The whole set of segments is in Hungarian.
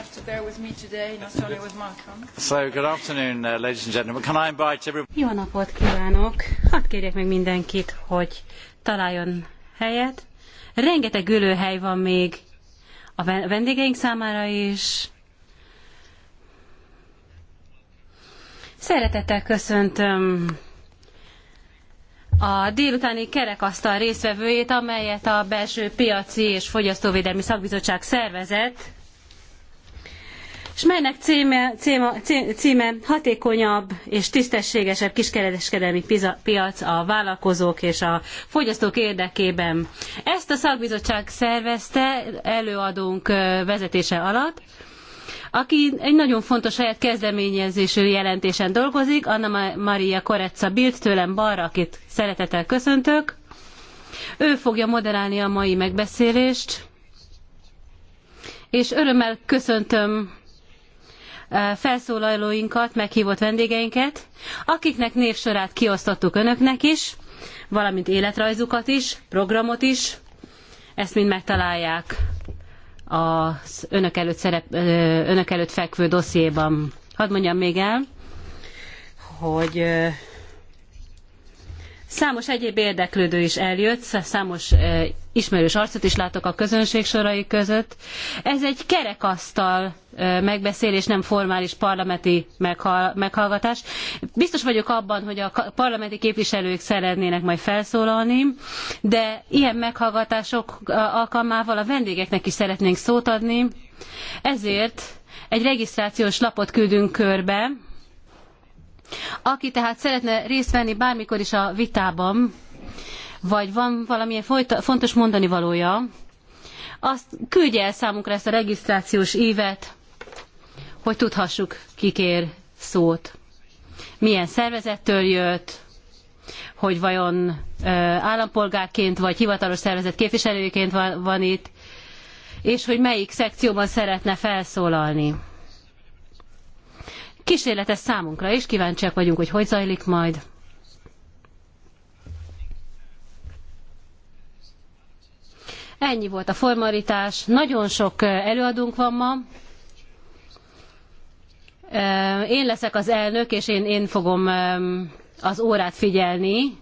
have to bear with me today, not only with Malcolm. So, good afternoon, uh, ladies and gentlemen. Can I invite everybody? Jó napot kívánok! Hadd kérjek meg mindenkit, hogy találjon helyet. Rengeteg ülőhely van még a vendégeink számára is. Szeretettel köszöntöm a délutáni kerekasztal résztvevőjét, amelyet a belső piaci és fogyasztóvédelmi szakbizottság szervezett és melynek címe, címe, címe hatékonyabb és tisztességesebb kiskereskedelmi piac a vállalkozók és a fogyasztók érdekében. Ezt a szakbizottság szervezte előadónk vezetése alatt, aki egy nagyon fontos saját kezdeményezésű jelentésen dolgozik, Anna Maria Koretza Bilt tőlem balra, akit szeretettel köszöntök. Ő fogja moderálni a mai megbeszélést, és örömmel köszöntöm felszólalóinkat, meghívott vendégeinket, akiknek névsorát kiosztottuk önöknek is, valamint életrajzukat is, programot is. Ezt mind megtalálják az önök előtt, szerep, önök előtt fekvő dossziéban. Hadd mondjam még el, hogy Számos egyéb érdeklődő is eljött, számos e, ismerős arcot is látok a közönség sorai között. Ez egy kerekasztal e, megbeszélés, nem formális parlamenti meghallgatás. Biztos vagyok abban, hogy a parlamenti képviselők szeretnének majd felszólalni, de ilyen meghallgatások e, alkalmával a vendégeknek is szeretnénk szót adni. Ezért egy regisztrációs lapot küldünk körbe, aki tehát szeretne részt venni bármikor is a vitában, vagy van valamilyen folyta, fontos mondani valója, azt küldje el számunkra ezt a regisztrációs évet, hogy tudhassuk, kikér szót. Milyen szervezettől jött, hogy vajon állampolgárként vagy hivatalos szervezet képviselőjeként van, van itt, és hogy melyik szekcióban szeretne felszólalni kísérletes számunkra is, kíváncsiak vagyunk, hogy hogy zajlik majd. Ennyi volt a formalitás. Nagyon sok előadónk van ma. Én leszek az elnök, és én, én fogom az órát figyelni.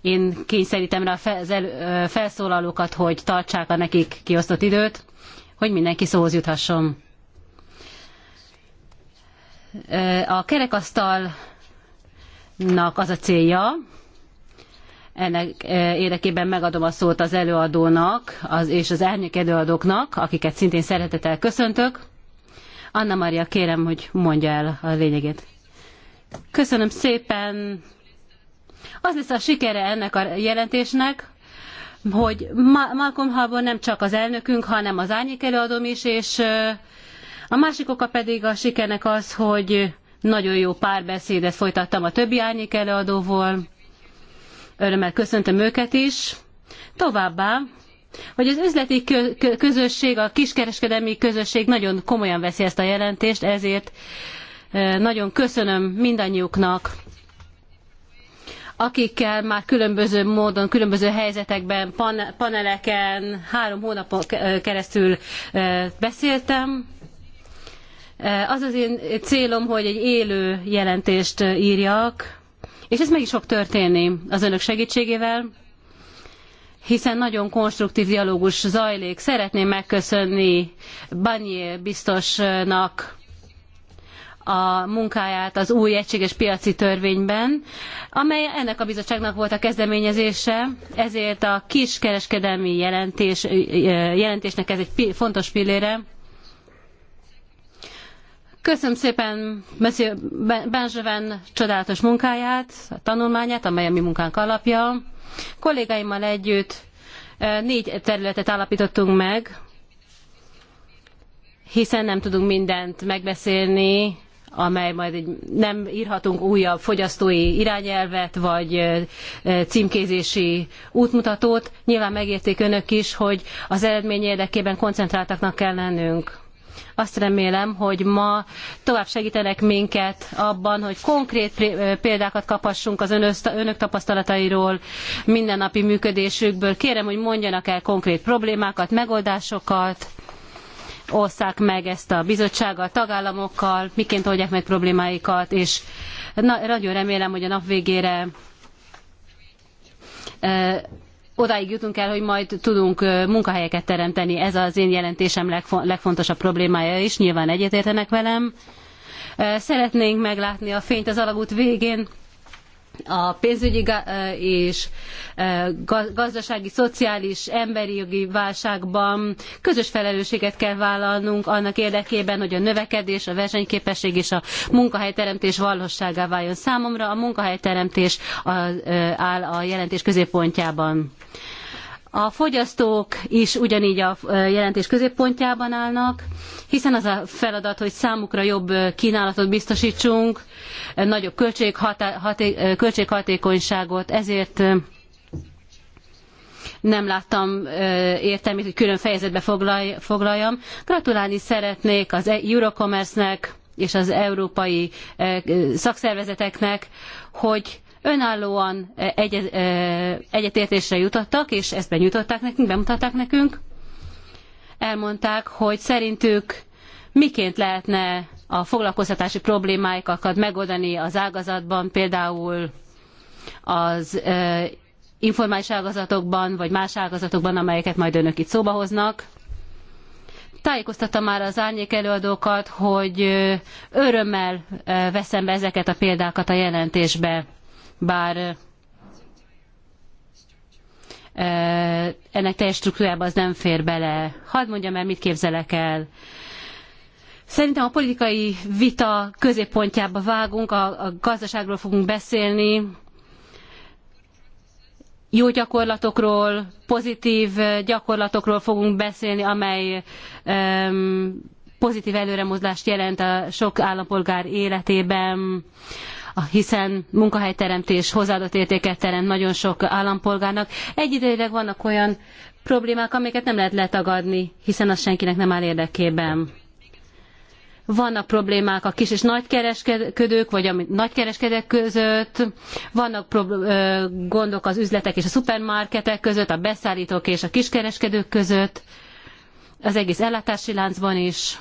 Én kényszerítem rá a felszólalókat, hogy tartsák a nekik kiosztott időt, hogy mindenki szóhoz juthasson. A kerekasztalnak az a célja, ennek e, érdekében megadom a szót az előadónak az, és az árnyék előadóknak, akiket szintén szeretettel köszöntök. Anna Maria, kérem, hogy mondja el a lényegét. Köszönöm szépen. Az lesz a sikere ennek a jelentésnek, hogy Malcolm Harbour nem csak az elnökünk, hanem az árnyék előadóm is, és a másik oka pedig a sikernek az, hogy nagyon jó párbeszédet folytattam a többi árnyék előadóval, örömmel köszöntöm őket is. Továbbá, hogy az üzleti közösség, a kiskereskedelmi közösség nagyon komolyan veszi ezt a jelentést, ezért e, nagyon köszönöm mindannyiuknak, akikkel már különböző módon, különböző helyzetekben, paneleken három hónapon e, keresztül e, beszéltem. Az az én célom, hogy egy élő jelentést írjak, és ez meg is fog történni az önök segítségével, hiszen nagyon konstruktív dialógus zajlik. Szeretném megköszönni Barnier biztosnak a munkáját az új egységes piaci törvényben, amely ennek a bizottságnak volt a kezdeményezése, ezért a kiskereskedelmi jelentés, jelentésnek ez egy fontos pillére. Köszönöm szépen Monsieur Benjamin csodálatos munkáját, a tanulmányát, amely a mi munkánk alapja. Kollégáimmal együtt négy területet állapítottunk meg, hiszen nem tudunk mindent megbeszélni, amely majd egy, nem írhatunk újabb fogyasztói irányelvet, vagy címkézési útmutatót. Nyilván megérték önök is, hogy az eredmény érdekében koncentráltaknak kell lennünk. Azt remélem, hogy ma tovább segítenek minket abban, hogy konkrét példákat kaphassunk az önök tapasztalatairól, mindennapi működésükből. Kérem, hogy mondjanak el konkrét problémákat, megoldásokat, osszák meg ezt a bizottsággal, tagállamokkal, miként oldják meg problémáikat, és nagyon remélem, hogy a nap végére odáig jutunk el, hogy majd tudunk munkahelyeket teremteni. Ez az én jelentésem legfontosabb problémája is, nyilván egyetértenek velem. Szeretnénk meglátni a fényt az alagút végén, a pénzügyi és gazdasági, szociális, emberi jogi válságban közös felelősséget kell vállalnunk annak érdekében, hogy a növekedés, a versenyképesség és a munkahelyteremtés valóságá váljon számomra. A munkahelyteremtés áll a jelentés középpontjában. A fogyasztók is ugyanígy a jelentés középpontjában állnak, hiszen az a feladat, hogy számukra jobb kínálatot biztosítsunk, nagyobb költséghatékonyságot, ezért nem láttam értelmét, hogy külön fejezetbe foglaljam. Gratulálni szeretnék az e- Eurocommerce-nek és az európai szakszervezeteknek, hogy önállóan e, egy, e, egyetértésre jutottak, és ezt benyújtották nekünk, bemutatták nekünk. Elmondták, hogy szerintük miként lehetne a foglalkoztatási problémáikat megoldani az ágazatban, például az e, informális ágazatokban, vagy más ágazatokban, amelyeket majd önök itt szóba hoznak. Tájékoztattam már az árnyék előadókat, hogy örömmel veszem be ezeket a példákat a jelentésbe bár ennek teljes struktúrába az nem fér bele. Hadd mondjam el, mit képzelek el. Szerintem a politikai vita középpontjába vágunk, a, a gazdaságról fogunk beszélni, jó gyakorlatokról, pozitív gyakorlatokról fogunk beszélni, amely um, pozitív előremozdást jelent a sok állampolgár életében hiszen munkahelyteremtés hozzáadott értéket teremt nagyon sok állampolgárnak. Egyidejűleg vannak olyan problémák, amiket nem lehet letagadni, hiszen az senkinek nem áll érdekében. Vannak problémák a kis és nagykereskedők, vagy a nagykereskedők között, vannak gondok az üzletek és a szupermarketek között, a beszállítók és a kiskereskedők között, az egész ellátási láncban is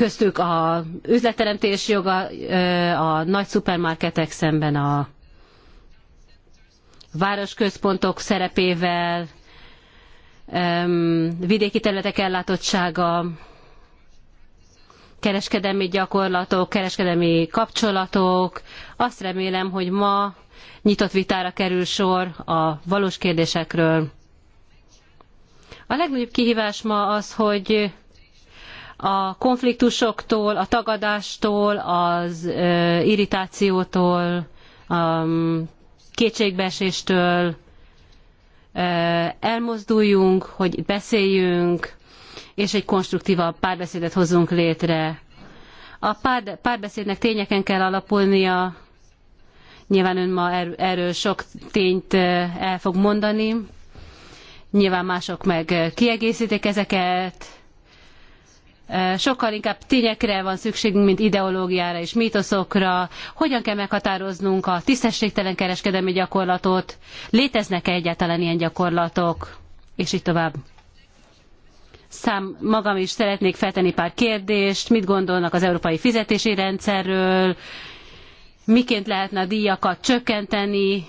köztük a üzletteremtés joga, a nagy szupermarketek szemben a városközpontok szerepével, vidéki területek ellátottsága, kereskedelmi gyakorlatok, kereskedelmi kapcsolatok. Azt remélem, hogy ma nyitott vitára kerül sor a valós kérdésekről. A legnagyobb kihívás ma az, hogy a konfliktusoktól, a tagadástól, az irritációtól, a mm, kétségbeeséstől elmozduljunk, hogy beszéljünk, és egy konstruktívabb párbeszédet hozzunk létre. A pár, párbeszédnek tényeken kell alapulnia, nyilván ön ma er, erről sok tényt el fog mondani, nyilván mások meg kiegészítik ezeket, sokkal inkább tényekre van szükségünk, mint ideológiára és mítoszokra. Hogyan kell meghatároznunk a tisztességtelen kereskedelmi gyakorlatot? Léteznek-e egyáltalán ilyen gyakorlatok? És így tovább. Szám, magam is szeretnék feltenni pár kérdést, mit gondolnak az európai fizetési rendszerről, miként lehetne a díjakat csökkenteni,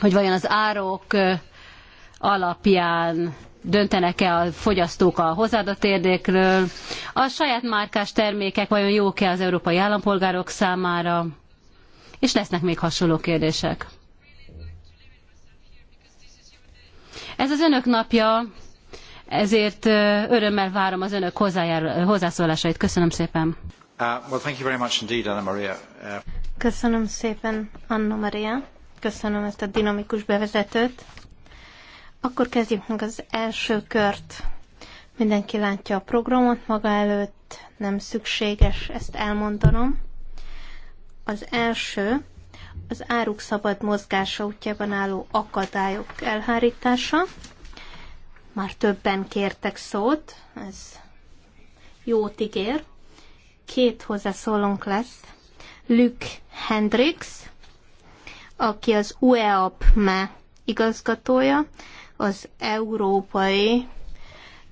hogy vajon az árok alapján döntenek-e a fogyasztók a hozzáadott érdekről, a saját márkás termékek vajon jók-e az európai állampolgárok számára, és lesznek még hasonló kérdések. Ez az önök napja, ezért örömmel várom az önök hozzájár, hozzászólásait. Köszönöm szépen. Uh, well, thank you very much indeed, Anna Maria. Uh, Köszönöm szépen, Anna Maria. Köszönöm ezt a dinamikus bevezetőt. Akkor kezdjük meg az első kört. Mindenki látja a programot maga előtt, nem szükséges ezt elmondanom. Az első az áruk szabad mozgása útjában álló akadályok elhárítása. Már többen kértek szót, ez jót ígér. Két hozzászólónk lesz. Luke Hendricks, aki az UEAP-ME igazgatója, az európai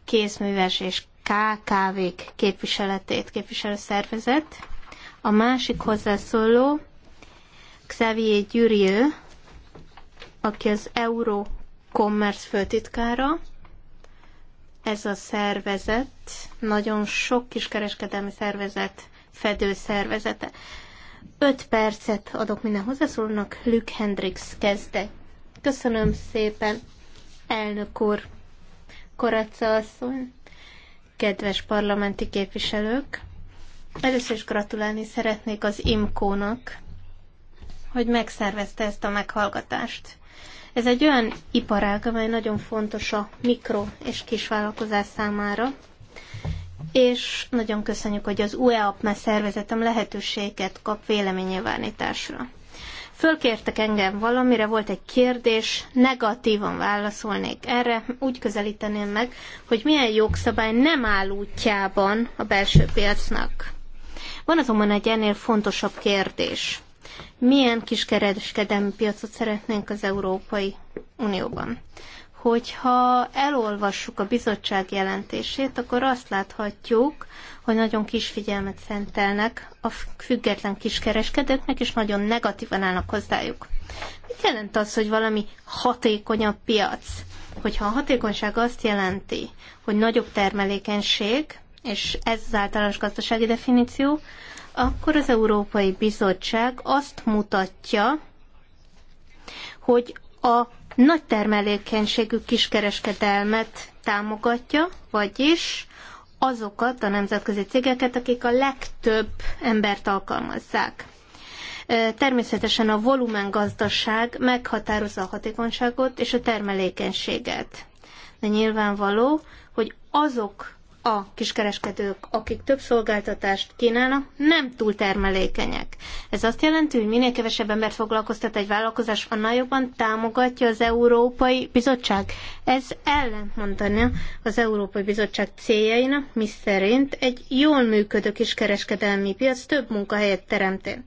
kézműves és KKV-k képviseletét képviselő szervezet. A másik hozzászóló Xavier Gyurieu, aki az Euro Commerce főtitkára. Ez a szervezet nagyon sok kiskereskedelmi szervezet fedő szervezete. Öt percet adok minden hozzászólónak, Luke Hendrix kezdte. Köszönöm szépen! Elnök úr, Koraca asszony, kedves parlamenti képviselők! Először is gratulálni szeretnék az IMKÓ-nak, hogy megszervezte ezt a meghallgatást. Ez egy olyan iparág, amely nagyon fontos a mikro- és kisvállalkozás számára, és nagyon köszönjük, hogy az UEA szervezetem lehetőséget kap véleménynyilvánításra. Fölkértek engem valamire, volt egy kérdés, negatívan válaszolnék erre, úgy közelíteném meg, hogy milyen jogszabály nem áll útjában a belső piacnak. Van azonban egy ennél fontosabb kérdés. Milyen kiskereskedelmi piacot szeretnénk az Európai Unióban? Hogyha elolvassuk a bizottság jelentését, akkor azt láthatjuk, hogy nagyon kis figyelmet szentelnek a független kiskereskedőknek, és nagyon negatívan állnak hozzájuk. Mit jelent az, hogy valami hatékonyabb piac? Hogyha a hatékonyság azt jelenti, hogy nagyobb termelékenység, és ez az általános gazdasági definíció, akkor az Európai Bizottság azt mutatja, hogy a nagy termelékenységű kiskereskedelmet támogatja, vagyis azokat a nemzetközi cégeket, akik a legtöbb embert alkalmazzák. Természetesen a volumen gazdaság meghatározza a hatékonyságot és a termelékenységet. De nyilvánvaló, hogy azok a kiskereskedők, akik több szolgáltatást kínálnak, nem túl termelékenyek. Ez azt jelenti, hogy minél kevesebb embert foglalkoztat egy vállalkozás, annál jobban támogatja az Európai Bizottság. Ez ellentmondani az Európai Bizottság céljainak, miszerint egy jól működő kiskereskedelmi piac több munkahelyet teremté.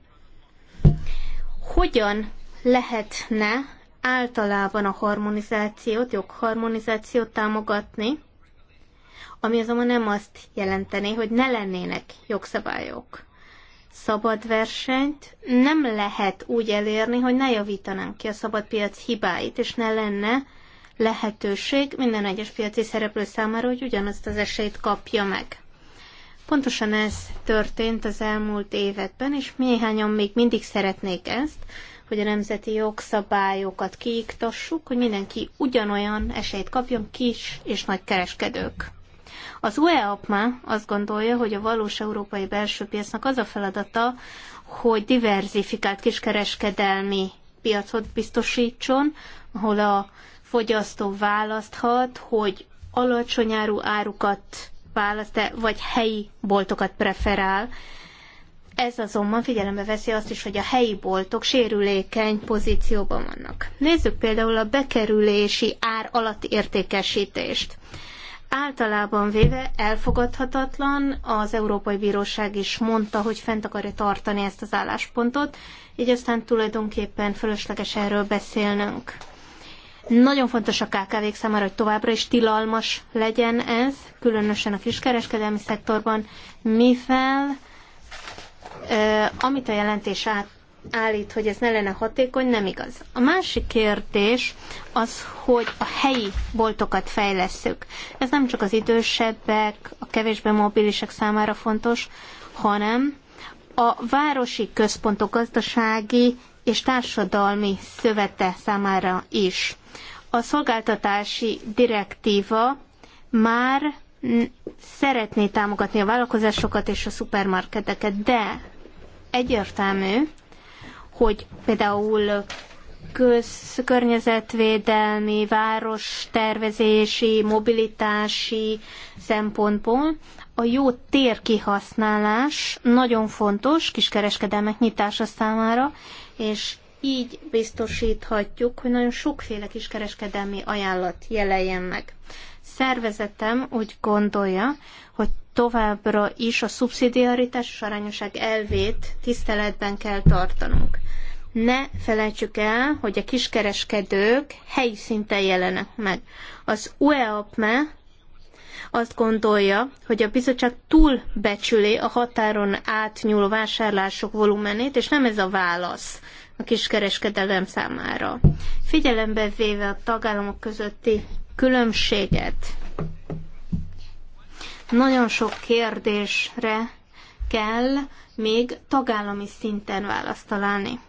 Hogyan lehetne általában a harmonizációt, jogharmonizációt támogatni, ami azonban nem azt jelenteni, hogy ne lennének jogszabályok. Szabad versenyt nem lehet úgy elérni, hogy ne javítanánk ki a szabad piac hibáit, és ne lenne lehetőség minden egyes piaci szereplő számára, hogy ugyanazt az esélyt kapja meg. Pontosan ez történt az elmúlt években, és néhányan még mindig szeretnék ezt, hogy a nemzeti jogszabályokat kiiktassuk, hogy mindenki ugyanolyan esélyt kapjon kis és nagy kereskedők. Az APMA e azt gondolja, hogy a valós európai belső piacnak az a feladata, hogy diverzifikált kiskereskedelmi piacot biztosítson, ahol a fogyasztó választhat, hogy alacsony áru árukat választ -e, vagy helyi boltokat preferál. Ez azonban figyelembe veszi azt is, hogy a helyi boltok sérülékeny pozícióban vannak. Nézzük például a bekerülési ár alatti értékesítést általában véve elfogadhatatlan. Az Európai Bíróság is mondta, hogy fent akarja tartani ezt az álláspontot, így aztán tulajdonképpen fölösleges erről beszélnünk. Nagyon fontos a kkv számára, hogy továbbra is tilalmas legyen ez, különösen a kiskereskedelmi szektorban, mivel amit a jelentés át állít, hogy ez ne lenne hatékony, nem igaz. A másik kérdés az, hogy a helyi boltokat fejlesszük. Ez nem csak az idősebbek, a kevésbé mobilisek számára fontos, hanem a városi központok gazdasági és társadalmi szövete számára is. A szolgáltatási direktíva már szeretné támogatni a vállalkozásokat és a szupermarketeket, de egyértelmű, hogy például köz, környezetvédelmi, várostervezési, mobilitási szempontból a jó térkihasználás nagyon fontos kiskereskedelmek nyitása számára, és így biztosíthatjuk, hogy nagyon sokféle kiskereskedelmi ajánlat jelenjen meg. Szervezetem úgy gondolja, hogy továbbra is a szubszidiaritás és arányosság elvét tiszteletben kell tartanunk. Ne felejtsük el, hogy a kiskereskedők helyi szinten jelenek meg. Az UEAPME azt gondolja, hogy a bizottság becsüli a határon átnyúló vásárlások volumenét, és nem ez a válasz a kiskereskedelem számára. Figyelembe véve a tagállamok közötti különbséget, nagyon sok kérdésre kell még tagállami szinten választ találni.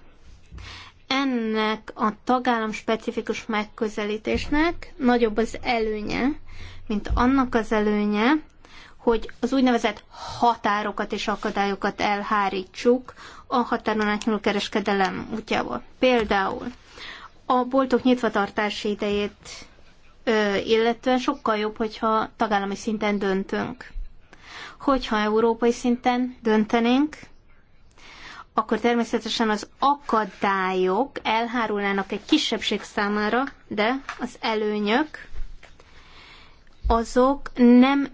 Ennek a tagállam specifikus megközelítésnek nagyobb az előnye, mint annak az előnye, hogy az úgynevezett határokat és akadályokat elhárítsuk a határon átnyúló kereskedelem útjából. Például a boltok nyitvatartási idejét illetően sokkal jobb, hogyha tagállami szinten döntünk. Hogyha európai szinten döntenénk, akkor természetesen az akadályok elhárulnának egy kisebbség számára, de az előnyök azok nem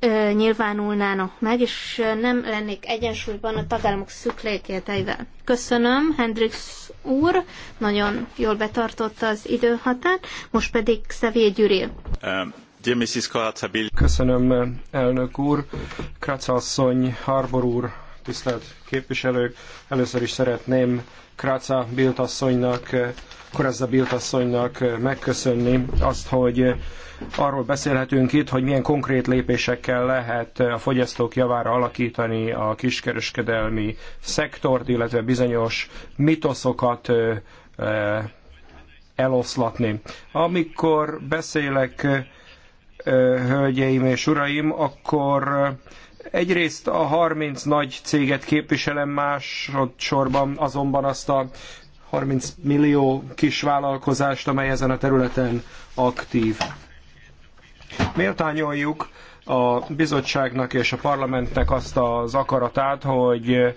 ö, nyilvánulnának meg, és nem lennék egyensúlyban a tagállamok szükségleteivel. Köszönöm, Hendrix úr, nagyon jól betartotta az időhatárt, most pedig Xavier Gyuri. Um, Köszönöm, elnök úr. asszony, Harbor úr, tisztelt képviselők! Először is szeretném Kráca Biltasszonynak, Korazza Biltasszonynak megköszönni azt, hogy arról beszélhetünk itt, hogy milyen konkrét lépésekkel lehet a fogyasztók javára alakítani a kiskereskedelmi szektort, illetve bizonyos mitoszokat eloszlatni. Amikor beszélek, hölgyeim és uraim, akkor Egyrészt a 30 nagy céget képviselem, másodszorban azonban azt a 30 millió kis vállalkozást, amely ezen a területen aktív. Méltányoljuk a bizottságnak és a parlamentnek azt az akaratát, hogy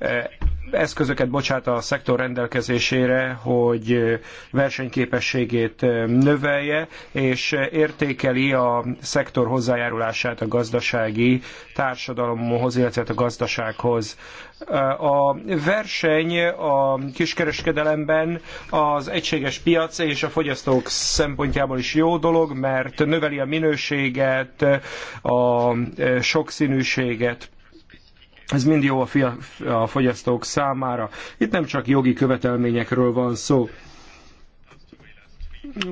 E, eszközöket bocsát a szektor rendelkezésére, hogy versenyképességét növelje, és értékeli a szektor hozzájárulását a gazdasági társadalomhoz, illetve hát a gazdasághoz. E, a verseny a kiskereskedelemben az egységes piac és a fogyasztók szempontjából is jó dolog, mert növeli a minőséget, a sokszínűséget ez mind jó a, fia, a fogyasztók számára. Itt nem csak jogi követelményekről van szó.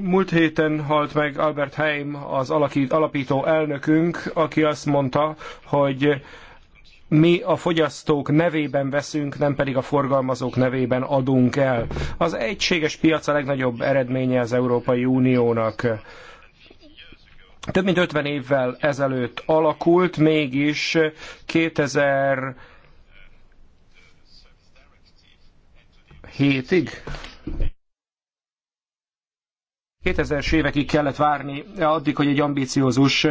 Múlt héten halt meg Albert Heim, az alapító elnökünk, aki azt mondta, hogy mi a fogyasztók nevében veszünk, nem pedig a forgalmazók nevében adunk el. Az egységes piac a legnagyobb eredménye az Európai Uniónak több mint 50 évvel ezelőtt alakult, mégis 2000 hétig? 2000-es évekig kellett várni addig, hogy egy ambiciózus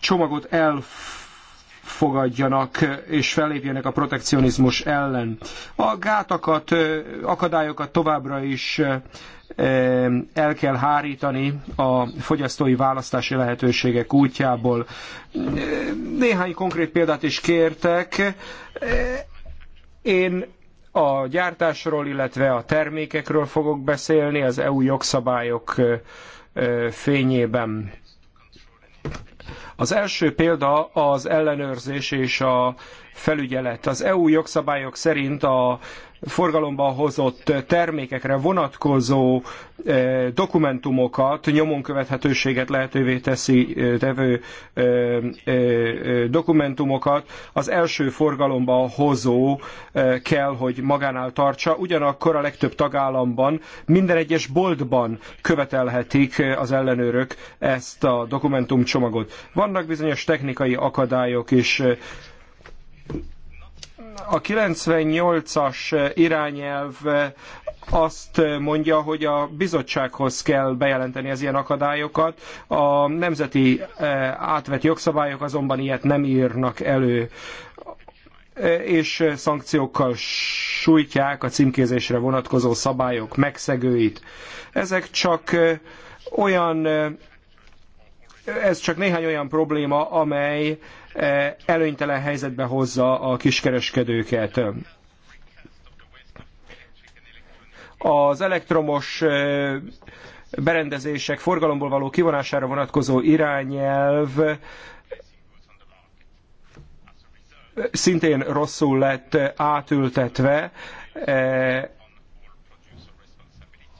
csomagot elfogadjanak és fellépjenek a protekcionizmus ellen. A gátakat, akadályokat továbbra is el kell hárítani a fogyasztói választási lehetőségek útjából. Néhány konkrét példát is kértek. Én a gyártásról, illetve a termékekről fogok beszélni az EU jogszabályok fényében. Az első példa az ellenőrzés és a felügyelet. Az EU jogszabályok szerint a forgalomba hozott termékekre vonatkozó eh, dokumentumokat, nyomon követhetőséget lehetővé teszi eh, tevő eh, dokumentumokat az első forgalomba hozó kell, hogy magánál tartsa. Ugyanakkor a legtöbb tagállamban minden egyes boltban követelhetik az ellenőrök ezt a dokumentumcsomagot. Vannak bizonyos technikai akadályok is a 98-as irányelv azt mondja, hogy a bizottsághoz kell bejelenteni az ilyen akadályokat. A nemzeti eh, átvett jogszabályok azonban ilyet nem írnak elő eh, és szankciókkal sújtják a címkézésre vonatkozó szabályok megszegőit. Ezek csak eh, olyan ez csak néhány olyan probléma, amely eh, előnytelen helyzetbe hozza a kiskereskedőket. Az elektromos eh, berendezések forgalomból való kivonására vonatkozó irányelv eh, szintén rosszul lett átültetve,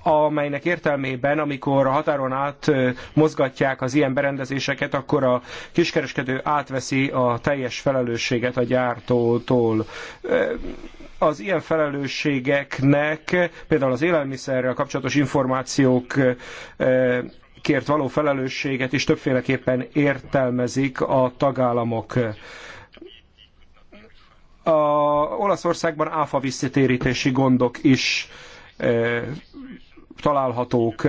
amelynek értelmében, amikor a határon át mozgatják az ilyen berendezéseket, akkor a kiskereskedő átveszi a teljes felelősséget a gyártótól. Az ilyen felelősségeknek például az élelmiszerrel kapcsolatos információk kért való felelősséget is többféleképpen értelmezik a tagállamok. A Olaszországban áfa visszatérítési gondok is találhatók.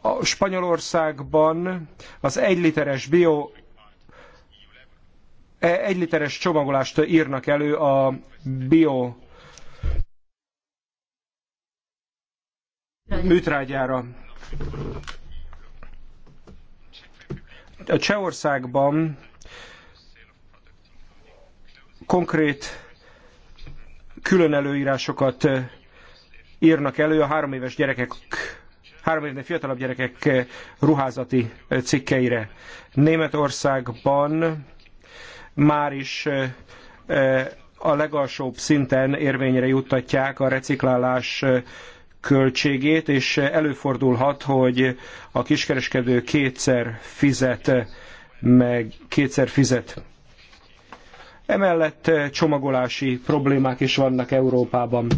A Spanyolországban az egyliteres bio e, egyliteres csomagolást írnak elő a bio műtrágyára. A Csehországban konkrét külön előírásokat írnak elő a három éves gyerekek három évnél fiatalabb gyerekek eh, ruházati eh, cikkeire. Németországban már is eh, a legalsóbb szinten érvényre juttatják a reciklálás költségét, és előfordulhat, hogy a kiskereskedő kétszer fizet, meg kétszer fizet. Emellett csomagolási problémák is vannak Európában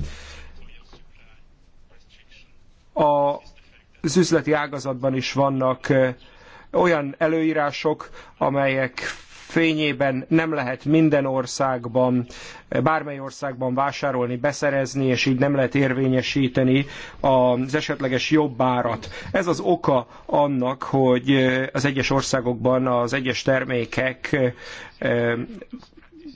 a, az üzleti ágazatban is vannak olyan előírások, amelyek fényében nem lehet minden országban, bármely országban vásárolni, beszerezni, és így nem lehet érvényesíteni az esetleges árat. Ez az oka annak, hogy az egyes országokban az egyes termékek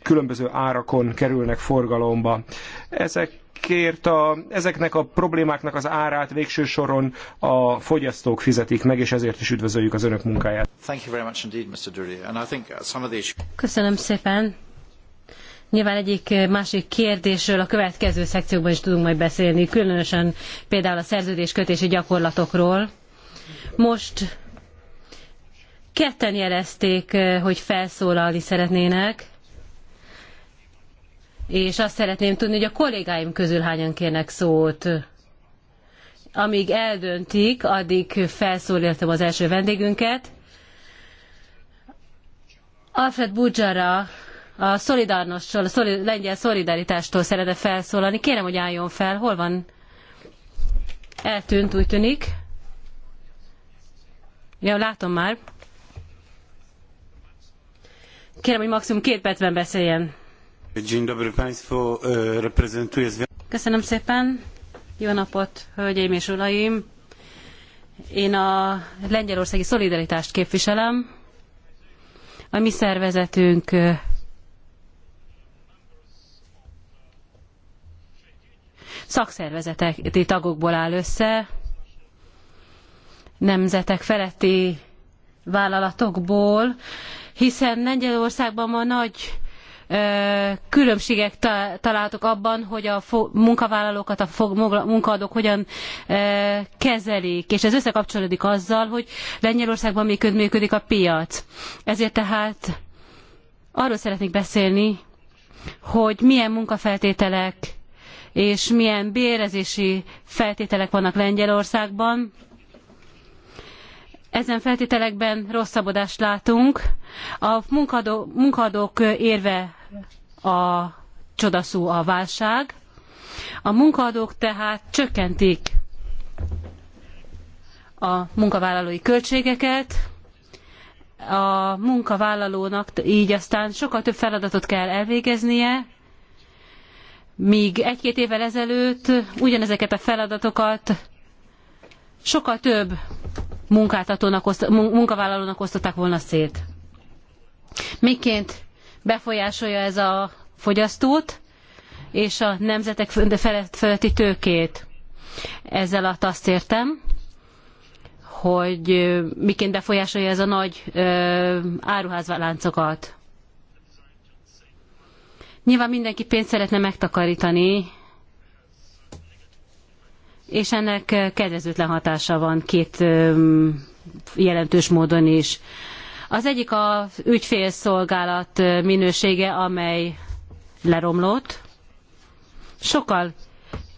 különböző árakon kerülnek forgalomba. Ezek ezekért a, ezeknek a problémáknak az árát végső soron a fogyasztók fizetik meg, és ezért is üdvözöljük az önök munkáját. Uh, Köszönöm szépen. Nyilván egyik uh, másik kérdésről a következő szekcióban is tudunk majd beszélni, különösen például a szerződéskötési gyakorlatokról. Most ketten jelezték, uh, hogy felszólalni szeretnének és azt szeretném tudni, hogy a kollégáim közül hányan kérnek szót. Amíg eldöntik, addig felszólítom az első vendégünket. Alfred Budzsara a szolidarnossal, a szoli, lengyel szolidaritástól szeretne felszólalni. Kérem, hogy álljon fel. Hol van? Eltűnt, úgy tűnik. Ja, látom már. Kérem, hogy maximum két percben beszéljen. E, szépen. Jó napot, hölgyeim és uraim. Én a lengyelországi szolidaritást képviselem. A mi szervezetünk szakszervezeteti tagokból áll össze, nemzetek feletti vállalatokból, hiszen Lengyelországban ma nagy különbségek találhatók abban, hogy a munkavállalókat a munkaadók hogyan kezelik, és ez összekapcsolódik azzal, hogy Lengyelországban miként működik a piac. Ezért tehát arról szeretnék beszélni, hogy milyen munkafeltételek és milyen bérezési feltételek vannak Lengyelországban. Ezen feltételekben rosszabbodást látunk. A munkadó, munkadók érve a csodaszó a válság. A munkaadók tehát csökkentik a munkavállalói költségeket, a munkavállalónak így aztán sokkal több feladatot kell elvégeznie, míg egy-két évvel ezelőtt ugyanezeket a feladatokat sokkal több munkáltatónak, munkavállalónak osztották volna szét. Miként befolyásolja ez a fogyasztót és a nemzetek feletti tőkét. Ezzel alatt azt értem, hogy miként befolyásolja ez a nagy áruházláncokat. Nyilván mindenki pénzt szeretne megtakarítani, és ennek kedvezőtlen hatása van két jelentős módon is. Az egyik az ügyfélszolgálat minősége, amely leromlott. Sokkal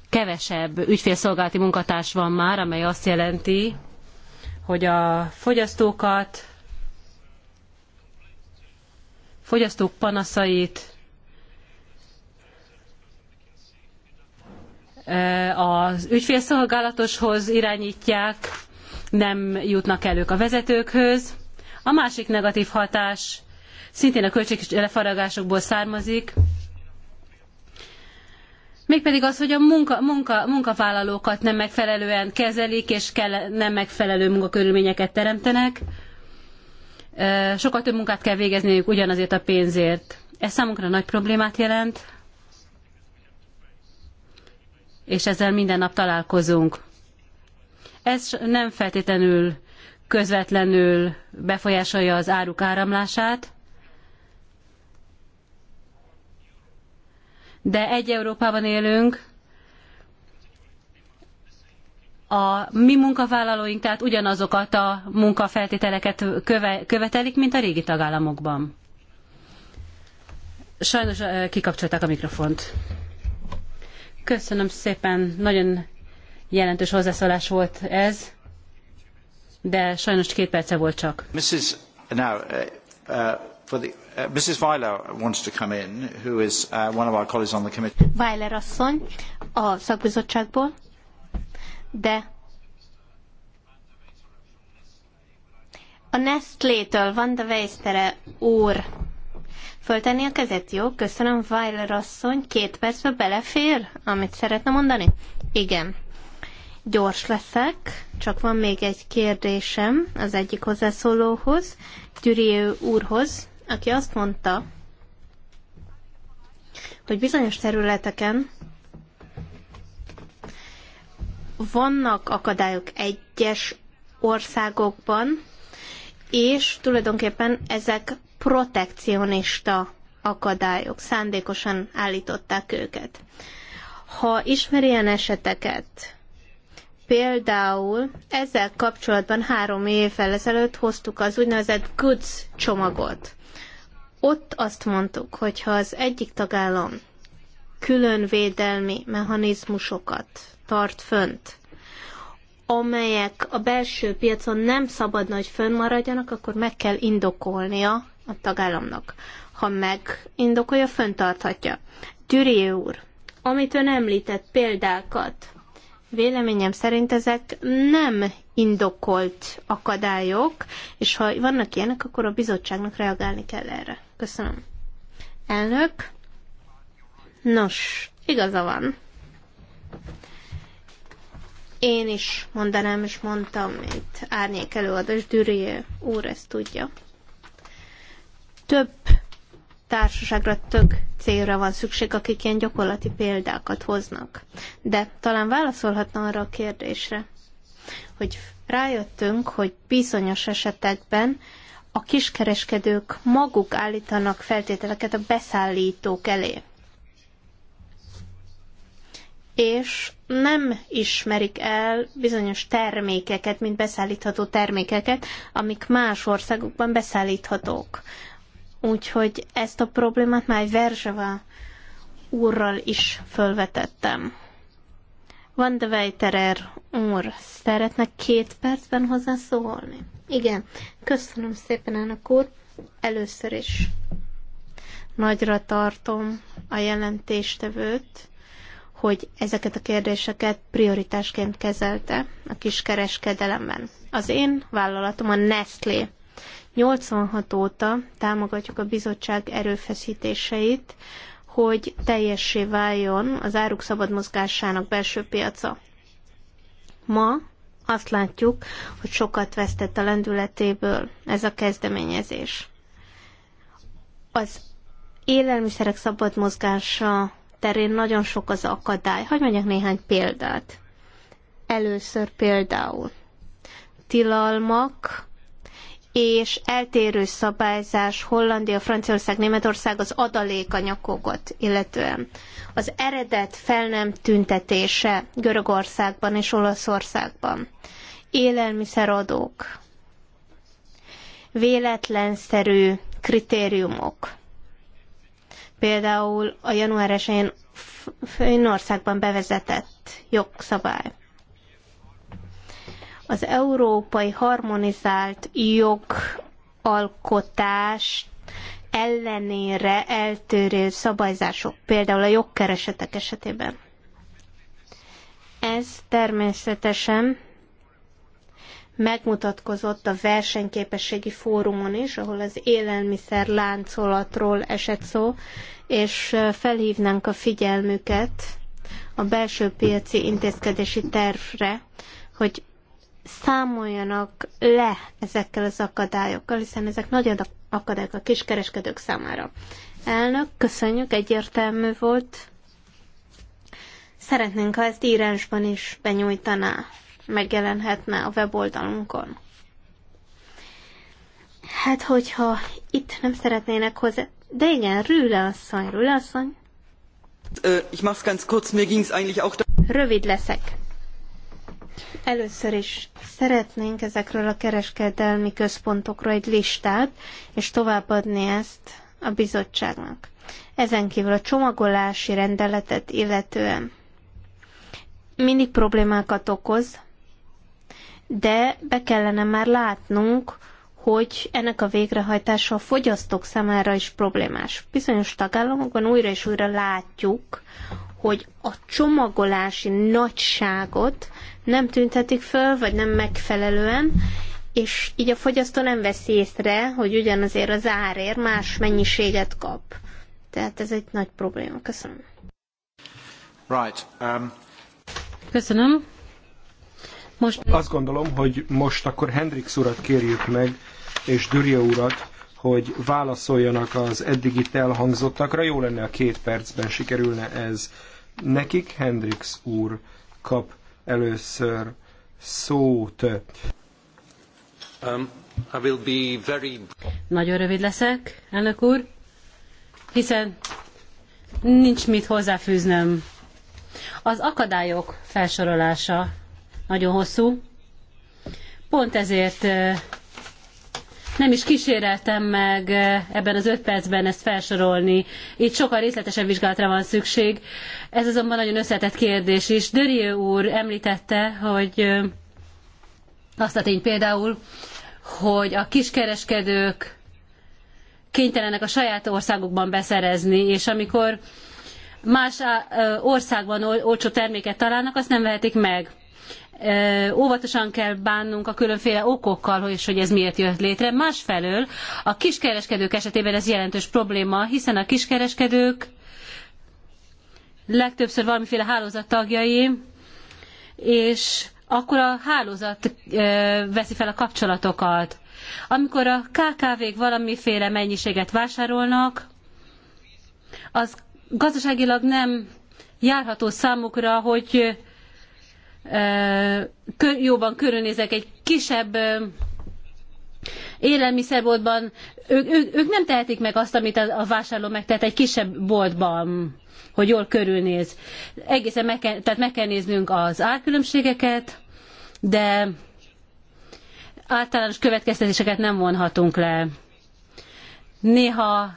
kevesebb ügyfélszolgálati munkatárs van már, amely azt jelenti, hogy a fogyasztókat, fogyasztók panaszait az ügyfélszolgálatoshoz irányítják, nem jutnak el ők a vezetőkhöz, a másik negatív hatás szintén a költséges lefaragásokból származik, mégpedig az, hogy a munka, munka, munkavállalókat nem megfelelően kezelik, és kell, nem megfelelő munkakörülményeket teremtenek. Sokkal több munkát kell végezniük ugyanazért a pénzért. Ez számunkra nagy problémát jelent, és ezzel minden nap találkozunk. Ez nem feltétlenül közvetlenül befolyásolja az áruk áramlását, de egy Európában élünk, a mi munkavállalóink tehát ugyanazokat a munkafeltételeket követelik, mint a régi tagállamokban. Sajnos kikapcsolták a mikrofont. Köszönöm szépen, nagyon jelentős hozzászólás volt ez de sajnos két perce volt csak. Mrs. Now, uh, uh, for the, uh, Mrs. Weiler wants to come in, who is uh, one of our colleagues on the committee. Weiler asszony a szakbizottságból, de a Nestlé-től van de Weistere úr. Föltenni a kezet, jó? Köszönöm, Weiler asszony. Két percbe belefér, amit szeretne mondani? Igen. Gyors leszek, csak van még egy kérdésem az egyik hozzászólóhoz, Gyuriő úrhoz, aki azt mondta, hogy bizonyos területeken vannak akadályok egyes országokban, és tulajdonképpen ezek protekcionista akadályok, szándékosan állították őket. Ha ismer ilyen eseteket, Például ezzel kapcsolatban három évvel ezelőtt hoztuk az úgynevezett goods csomagot. Ott azt mondtuk, hogy ha az egyik tagállam külön védelmi mechanizmusokat tart fönt, amelyek a belső piacon nem szabadna, hogy fönnmaradjanak, akkor meg kell indokolnia a tagállamnak. Ha megindokolja, föntarthatja. Gyuri úr, amit ön említett példákat, Véleményem szerint ezek nem indokolt akadályok, és ha vannak ilyenek, akkor a bizottságnak reagálni kell erre. Köszönöm. Elnök. Nos, igaza van. Én is mondanám, és mondtam, mint árnyék előadás, Düré úr ezt tudja. Több társaságra tök célra van szükség, akik ilyen gyakorlati példákat hoznak. De talán válaszolhatna arra a kérdésre, hogy rájöttünk, hogy bizonyos esetekben a kiskereskedők maguk állítanak feltételeket a beszállítók elé. És nem ismerik el bizonyos termékeket, mint beszállítható termékeket, amik más országokban beszállíthatók. Úgyhogy ezt a problémát már Verzsava úrral is fölvetettem. Van de Weiterer úr, szeretne két percben hozzászólni? Igen, köszönöm szépen, elnök úr. Először is nagyra tartom a jelentéstevőt, hogy ezeket a kérdéseket prioritásként kezelte a kiskereskedelemben. Az én vállalatom a Nestlé. 86 óta támogatjuk a bizottság erőfeszítéseit, hogy teljessé váljon az áruk szabad mozgásának belső piaca. Ma azt látjuk, hogy sokat vesztett a lendületéből ez a kezdeményezés. Az élelmiszerek szabad mozgása terén nagyon sok az akadály. Hagy mondjak néhány példát. Először például tilalmak, és eltérő szabályzás Hollandia, Franciaország, Németország az adalékanyagokat, illetően az eredet fel nem tüntetése Görögországban és Olaszországban, élelmiszeradók, véletlenszerű kritériumok, például a január 1-én Finnországban bevezetett jogszabály az európai harmonizált jogalkotás ellenére eltérő szabályzások, például a jogkeresetek esetében. Ez természetesen megmutatkozott a versenyképességi fórumon is, ahol az élelmiszer láncolatról esett szó, és felhívnánk a figyelmüket a belső piaci intézkedési tervre, hogy számoljanak le ezekkel az akadályokkal, hiszen ezek nagyon akadályok a kiskereskedők számára. Elnök, köszönjük, egyértelmű volt. Szeretnénk, ha ezt írásban is benyújtaná, megjelenhetne a weboldalunkon. Hát, hogyha itt nem szeretnének hozzá... De igen, Rüle asszony, Rüle asszony. Ich mach's ganz kurz, mir ging's eigentlich auch... Rövid leszek. Először is szeretnénk ezekről a kereskedelmi központokról egy listát, és továbbadni ezt a bizottságnak. Ezen kívül a csomagolási rendeletet illetően mindig problémákat okoz, de be kellene már látnunk, hogy ennek a végrehajtása a fogyasztók számára is problémás. Bizonyos tagállamokban újra és újra látjuk, hogy a csomagolási nagyságot nem tüntetik föl, vagy nem megfelelően, és így a fogyasztó nem veszi észre, hogy ugyanazért az árért más mennyiséget kap. Tehát ez egy nagy probléma. Köszönöm. Right. Um... Köszönöm. Most... Azt gondolom, hogy most akkor Hendrix urat kérjük meg, és Dürje urat, hogy válaszoljanak az eddig itt elhangzottakra. Jó lenne a két percben sikerülne ez. Nekik Hendrix úr kap először szót. Um, I will be very... Nagyon rövid leszek, elnök úr, hiszen nincs mit hozzáfűznöm. Az akadályok felsorolása nagyon hosszú, pont ezért eh, nem is kíséreltem meg eh, ebben az öt percben ezt felsorolni. Itt sokkal részletesebb vizsgálatra van szükség. Ez azonban nagyon összetett kérdés is. Döriő úr említette, hogy eh, azt a tény például, hogy a kiskereskedők kénytelenek a saját országukban beszerezni, és amikor más országban olcsó terméket találnak, azt nem vehetik meg óvatosan kell bánnunk a különféle okokkal, és hogy ez miért jött létre. Másfelől a kiskereskedők esetében ez jelentős probléma, hiszen a kiskereskedők legtöbbször valamiféle hálózat tagjai, és akkor a hálózat veszi fel a kapcsolatokat. Amikor a KKV-k valamiféle mennyiséget vásárolnak, az gazdaságilag nem járható számukra, hogy jóban körülnézek egy kisebb élelmiszerboltban, ők, ők, ők nem tehetik meg azt, amit a, a vásárló megtehet egy kisebb boltban, hogy jól körülnéz. Egészen meg kell, tehát meg kell néznünk az árkülönbségeket, de általános következtetéseket nem vonhatunk le. Néha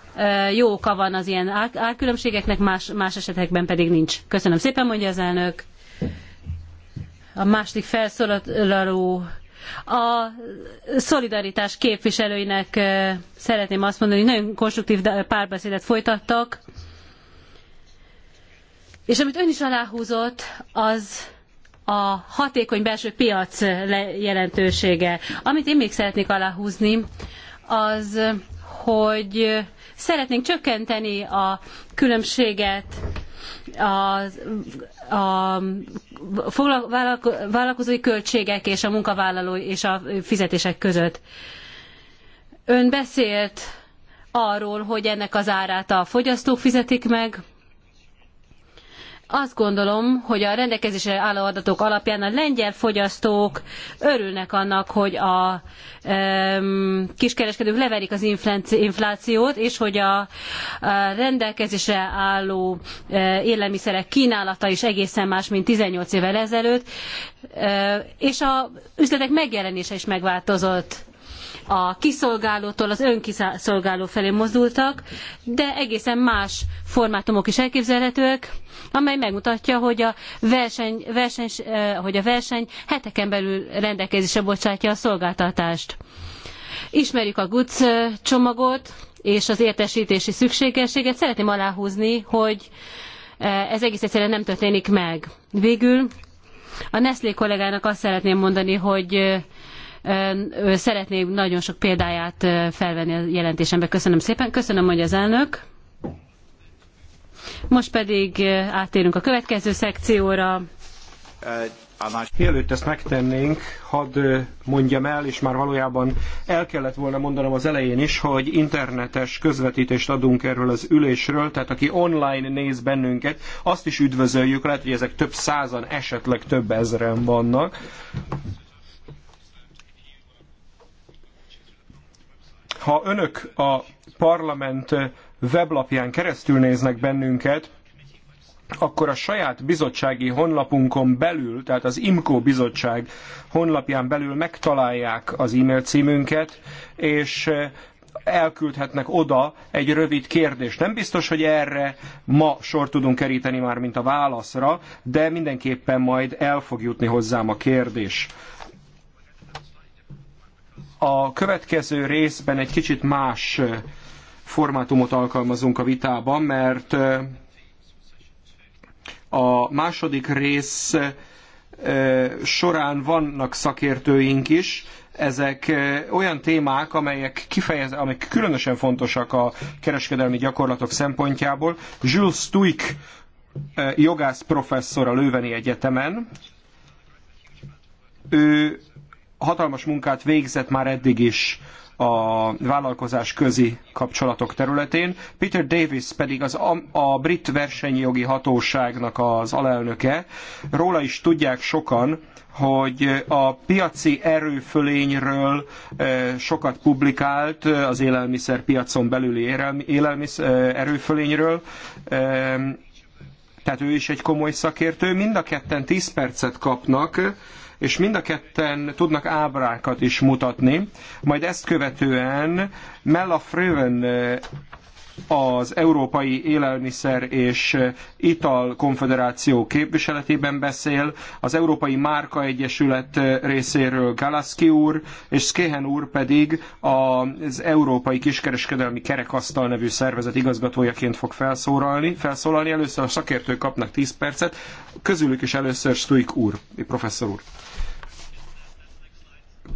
jó oka van az ilyen árkülönbségeknek, más, más esetekben pedig nincs. Köszönöm szépen, mondja az elnök a második felszólaló a szolidaritás képviselőinek szeretném azt mondani, hogy nagyon konstruktív párbeszédet folytattak, és amit ön is aláhúzott, az a hatékony belső piac jelentősége. Amit én még szeretnék aláhúzni, az, hogy szeretnénk csökkenteni a különbséget a a vállalkozói költségek és a munkavállalói és a fizetések között. Ön beszélt arról, hogy ennek az árát a fogyasztók fizetik meg, azt gondolom, hogy a rendelkezésre álló adatok alapján a lengyel fogyasztók örülnek annak, hogy a um, kiskereskedők leverik az inflációt, és hogy a, a rendelkezésre álló uh, élelmiszerek kínálata is egészen más, mint 18 évvel ezelőtt, uh, és a üzletek megjelenése is megváltozott a kiszolgálótól az önkiszolgáló felé mozdultak, de egészen más formátumok is elképzelhetőek amely megmutatja, hogy a verseny, verseny, eh, hogy a verseny heteken belül rendelkezésre bocsátja a szolgáltatást. Ismerjük a GUC eh, csomagot és az értesítési szükségességet. Szeretném aláhúzni, hogy eh, ez egész egyszerűen nem történik meg. Végül a Nestlé kollégának azt szeretném mondani, hogy szeretném nagyon sok példáját felvenni a jelentésembe. Köszönöm szépen. Köszönöm, hogy az elnök. Most pedig eh, átérünk a következő szekcióra. Mielőtt ezt megtennénk, hadd eh, mondjam el, és már valójában el kellett volna mondanom az elején is, hogy internetes közvetítést adunk erről az ülésről, tehát aki online néz bennünket, azt is üdvözöljük, lehet, hogy ezek több százan, esetleg több ezeren vannak. Ha önök a parlament eh, weblapján keresztül néznek bennünket, akkor a saját bizottsági honlapunkon belül, tehát az IMCO bizottság honlapján belül megtalálják az e-mail címünket, és eh, elküldhetnek oda egy rövid kérdést. Nem biztos, hogy erre ma sor tudunk keríteni már, mint a válaszra, de mindenképpen majd el fog jutni hozzám a kérdés. A következő részben egy kicsit más eh, formátumot alkalmazunk a vitában, mert a második rész során vannak szakértőink is, ezek olyan témák, amelyek, kifejez, amelyek különösen fontosak a kereskedelmi gyakorlatok szempontjából. Jules Stuyck jogász professzor a Lőveni Egyetemen. Ő hatalmas munkát végzett már eddig is a vállalkozás közi kapcsolatok területén. Peter Davis pedig az, a brit versenyjogi hatóságnak az alelnöke. Róla is tudják sokan, hogy a piaci erőfölényről eh, sokat publikált eh, az élelmiszerpiacon belüli élelmiszer eh, erőfölényről. Tehát ő is egy komoly szakértő. Mind a ketten 10 percet kapnak és mind a ketten tudnak ábrákat is mutatni. Majd ezt követően Mella Fröven eh, az Európai Élelmiszer és eh, Ital Konfederáció képviseletében beszél, az Európai Márka Egyesület eh, részéről Galaszki úr, és Skehen úr pedig az Európai Kiskereskedelmi Kerekasztal nevű szervezet igazgatójaként fog felszólalni. felszólalni. Először a szakértők kapnak 10 percet, közülük is először Stuik úr, professzor úr.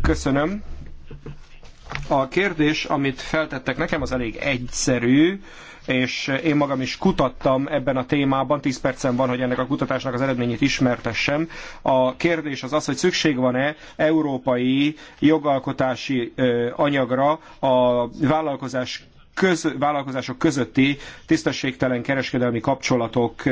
Köszönöm. A kérdés, amit feltettek nekem, az elég egyszerű, és én magam is kutattam ebben a témában, 10 percen van, hogy ennek a kutatásnak az eredményét ismertessem. A kérdés az az, hogy szükség van-e európai jogalkotási anyagra a vállalkozás köz, vállalkozások közötti tisztességtelen kereskedelmi kapcsolatok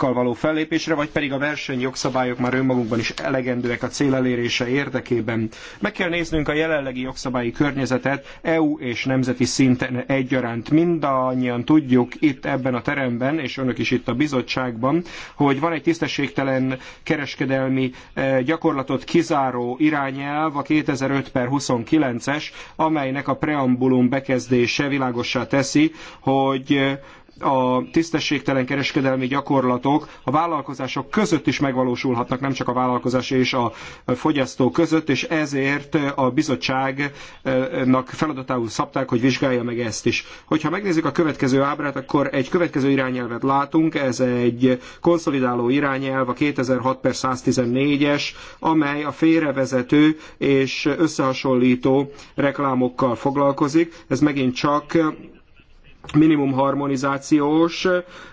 jogszabályokkal való fellépésre, vagy pedig a versenyjogszabályok már önmagukban is elegendőek a cél elérése érdekében. Meg kell néznünk a jelenlegi jogszabályi környezetet EU és nemzeti szinten egyaránt. Mindannyian tudjuk itt ebben a teremben, és önök is itt a bizottságban, hogy van egy tisztességtelen kereskedelmi eh, gyakorlatot kizáró irányelv, a 2005 per 29-es, amelynek a preambulum bekezdése világossá teszi, hogy eh, a tisztességtelen kereskedelmi gyakorlatok a vállalkozások között is megvalósulhatnak, nem csak a vállalkozás és a fogyasztó között, és ezért a bizottságnak feladatául szabták, hogy vizsgálja meg ezt is. Hogyha megnézzük a következő ábrát, akkor egy következő irányelvet látunk, ez egy konszolidáló irányelv, a 2006 per 114-es, amely a félrevezető és összehasonlító reklámokkal foglalkozik. Ez megint csak minimum harmonizációs,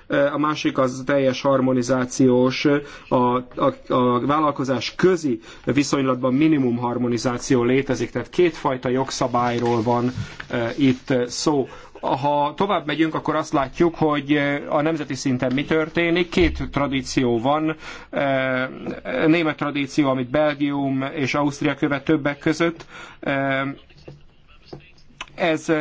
eh, a másik az teljes harmonizációs, a, a, a vállalkozás közi viszonylatban minimum harmonizáció létezik, tehát kétfajta jogszabályról van eh, itt szó ha tovább megyünk, akkor azt látjuk, hogy eh, a nemzeti szinten mi történik. Két tradíció van. Német tradíció, amit Belgium és Ausztria követ többek között. Ez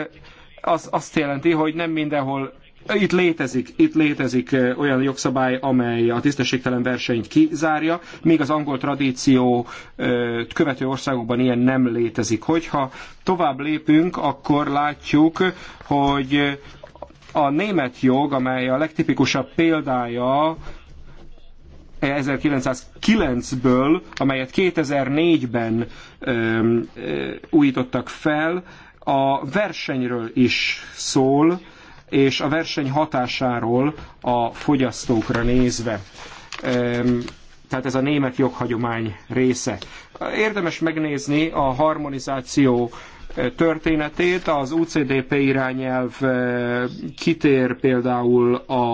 az azt jelenti, hogy nem mindenhol itt létezik, itt létezik olyan jogszabály, amely a tisztességtelen versenyt kizárja, még az angol tradíció követő országokban ilyen nem létezik. Hogyha tovább lépünk, akkor látjuk, hogy a német jog, amely a legtipikusabb példája 1909-ből, amelyet 2004-ben újítottak fel, a versenyről is szól, és a verseny hatásáról a fogyasztókra nézve. Tehát ez a német joghagyomány része. Érdemes megnézni a harmonizáció történetét. Az UCDP irányelv eh, kitér például a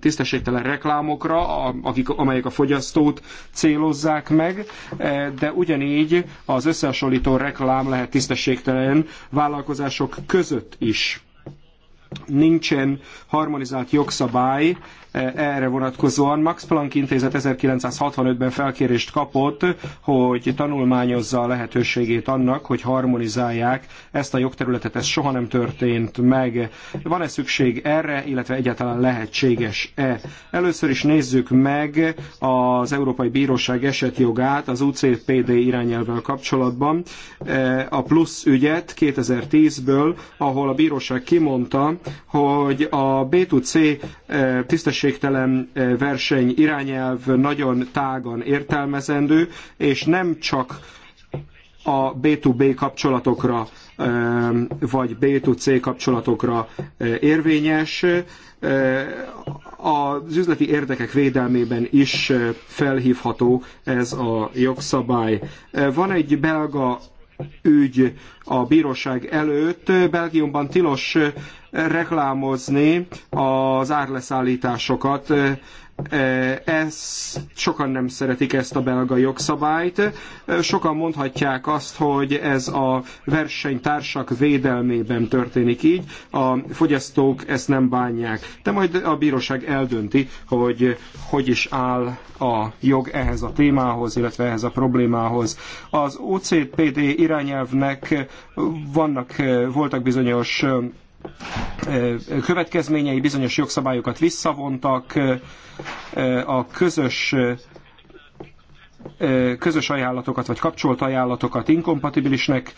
tisztességtelen reklámokra, akik, amelyek a fogyasztót célozzák meg, eh, de ugyanígy az összehasonlító reklám lehet tisztességtelen vállalkozások között is nincsen harmonizált jogszabály E, erre vonatkozóan. Max Planck intézet 1965-ben felkérést kapott, hogy tanulmányozza a lehetőségét annak, hogy harmonizálják ezt a jogterületet. Ez soha nem történt meg. Van-e szükség erre, illetve egyáltalán lehetséges-e? Először is nézzük meg az Európai Bíróság esetjogát az UCPD irányelvvel kapcsolatban. E, a plusz ügyet 2010-ből, ahol a bíróság kimondta, hogy a B2C e, tisztes tisztességtelen eh, verseny irányelv nagyon tágan értelmezendő, és nem csak a B2B kapcsolatokra eh, vagy B2C kapcsolatokra eh, érvényes, az üzleti érdekek védelmében is felhívható ez a jogszabály. Van egy belga ügy a bíróság előtt. Belgiumban tilos reklámozni az árleszállításokat. Ez sokan nem szeretik ezt a belga jogszabályt. Sokan mondhatják azt, hogy ez a versenytársak védelmében történik így. A fogyasztók ezt nem bánják. De majd a bíróság eldönti, hogy hogy is áll a jog ehhez a témához, illetve ehhez a problémához. Az OCPD irányelvnek vannak, voltak bizonyos következményei, bizonyos jogszabályokat visszavontak, a közös közös ajánlatokat vagy kapcsolt ajánlatokat inkompatibilisnek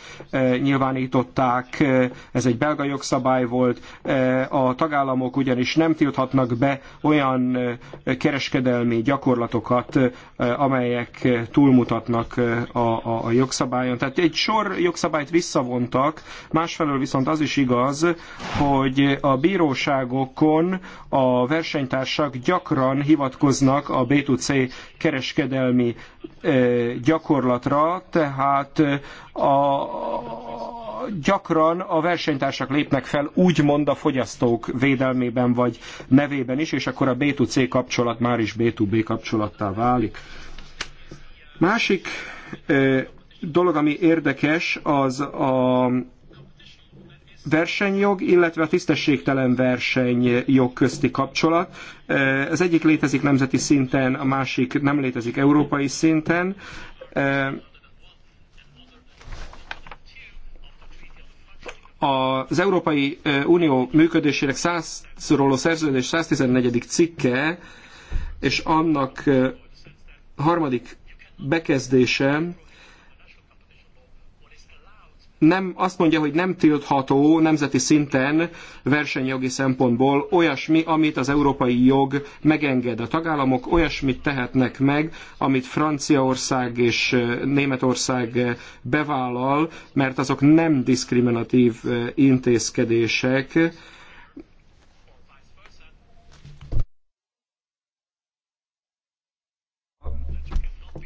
nyilvánították, ez egy belga jogszabály volt, a tagállamok ugyanis nem tilthatnak be olyan kereskedelmi gyakorlatokat, amelyek túlmutatnak a, a, a jogszabályon. Tehát egy sor jogszabályt visszavontak, másfelől viszont az is igaz, hogy a bíróságokon a versenytársak gyakran hivatkoznak a B2C kereskedelmi gyakorlatra, tehát a, gyakran a versenytársak lépnek fel úgymond a fogyasztók védelmében vagy nevében is, és akkor a B2C kapcsolat már is B2B kapcsolattá válik. Másik dolog, ami érdekes, az a versenyjog, illetve a tisztességtelen versenyjog közti kapcsolat. Az egyik létezik nemzeti szinten, a másik nem létezik európai szinten. az Európai Unió működésének 100 szoroló szerződés 114. cikke és annak harmadik bekezdése nem, azt mondja, hogy nem tiltható nemzeti szinten versenyjogi szempontból olyasmi, amit az európai jog megenged. A tagállamok olyasmit tehetnek meg, amit Franciaország és Németország bevállal, mert azok nem diszkriminatív intézkedések,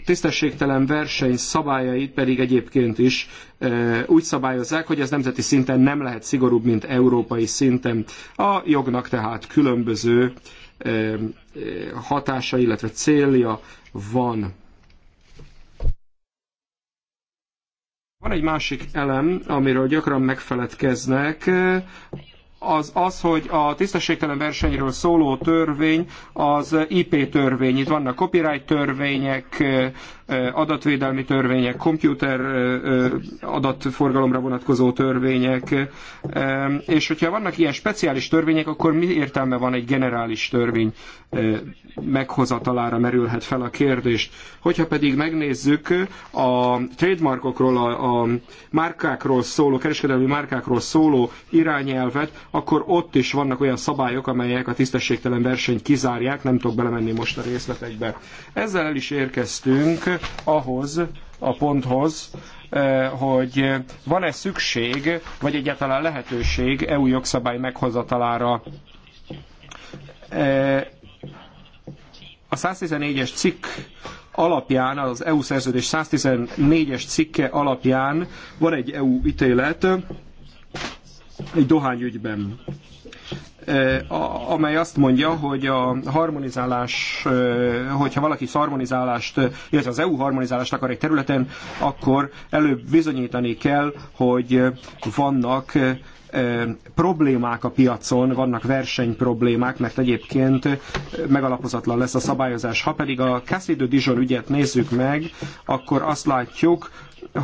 tisztességtelen verseny szabályait pedig egyébként is e, úgy szabályozzák, hogy ez nemzeti szinten nem lehet szigorúbb, mint európai szinten. A jognak tehát különböző e, e, hatása, illetve célja van. Van egy másik elem, amiről gyakran megfeledkeznek, az az, hogy a tisztességtelen versenyről szóló törvény az IP törvény. Itt vannak copyright törvények, adatvédelmi törvények, komputer adatforgalomra vonatkozó törvények, és hogyha vannak ilyen speciális törvények, akkor mi értelme van egy generális törvény meghozatalára merülhet fel a kérdést. Hogyha pedig megnézzük a trademarkokról, a, a márkákról szóló, kereskedelmi márkákról szóló irányelvet, akkor ott is vannak olyan szabályok, amelyek a tisztességtelen versenyt kizárják, nem tudok belemenni most a részletekbe. Ezzel el is érkeztünk ahhoz a ponthoz, eh, hogy van-e szükség, vagy egyáltalán lehetőség EU jogszabály meghozatalára. Eh, a 114-es cikk alapján, az EU szerződés 114-es cikke alapján van egy EU ítélet egy dohányügyben. Eh, amely azt mondja, hogy a harmonizálás, eh, hogyha valaki harmonizálást, illetve az EU harmonizálást akar egy területen, akkor előbb bizonyítani kell, hogy vannak eh, problémák a piacon, vannak versenyproblémák, mert egyébként megalapozatlan lesz a szabályozás. Ha pedig a Cassidy Dijon ügyet nézzük meg, akkor azt látjuk,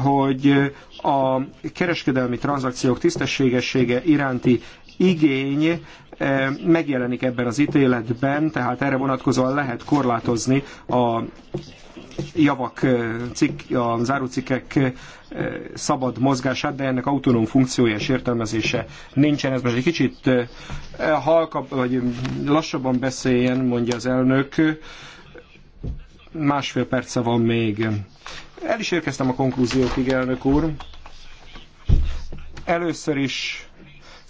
hogy a kereskedelmi tranzakciók tisztességessége iránti igény eh, megjelenik ebben az ítéletben, tehát erre vonatkozóan lehet korlátozni a javak, eh, cikk, a zárócikkek eh, szabad mozgását, de ennek autonóm funkciója és értelmezése nincsen. Ez most egy kicsit halkabb, vagy lassabban beszéljen, mondja az elnök. Másfél perce van még. El is érkeztem a konklúziókig, elnök úr. Először is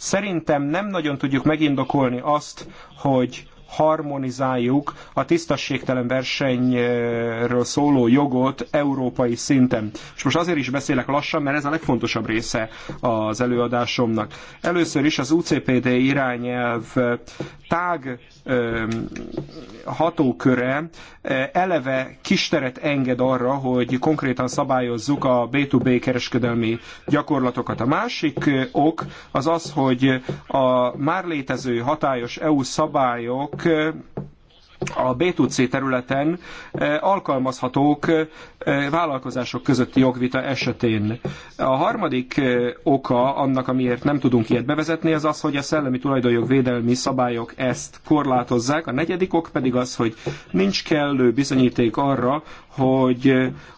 Szerintem nem nagyon tudjuk megindokolni azt, hogy harmonizáljuk a tisztességtelen versenyről szóló jogot európai szinten. És most azért is beszélek lassan, mert ez a legfontosabb része az előadásomnak. Először is az UCPD irányelv tág hatóköre eleve kisteret enged arra, hogy konkrétan szabályozzuk a B2B kereskedelmi gyakorlatokat. A másik ok az az, hogy a már létező hatályos EU szabályok eszközök a B2C területen alkalmazhatók vállalkozások közötti jogvita esetén. A harmadik oka annak, amiért nem tudunk ilyet bevezetni, az az, hogy a szellemi tulajdonjog védelmi szabályok ezt korlátozzák. A negyedik ok pedig az, hogy nincs kellő bizonyíték arra, hogy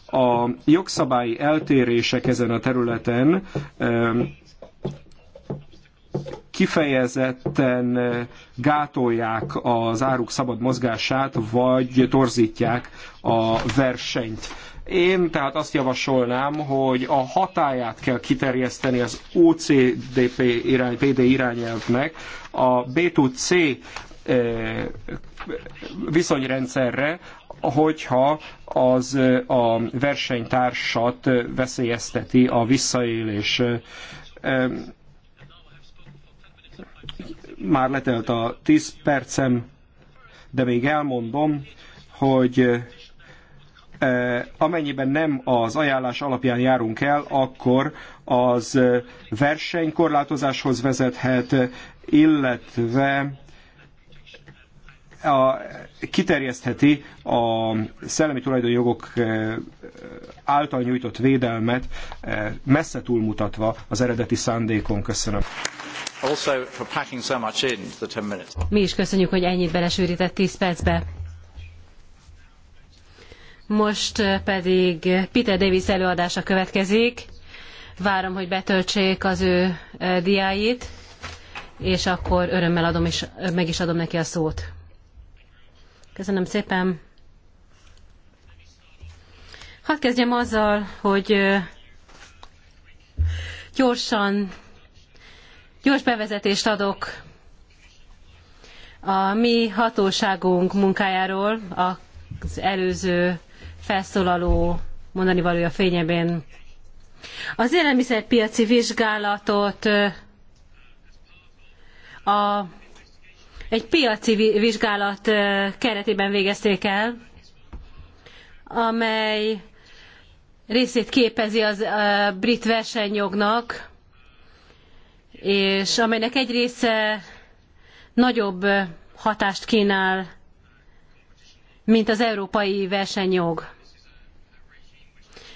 a jogszabályi eltérések ezen a területen kifejezetten gátolják az áruk szabad mozgását, vagy torzítják a versenyt. Én tehát azt javasolnám, hogy a hatáját kell kiterjeszteni az OCDP irány, PD irányelvnek a B2C eh, viszonyrendszerre, hogyha az eh, a versenytársat veszélyezteti a visszaélés eh, már letelt a 10 percem, de még elmondom, hogy e, amennyiben nem az ajánlás alapján járunk el, akkor az versenykorlátozáshoz vezethet, illetve a, kiterjesztheti a szellemi tulajdonjogok e, által nyújtott védelmet e, messze túlmutatva az eredeti szándékon. Köszönöm. Also for packing so much in the 10 minutes. Mi is köszönjük, hogy ennyit belesűrített 10 percbe. Most eh, pedig Peter Davis előadása következik. Várom, hogy betöltsék az ő eh, diáit, és akkor örömmel adom is, eh, meg is adom neki a szót. Köszönöm szépen. Hadd kezdjem azzal, hogy gyorsan Gyors bevezetést adok a mi hatóságunk munkájáról az előző felszólaló mondani valója fényében. Az élelmiszerpiaci vizsgálatot a, egy piaci vizsgálat keretében végezték el, amely részét képezi az brit versenyjognak, és amelynek egy része nagyobb hatást kínál, mint az európai versenyjog.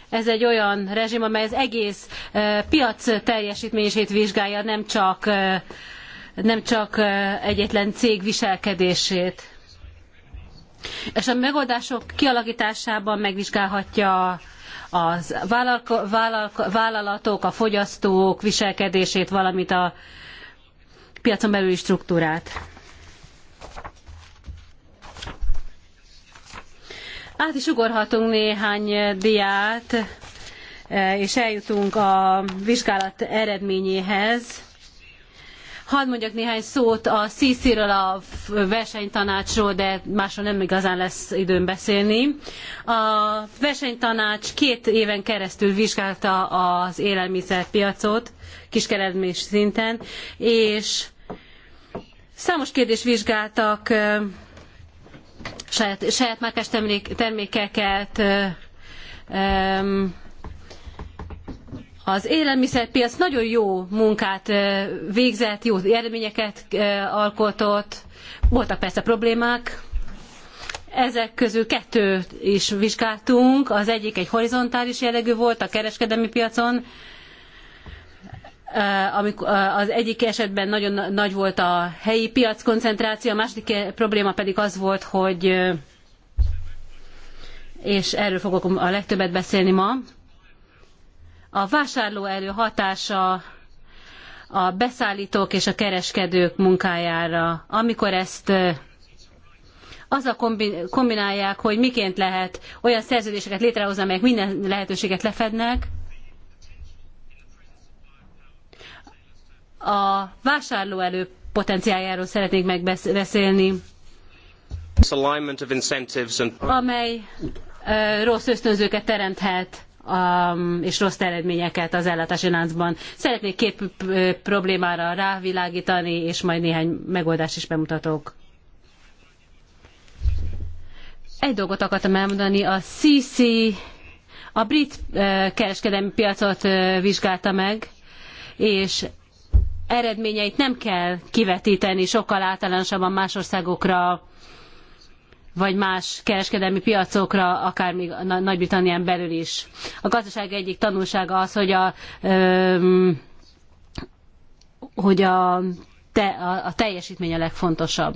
Ez egy olyan rezsim, amely az egész piac teljesítményését vizsgálja, nem csak, nem csak egyetlen cég viselkedését. És a megoldások kialakításában megvizsgálhatja a vállalatok, a fogyasztók viselkedését, valamint a piacon belüli struktúrát. Át is ugorhatunk néhány diát, eh, és eljutunk a vizsgálat eredményéhez. Hadd mondjak néhány szót a CC-ről, a versenytanácsról, de másról nem igazán lesz időm beszélni. A versenytanács két éven keresztül vizsgálta az élelmiszerpiacot kiskeredmés szinten, és számos kérdést vizsgáltak saját, saját márkás termékeket, az élelmiszerpiac nagyon jó munkát végzett, jó eredményeket alkotott, voltak persze problémák, ezek közül kettőt is vizsgáltunk, az egyik egy horizontális jellegű volt a kereskedelmi piacon, az egyik esetben nagyon nagy volt a helyi piac koncentráció, a második e, probléma pedig az volt, hogy és erről fogok a legtöbbet beszélni ma, a vásárlóerő hatása a beszállítók és a kereskedők munkájára, amikor ezt azzal kombinálják, hogy miként lehet olyan szerződéseket létrehozni, amelyek minden lehetőséget lefednek, a vásárlóerő potenciáljáról szeretnék megbeszélni, amely rossz ösztönzőket teremthet Um, és rossz eredményeket az ellátási láncban. Szeretnék két problémára rávilágítani, és majd néhány megoldást is bemutatok. Egy dolgot akartam elmondani, a CC, a brit uh, kereskedelmi piacot uh, vizsgálta meg, és eredményeit nem kell kivetíteni sokkal általánosabban más országokra, vagy más kereskedelmi piacokra, akár még Nagy-Britannián belül is. A gazdaság egyik tanulsága az, hogy a, hogy a, te, a, a teljesítmény a legfontosabb.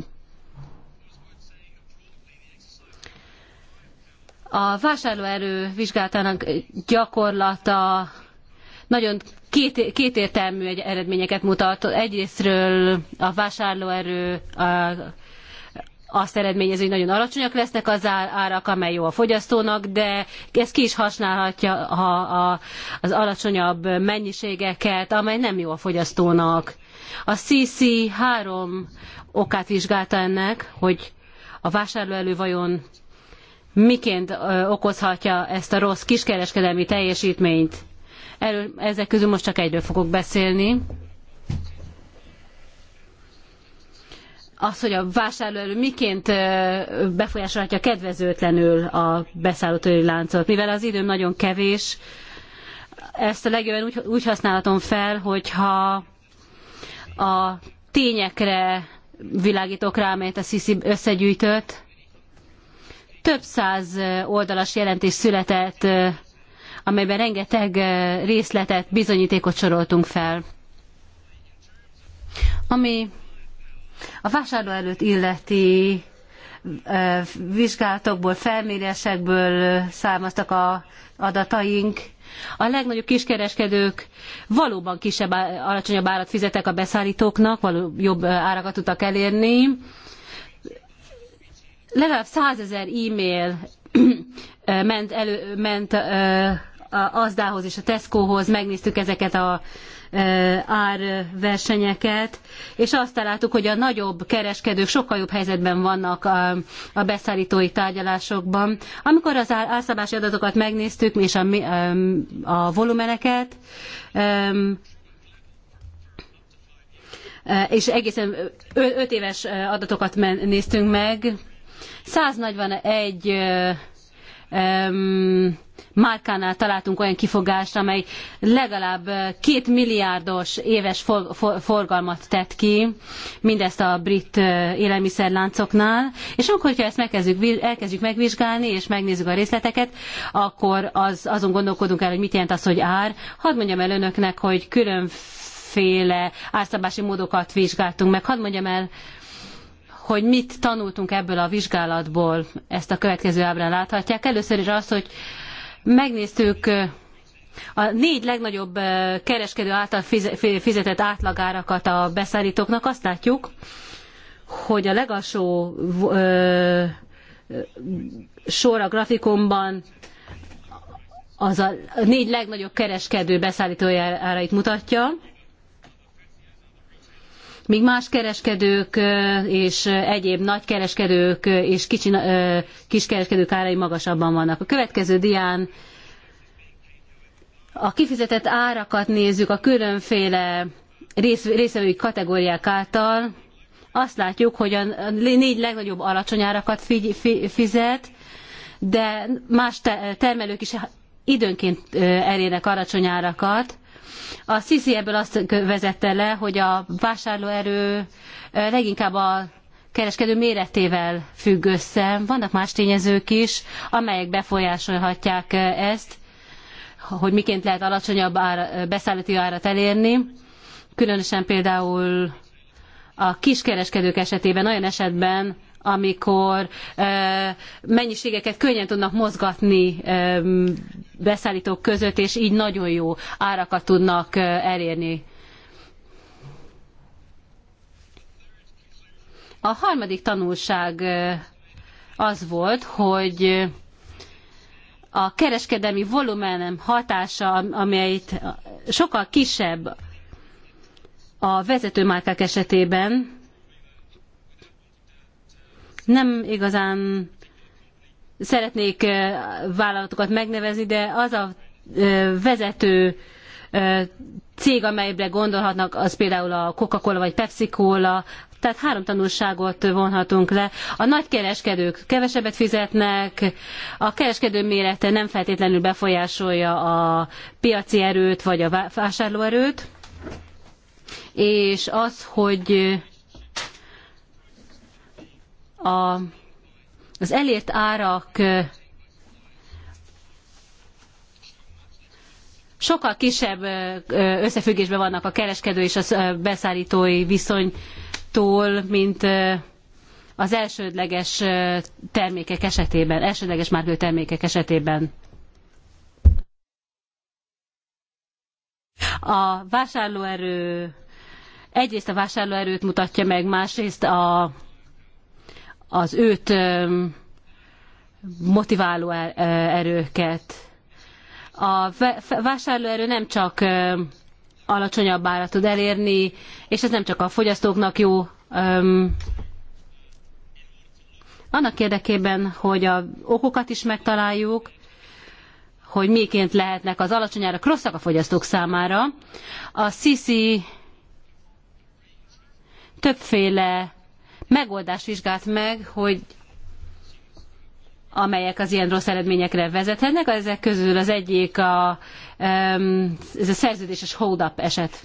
A vásárlóerő vizsgálatának gyakorlata nagyon két, kétértelmű eredményeket mutat. Egyrésztről a vásárlóerő a azt eredményezi, hogy nagyon alacsonyak lesznek az árak, amely jó a fogyasztónak, de ez ki is használhatja ha az alacsonyabb mennyiségeket, amely nem jó a fogyasztónak. A CC három okát vizsgálta ennek, hogy a vásárlóelő vajon miként okozhatja ezt a rossz kiskereskedelmi teljesítményt. Erről, ezek közül most csak egyről fogok beszélni. az, hogy a vásárlóerő miként befolyásolhatja kedvezőtlenül a beszállítói láncot. Mivel az időm nagyon kevés, ezt a legjobban úgy, úgy használhatom fel, hogyha a tényekre világítok rá, amelyet a Sisi összegyűjtött. Több száz oldalas jelentés született, amelyben rengeteg részletet, bizonyítékot soroltunk fel. Ami a vásárló előtt illeti vizsgálatokból, felmérésekből származtak a adataink. A legnagyobb kiskereskedők valóban kisebb, alacsonyabb árat fizetek a beszállítóknak, való, jobb árakat tudtak elérni. Legalább százezer e-mail ment, elő, ment azdához és a Tescohoz, megnéztük ezeket a árversenyeket, és azt találtuk, hogy a nagyobb kereskedők sokkal jobb helyzetben vannak a, a beszállítói tárgyalásokban. Amikor az árszabási adatokat megnéztük, és a, a volumeneket, és egészen 5 éves adatokat néztünk meg, 141 márkánál találtunk olyan kifogást, amely legalább két milliárdos éves forgalmat tett ki, mindezt a brit élelmiszerláncoknál, és akkor, hogyha ezt megkezdjük, elkezdjük megvizsgálni, és megnézzük a részleteket, akkor az, azon gondolkodunk el, hogy mit jelent az, hogy ár. Hadd mondjam el önöknek, hogy különféle árszabási módokat vizsgáltunk meg. Hadd mondjam el, hogy mit tanultunk ebből a vizsgálatból, ezt a következő ábrán láthatják. Először is azt, hogy megnéztük a négy legnagyobb kereskedő által fizetett átlagárakat a beszállítóknak. Azt látjuk, hogy a legalsó sor a grafikonban az a négy legnagyobb kereskedő árait mutatja, míg más kereskedők és egyéb nagykereskedők és kicsi, kiskereskedők árai magasabban vannak. A következő dián a kifizetett árakat nézzük a különféle rész, részvevői kategóriák által, azt látjuk, hogy a négy legnagyobb alacsony árakat fizet, de más termelők is időnként elérnek alacsony árakat. A Sisi ebből azt vezette le, hogy a vásárlóerő eh, leginkább a kereskedő méretével függ össze. Vannak más tényezők is, amelyek befolyásolhatják eh, ezt, hogy miként lehet alacsonyabb ára, eh, beszállítói árat elérni. Különösen például a kiskereskedők esetében olyan esetben, amikor mennyiségeket könnyen tudnak mozgatni beszállítók között, és így nagyon jó árakat tudnak elérni. A harmadik tanulság az volt, hogy a kereskedelmi volumenem hatása, amelyet sokkal kisebb a vezetőmárkák esetében, nem igazán szeretnék vállalatokat megnevezni, de az a vezető cég, amelyre gondolhatnak, az például a Coca-Cola vagy Pepsi-Cola, tehát három tanulságot vonhatunk le. A nagykereskedők kevesebbet fizetnek, a kereskedő mérete nem feltétlenül befolyásolja a piaci erőt vagy a vásárlóerőt, és az, hogy a, az elért árak sokkal kisebb összefüggésben vannak a kereskedő és a beszállítói viszonytól, mint az elsődleges termékek esetében, elsődleges márkő termékek esetében. A vásárlóerő egyrészt a vásárlóerőt mutatja meg, másrészt a az őt motiváló er-, erőket. A vásárlóerő nem csak alacsonyabb árat tud elérni, és ez nem csak a fogyasztóknak jó. annak érdekében, hogy a okokat is megtaláljuk, hogy miként lehetnek az alacsonyára rosszak a fogyasztók számára. A Sisi többféle megoldást vizsgált meg, hogy amelyek az ilyen rossz eredményekre vezethetnek. Ezek közül az egyik a, ez a szerződéses hold-up eset.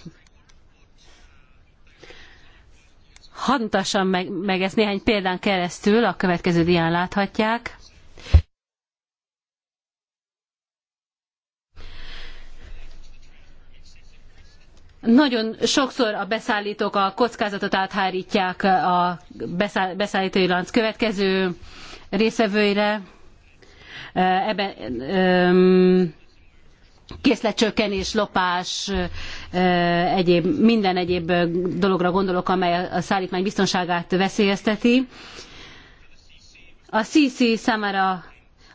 Hadd mutassam meg, meg ezt néhány példán keresztül, a következő dián láthatják. Nagyon sokszor a beszállítók a kockázatot áthárítják a beszállítói lánc következő részevőire. Ebben készletcsökkenés, lopás, egyéb, minden egyéb dologra gondolok, amely a szállítmány biztonságát veszélyezteti. A CC számára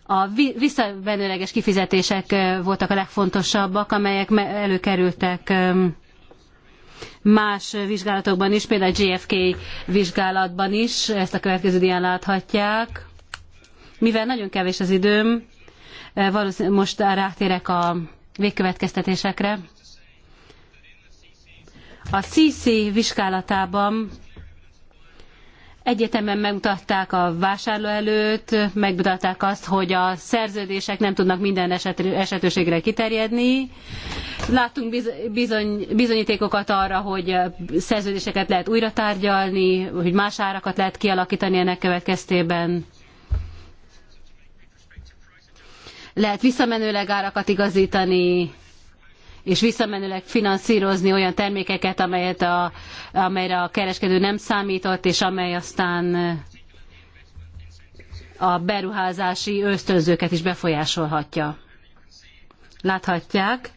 a visszamenőleges kifizetések voltak a legfontosabbak, amelyek előkerültek más vizsgálatokban is, például a JFK vizsgálatban is, ezt a következő dián láthatják. Mivel nagyon kevés az időm, eh, valószínűleg most rátérek a végkövetkeztetésekre. A CC vizsgálatában egyetemen megmutatták a vásárló előtt, megmutatták azt, hogy a szerződések nem tudnak minden esetőségre kiterjedni. Láttunk bizony, bizonyítékokat arra, hogy szerződéseket lehet újra tárgyalni, hogy más árakat lehet kialakítani ennek következtében. Lehet visszamenőleg árakat igazítani, és visszamenőleg finanszírozni olyan termékeket, amelyet a, amelyre a kereskedő nem számított, és amely aztán eh, a beruházási ösztönzőket is befolyásolhatja. Láthatják,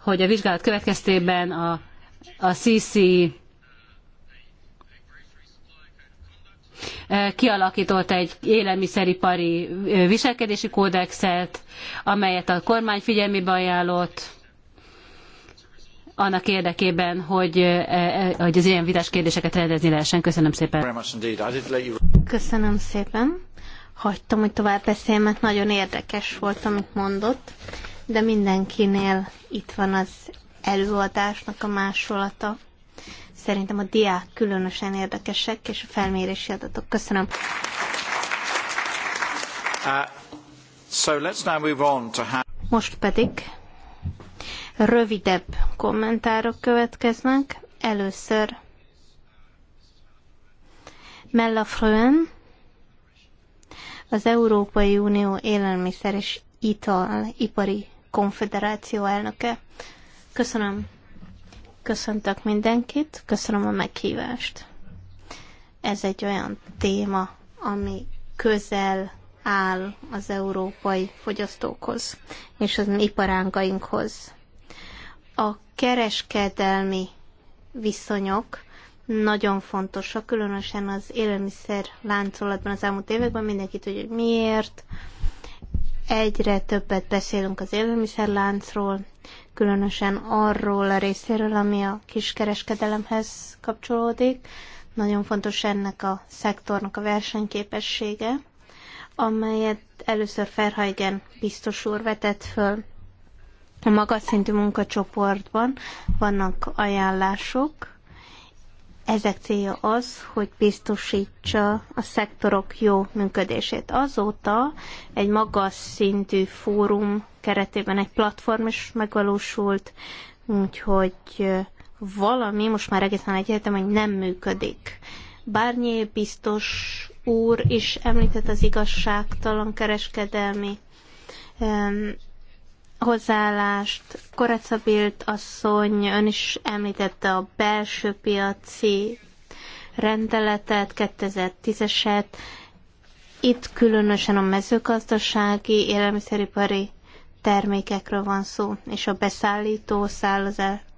hogy a vizsgálat következtében a, a CC eh, kialakított egy élelmiszeripari eh, viselkedési kódexet, amelyet a kormány figyelmébe ajánlott, annak érdekében, hogy, e, e, hogy az ilyen vitás kérdéseket rendezni lehessen. Köszönöm szépen. Köszönöm szépen. Hagytam, hogy tovább beszélj, mert nagyon érdekes volt, amit mondott, de mindenkinél itt van az előadásnak a másolata. Szerintem a diák különösen érdekesek, és a felmérési adatok. Köszönöm. Uh, so let's now move on to how... Most pedig Rövidebb kommentárok következnek. Először Mellafrön, az Európai Unió Élelmiszer és Ital Ipari Konfederáció elnöke. Köszönöm. Köszöntök mindenkit, köszönöm a meghívást. Ez egy olyan téma, ami közel áll az európai fogyasztókhoz és az iparángainkhoz. A kereskedelmi viszonyok nagyon fontosak, különösen az élelmiszer láncolatban az elmúlt években mindenki tudja, hogy miért. Egyre többet beszélünk az élelmiszer láncról, különösen arról a részéről, ami a kiskereskedelemhez kapcsolódik. Nagyon fontos ennek a szektornak a versenyképessége, amelyet először Ferhajgen biztos úr vetett föl. A magas szintű munkacsoportban vannak ajánlások, ezek célja az, hogy biztosítsa a szektorok jó működését. Azóta egy magas szintű fórum keretében egy platform is megvalósult, úgyhogy valami most már egészen egyetem, hogy nem működik. Bárnyi biztos úr is említett az igazságtalan kereskedelmi hozzáállást. Koracabilt asszony, ön is említette a belső piaci rendeletet, 2010-eset. Itt különösen a mezőgazdasági, élelmiszeripari termékekről van szó, és a beszállító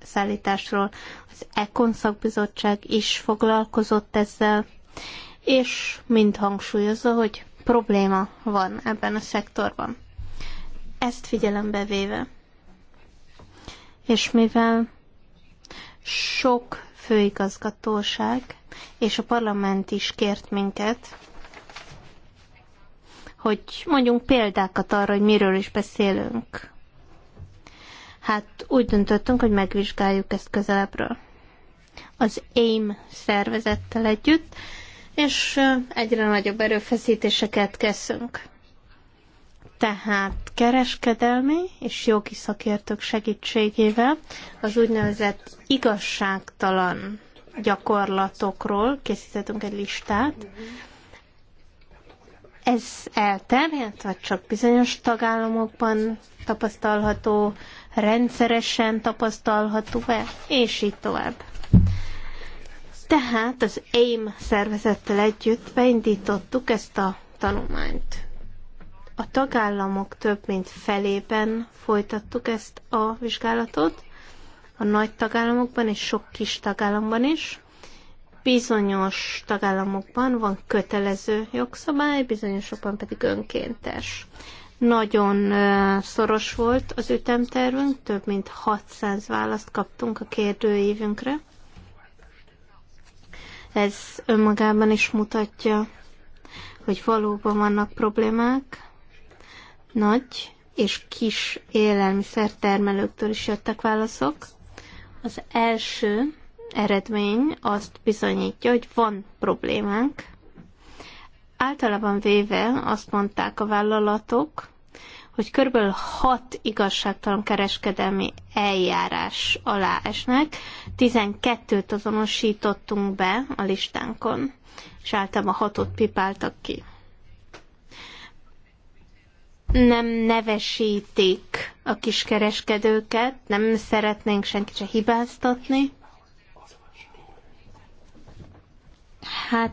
szállításról. Az Ekon szakbizottság is foglalkozott ezzel, és mind hangsúlyozza, hogy probléma van ebben a szektorban. Ezt figyelembe véve. És mivel sok főigazgatóság és a parlament is kért minket, hogy mondjunk példákat arra, hogy miről is beszélünk. Hát úgy döntöttünk, hogy megvizsgáljuk ezt közelebbről. Az AIM szervezettel együtt, és egyre nagyobb erőfeszítéseket kezdünk. Tehát kereskedelmi és jogi szakértők segítségével az úgynevezett igazságtalan gyakorlatokról készítettünk egy listát. Ez elterjedt, vagy csak bizonyos tagállamokban tapasztalható, rendszeresen tapasztalható-e, és így tovább. Tehát az AIM szervezettel együtt beindítottuk ezt a tanulmányt a tagállamok több mint felében folytattuk ezt a vizsgálatot, a nagy tagállamokban és sok kis tagállamban is. Bizonyos tagállamokban van kötelező jogszabály, bizonyosokban pedig önkéntes. Nagyon szoros volt az ütemtervünk, több mint 600 választ kaptunk a kérdőívünkre. Ez önmagában is mutatja, hogy valóban vannak problémák, nagy és kis élelmiszertermelőktől is jöttek válaszok. Az első eredmény azt bizonyítja, hogy van problémánk. Általában véve azt mondták a vállalatok, hogy körülbelül hat igazságtalan kereskedelmi eljárás alá esnek, 12-t azonosítottunk be a listánkon, és általában hatot pipáltak ki nem nevesítik a kiskereskedőket, nem szeretnénk senkit se hibáztatni. Hát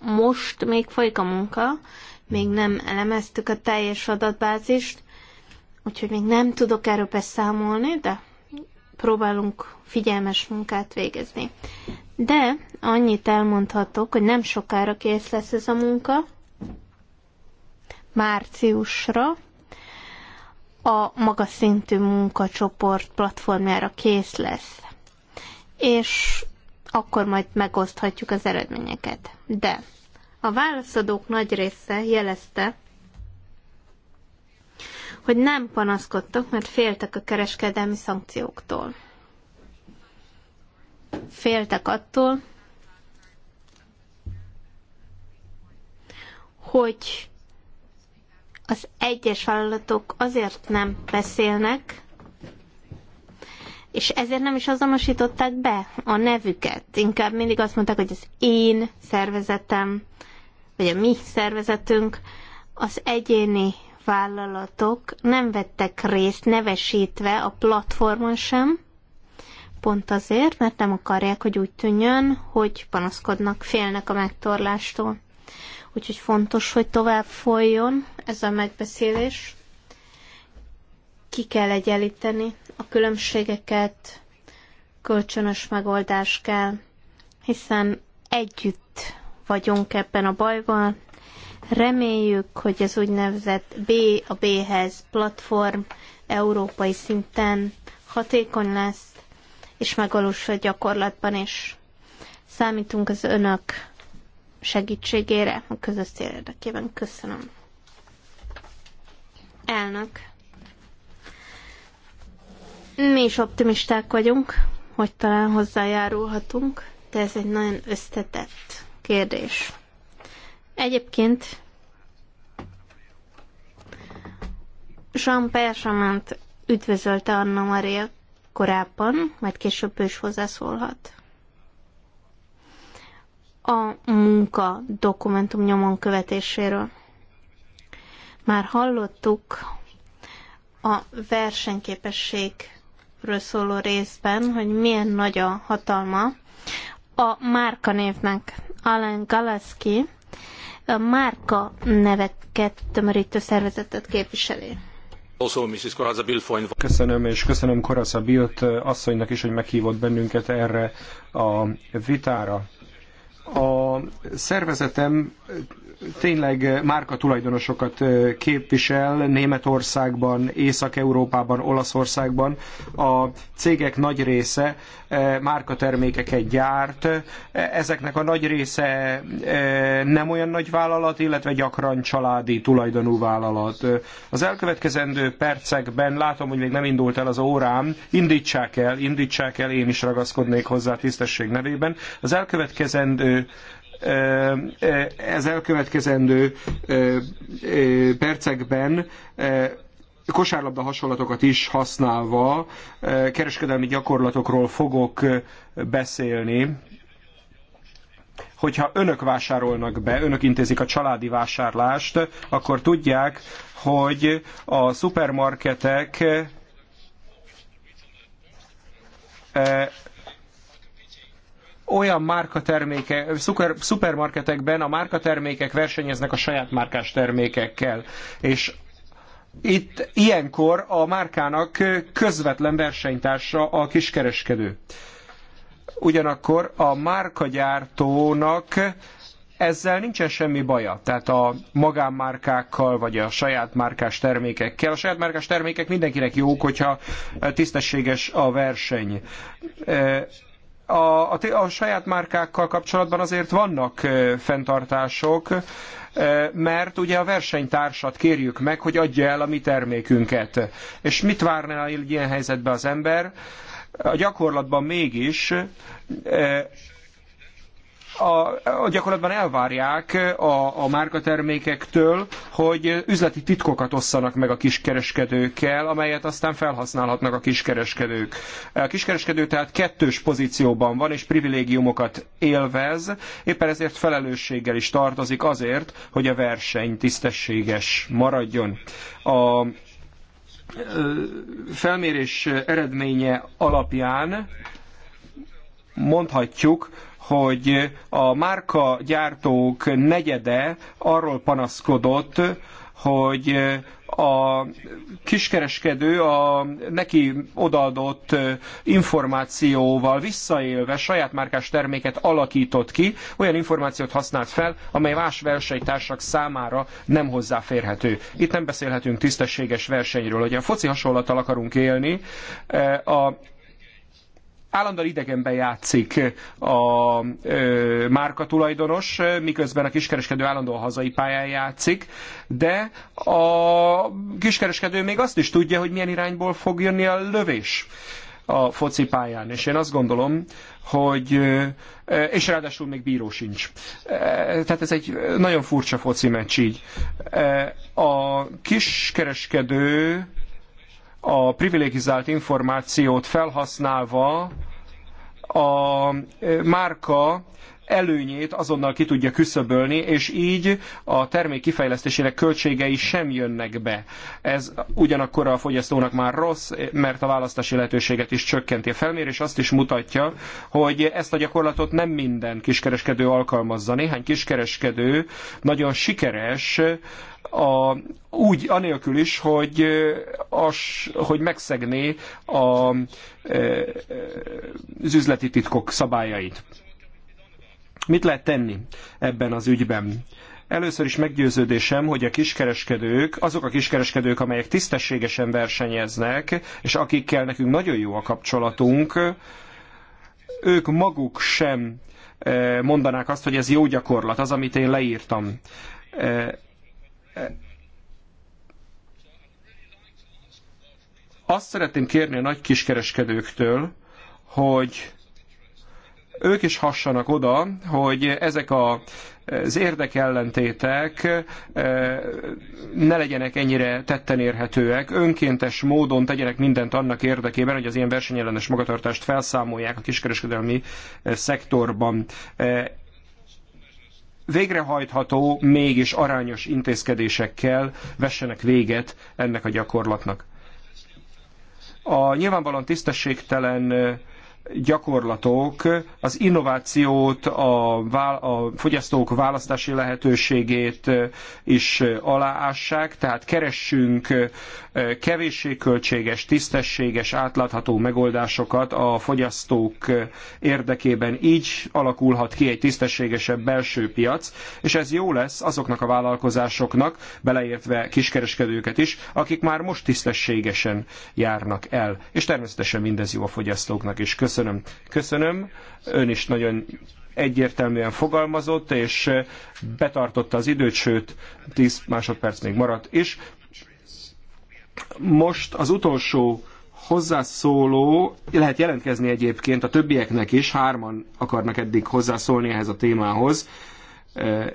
most még folyik a munka, még nem elemeztük a teljes adatbázist, úgyhogy még nem tudok erről beszámolni, de próbálunk figyelmes munkát végezni. De annyit elmondhatok, hogy nem sokára kész lesz ez a munka, márciusra a magas szintű munkacsoport platformjára kész lesz. És akkor majd megoszthatjuk az eredményeket. De a válaszadók nagy része jelezte, hogy nem panaszkodtak, mert féltek a kereskedelmi szankcióktól. Féltek attól, hogy az egyes vállalatok azért nem beszélnek, és ezért nem is azonosították be a nevüket. Inkább mindig azt mondták, hogy az én szervezetem, vagy a mi szervezetünk, az egyéni vállalatok nem vettek részt nevesítve a platformon sem, pont azért, mert nem akarják, hogy úgy tűnjön, hogy panaszkodnak, félnek a megtorlástól úgyhogy fontos, hogy tovább folyjon ez a megbeszélés. Ki kell egyenlíteni a különbségeket, kölcsönös megoldás kell, hiszen együtt vagyunk ebben a bajban. Reméljük, hogy az úgynevezett B a B-hez platform európai szinten hatékony lesz, és megvalósul gyakorlatban is. Számítunk az önök segítségére a közös cél érdekében. Köszönöm. Elnök. Mi is optimisták vagyunk, hogy talán hozzájárulhatunk, de ez egy nagyon összetett kérdés. Egyébként Jean Persament üdvözölte Anna Maria korábban, majd később ő is hozzászólhat a munka dokumentum nyomon követéséről. Már hallottuk a versenyképességről szóló részben, hogy milyen nagy a hatalma a márkanévnek. Alan Galaszki a márka neveket tömörítő szervezetet képviseli. Köszönöm, és köszönöm Korasza Bilt asszonynak is, hogy meghívott bennünket erre a vitára. A szervezetem tényleg eh, márka tulajdonosokat eh, képvisel Németországban, Észak-Európában, Olaszországban. A cégek nagy része eh, márkatermékeket gyárt. Ezeknek a nagy része nem olyan nagy vállalat, illetve gyakran családi tulajdonú vállalat. Az elkövetkezendő percekben látom, hogy még nem indult el az órám. Indítsák el, indítsák el, én is ragaszkodnék hozzá a tisztesség nevében. Az elkövetkezendő ez elkövetkezendő percekben kosárlabda hasonlatokat is használva kereskedelmi gyakorlatokról fogok beszélni, hogyha önök vásárolnak be, önök intézik a családi vásárlást, akkor tudják, hogy a szupermarketek olyan márkaterméke, szuper, szupermarketekben a márkatermékek versenyeznek a saját márkás termékekkel, és itt ilyenkor a márkának közvetlen versenytársa a kiskereskedő. Ugyanakkor a márkagyártónak ezzel nincsen semmi baja. Tehát a magánmárkákkal, vagy a saját márkás termékekkel. A saját márkás termékek mindenkinek jók, hogyha tisztességes a verseny a, a, a saját márkákkal kapcsolatban azért vannak fenntartások, mert ugye a versenytársat kérjük meg, hogy adja el a mi termékünket. És mit egy ilyen helyzetben az ember? A gyakorlatban mégis a, gyakorlatban elvárják a, a márkatermékektől, hogy üzleti titkokat osszanak meg a kiskereskedőkkel, amelyet aztán felhasználhatnak a kiskereskedők. A kiskereskedő tehát kettős pozícióban van, és privilégiumokat élvez, éppen ezért felelősséggel is tartozik azért, hogy a verseny tisztességes maradjon. A felmérés eredménye alapján mondhatjuk, hogy a márka gyártók negyede arról panaszkodott, hogy a kiskereskedő a neki odaadott információval visszaélve saját márkás terméket alakított ki, olyan információt használt fel, amely más versenytársak számára nem hozzáférhető. Itt nem beszélhetünk tisztességes versenyről. Hogy a foci hasonlattal akarunk élni, a állandóan idegenben játszik a ö, márkatulajdonos, miközben a kiskereskedő állandóan hazai pályán játszik, de a kiskereskedő még azt is tudja, hogy milyen irányból fog jönni a lövés a foci pályán. És én azt gondolom, hogy és ráadásul még bíró sincs. Tehát ez egy nagyon furcsa foci meccs így. A kiskereskedő a privilegizált információt felhasználva a márka előnyét azonnal ki tudja küszöbölni, és így a termék kifejlesztésének költségei sem jönnek be. Ez ugyanakkor a fogyasztónak már rossz, mert a választási lehetőséget is csökkenti. A felmérés azt is mutatja, hogy ezt a gyakorlatot nem minden kiskereskedő alkalmazza. Néhány kiskereskedő nagyon sikeres a, úgy, anélkül is, hogy, as, hogy megszegné a, az üzleti titkok szabályait. Mit lehet tenni ebben az ügyben? Először is meggyőződésem, hogy a kiskereskedők, azok a kiskereskedők, amelyek tisztességesen versenyeznek, és akikkel nekünk nagyon jó a kapcsolatunk, ők maguk sem e, mondanák azt, hogy ez jó gyakorlat, az, amit én leírtam. E, e, azt szeretném kérni a nagy kiskereskedőktől, hogy ők is hassanak oda, hogy ezek a, az érdekellentétek e, ne legyenek ennyire tetten érhetőek, önkéntes módon tegyenek mindent annak érdekében, hogy az ilyen versenyellenes magatartást felszámolják a kiskereskedelmi e, szektorban e, végrehajtható, mégis arányos intézkedésekkel vessenek véget ennek a gyakorlatnak. A nyilvánvalóan tisztességtelen gyakorlatok az innovációt, a, a fogyasztók választási lehetőségét is aláássák, tehát keressünk kevéssé költséges, tisztességes, átlátható megoldásokat a fogyasztók érdekében. Így alakulhat ki egy tisztességesebb belső piac, és ez jó lesz azoknak a vállalkozásoknak, beleértve kiskereskedőket is, akik már most tisztességesen járnak el. És természetesen mindez jó a fogyasztóknak is. Köszönöm Köszönöm. Köszönöm. Ön is nagyon egyértelműen fogalmazott, és betartotta az időt, sőt, 10 másodperc még maradt is. Most az utolsó hozzászóló, lehet jelentkezni egyébként a többieknek is, hárman akarnak eddig hozzászólni ehhez a témához,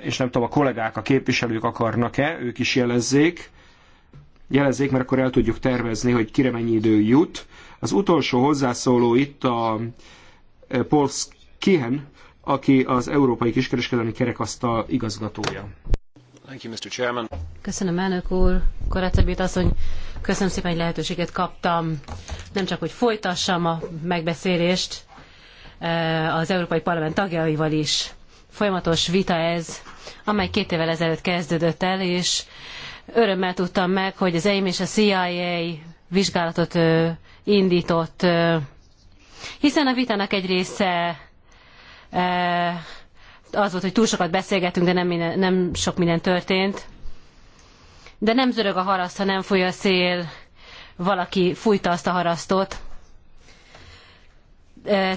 és nem tudom, a kollégák, a képviselők akarnak-e, ők is jelezzék, jelezzék, mert akkor el tudjuk tervezni, hogy kire mennyi idő jut. Az utolsó hozzászóló itt a eh, Paul Kihen, aki az Európai Kiskereskedelmi Kerekasztal igazgatója. Thank you, Mr. Chairman. Köszönöm, elnök úr, Korácebét asszony, köszönöm szépen, hogy lehetőséget kaptam, nem csak, hogy folytassam a megbeszélést eh, az Európai Parlament tagjaival is. Folyamatos vita ez, amely két évvel ezelőtt kezdődött el, és örömmel tudtam meg, hogy az EIM és a CIA vizsgálatot eh, indított, hiszen a vitának egy része az volt, hogy túl sokat beszélgettünk, de nem, minden, nem sok minden történt. De nem zörög a haraszt, ha nem foly a szél, valaki fújta azt a harasztot.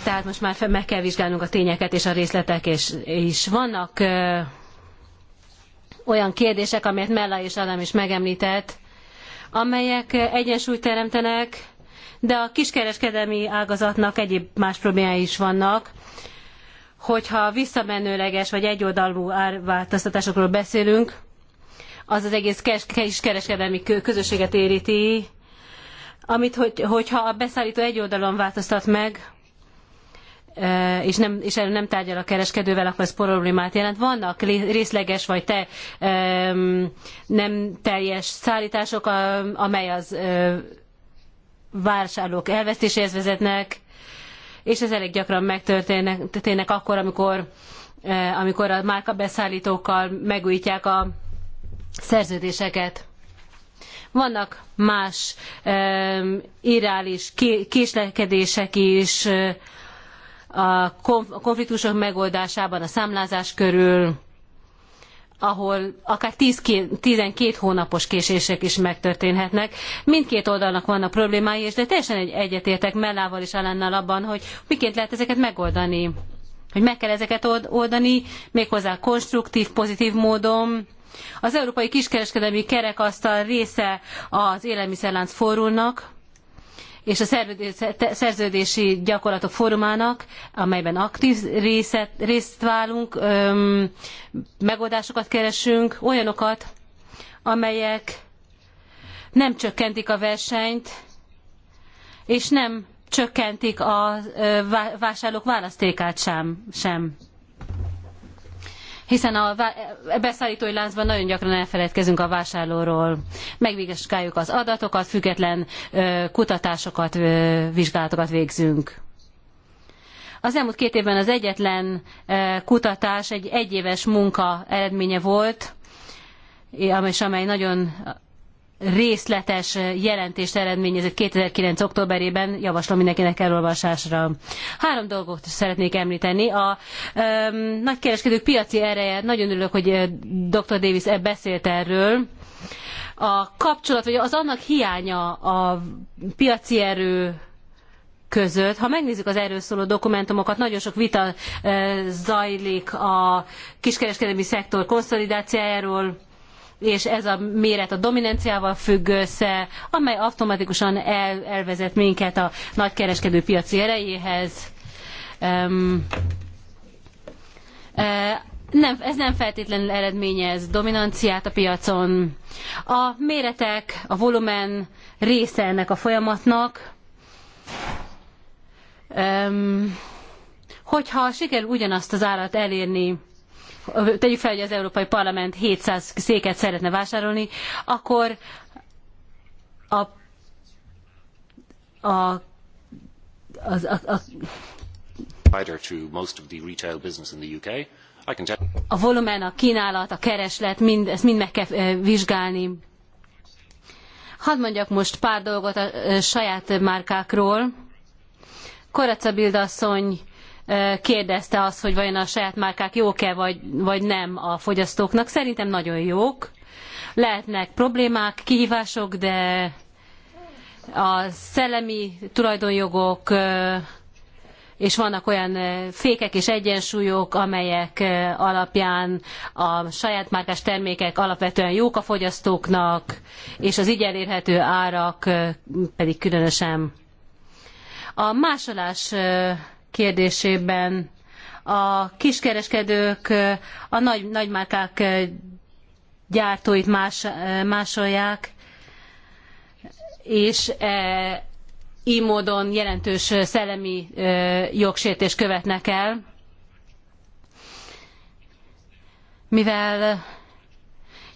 Tehát most már meg kell vizsgálnunk a tényeket és a részletek is. is. Vannak olyan kérdések, amelyet Mella és Adam is megemlített, amelyek egyensúlyt teremtenek, de a kiskereskedelmi ágazatnak egyéb más problémái is vannak hogyha visszamenőleges vagy egyoldalú árváltoztatásokról beszélünk, az az egész kiskereskedelmi közösséget érinti, amit hogy, hogyha a beszállító egyoldalon változtat meg, e, és, nem, és erről nem tárgyal a kereskedővel, akkor ez problémát jelent. Vannak részleges vagy te e, nem teljes szállítások, amely az e, vásárlók elvesztéséhez vezetnek, és ez elég gyakran megtörténnek akkor, amikor, eh, amikor a márka beszállítókkal megújítják a szerződéseket. Vannak más eh, irális késlekedések is eh, a konfliktusok megoldásában, a számlázás körül, ahol akár 10-12 hónapos késések is megtörténhetnek. Mindkét oldalnak vannak problémái, és de teljesen egy, egyetértek Mellával és Alánnal abban, hogy miként lehet ezeket megoldani. Hogy meg kell ezeket oldani, méghozzá konstruktív, pozitív módon. Az Európai Kiskereskedelmi Kerekasztal része az Élelmiszerlánc Fórumnak, és a szerződési gyakorlatok formának, amelyben aktív részet, részt válunk, öm, megoldásokat keresünk, olyanokat, amelyek nem csökkentik a versenyt, és nem csökkentik a vásárlók választékát sem. sem hiszen a beszállítói láncban nagyon gyakran elfeledkezünk a vásárlóról. Megvizsgáljuk az adatokat, független kutatásokat, vizsgálatokat végzünk. Az elmúlt két évben az egyetlen kutatás egy egyéves munka eredménye volt, és amely nagyon részletes jelentést eredményezett 2009. októberében, javaslom mindenkinek elolvasásra. Három dolgot szeretnék említeni. A um, nagykereskedők piaci ereje, nagyon örülök, hogy dr. Davis e beszélt erről, a kapcsolat, vagy az annak hiánya a piaci erő között. Ha megnézzük az erről szóló dokumentumokat, nagyon sok vita zajlik a kiskereskedelmi szektor konszolidációjáról, és ez a méret a dominanciával függ össze, amely automatikusan el, elvezet minket a nagykereskedő piaci erejéhez. Um, nem, ez nem feltétlenül eredményez dominanciát a piacon. A méretek, a volumen része ennek a folyamatnak. Um, hogyha sikerül ugyanazt az árat elérni, tegyük fel, hogy az Európai Parlament 700 széket szeretne vásárolni, akkor a, a, az, a, a a volumen, a kínálat, a kereslet, mind, ezt mind meg kell vizsgálni. Hadd mondjak most pár dolgot a saját márkákról. Koraca Bildasszony kérdezte azt, hogy vajon a saját márkák jók-e vagy, vagy nem a fogyasztóknak. Szerintem nagyon jók. Lehetnek problémák, kihívások, de a szellemi tulajdonjogok és vannak olyan fékek és egyensúlyok, amelyek alapján a saját márkás termékek alapvetően jók a fogyasztóknak, és az így elérhető árak pedig különösen. A másolás kérdésében a kiskereskedők a nagy, nagymárkák gyártóit más, másolják, és e, így módon jelentős szellemi e, jogsértést követnek el, mivel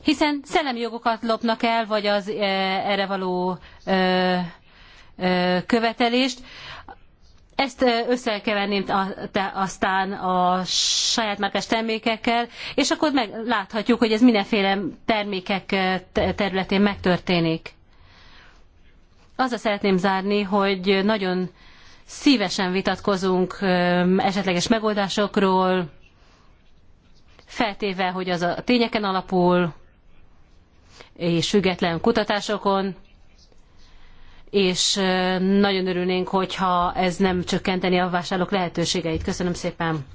hiszen szellemi jogokat lopnak el, vagy az e, erre való e, követelést. Ezt összekeverném aztán a saját márkás termékekkel, és akkor megláthatjuk, hogy ez mindenféle termékek területén megtörténik. Azzal szeretném zárni, hogy nagyon szívesen vitatkozunk esetleges megoldásokról, feltéve, hogy az a tényeken alapul, és független kutatásokon, és nagyon örülnénk, hogyha ez nem csökkenteni a vásárlók lehetőségeit. Köszönöm szépen.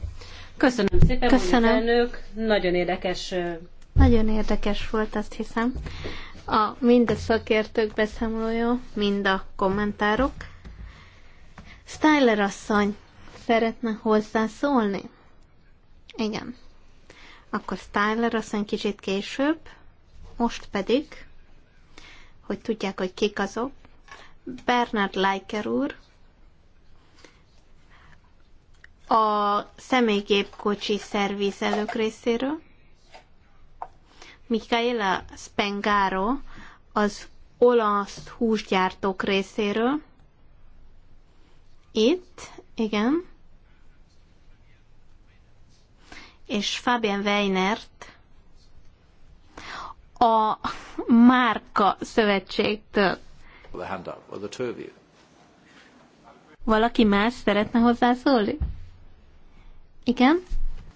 Köszönöm szépen, Köszönöm. elnök. Nagyon érdekes. Nagyon érdekes volt, azt hiszem. A, mind a szakértők beszámolója, mind a kommentárok. Styler asszony szeretne hozzászólni? Igen. Akkor Styler asszony kicsit később, most pedig, hogy tudják, hogy kik azok, Bernard Leiker úr a személygépkocsi szervizelők részéről, Michaela Spengaro az olasz húsgyártók részéről, itt, igen, és Fabian Weinert a Márka Szövetségtől. The hand up, or the two of you. Valaki más szeretne hozzászólni? Igen?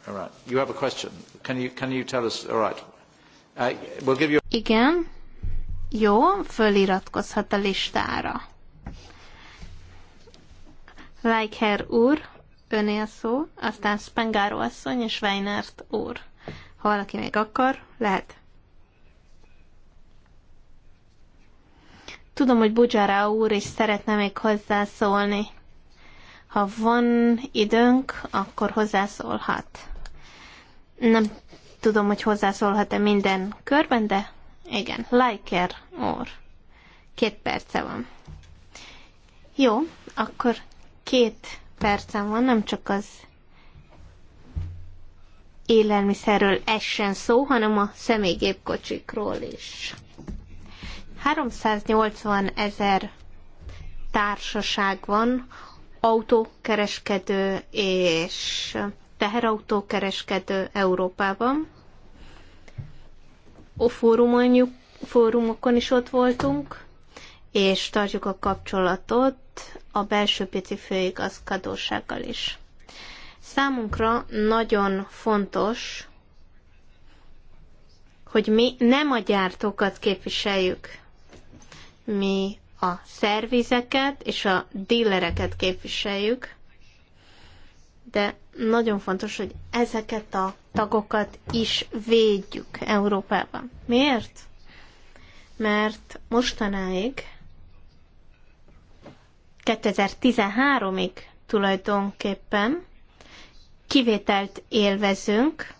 All right. You have a question. Can you, can you tell us? All right. Uh, we'll give you... Igen. Jó, föliratkozhat a listára. Leicher úr, öné a szó, aztán Spengáró asszony és Weinert úr. Ha valaki még akar, lehet. Tudom, hogy Budzsara úr is szeretne még hozzászólni. Ha van időnk, akkor hozzászólhat. Nem tudom, hogy hozzászólhat-e minden körben, de igen, Liker úr. Két perce van. Jó, akkor két percem van, nem csak az élelmiszerről essen szó, hanem a személygépkocsikról is. 380 ezer társaság van, autókereskedő és teherautókereskedő Európában. A fórumon, fórumokon is ott voltunk, és tartjuk a kapcsolatot a belső pici főigazgatósággal is. Számunkra nagyon fontos, hogy mi nem a gyártókat képviseljük, mi a szervizeket és a dílereket képviseljük, de nagyon fontos, hogy ezeket a tagokat is védjük Európában. Miért? Mert mostanáig, 2013-ig tulajdonképpen kivételt élvezünk,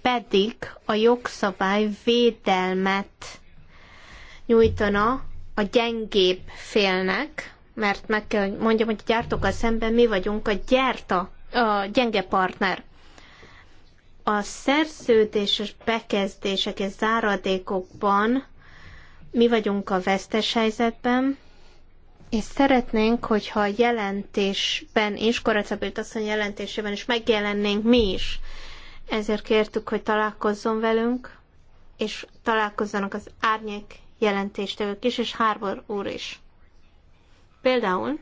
pedig a jogszabály védelmet nyújtana a gyengébb félnek, mert meg kell mondjam, hogy a gyártókkal szemben mi vagyunk a gyárta, a gyenge partner. A szerződéses bekezdések és záradékokban mi vagyunk a vesztes helyzetben, és szeretnénk, hogyha a jelentésben is, Koracabilt asszony jelentésében is megjelennénk mi is. Ezért kértük, hogy találkozzon velünk, és találkozzanak az árnyék jelentéstevők is, és Harbour úr is. Például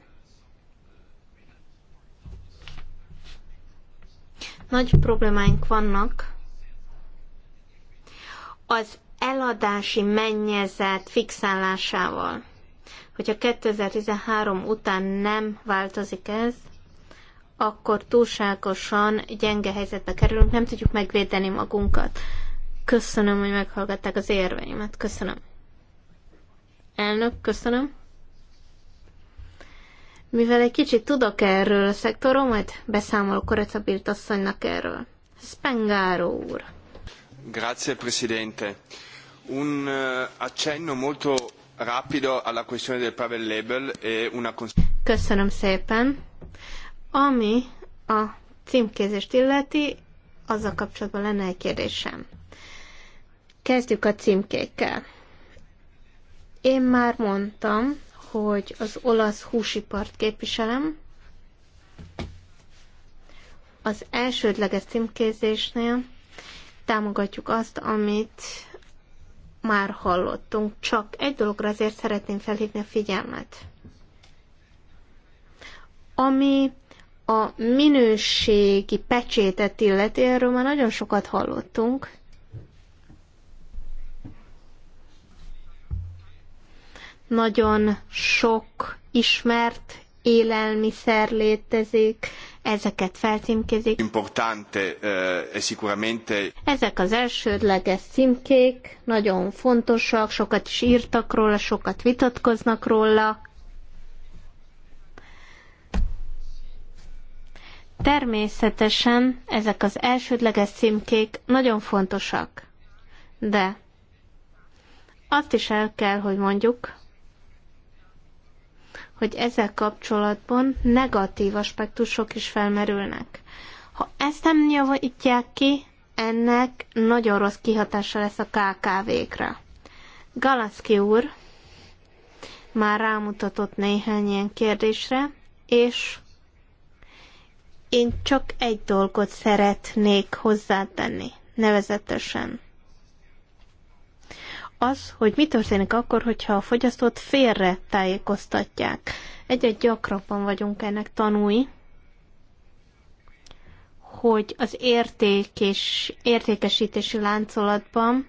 nagy problémáink vannak az eladási mennyezet fixálásával. Hogyha 2013 után nem változik ez, akkor túlságosan gyenge helyzetbe kerülünk, nem tudjuk megvédeni magunkat. Köszönöm, hogy meghallgatták az érveimet. Köszönöm. Elnök, köszönöm. Mivel egy kicsit tudok erről a szektorról, majd beszámolok Koreca asszonynak erről. Spengáró úr. Grazie, Presidente. Un eh, accenno molto rapido alla questione del private label e una... Köszönöm szépen. Ami a címkézést illeti, azzal kapcsolatban lenne egy kérdésem. Kezdjük a címkékkel. Én már mondtam, hogy az olasz húsipart képviselem. Az elsődleges címkézésnél támogatjuk azt, amit már hallottunk. Csak egy dologra azért szeretném felhívni a figyelmet. Ami a minőségi pecsétet illeti, erről már nagyon sokat hallottunk. nagyon sok ismert élelmiszer létezik, ezeket felcímkézik. Importante, eh, e sicuramente... Ezek az elsődleges címkék nagyon fontosak, sokat is írtak róla, sokat vitatkoznak róla. Természetesen ezek az elsődleges címkék nagyon fontosak, de azt is el kell, hogy mondjuk, hogy ezzel kapcsolatban negatív aspektusok is felmerülnek. Ha ezt nem javítják ki, ennek nagyon rossz kihatása lesz a kkv kre Galaszki úr már rámutatott néhány ilyen kérdésre, és én csak egy dolgot szeretnék hozzátenni, nevezetesen az, hogy mi történik akkor, hogyha a fogyasztót félre tájékoztatják. Egyre gyakrabban vagyunk ennek tanúi, hogy az érték és értékesítési láncolatban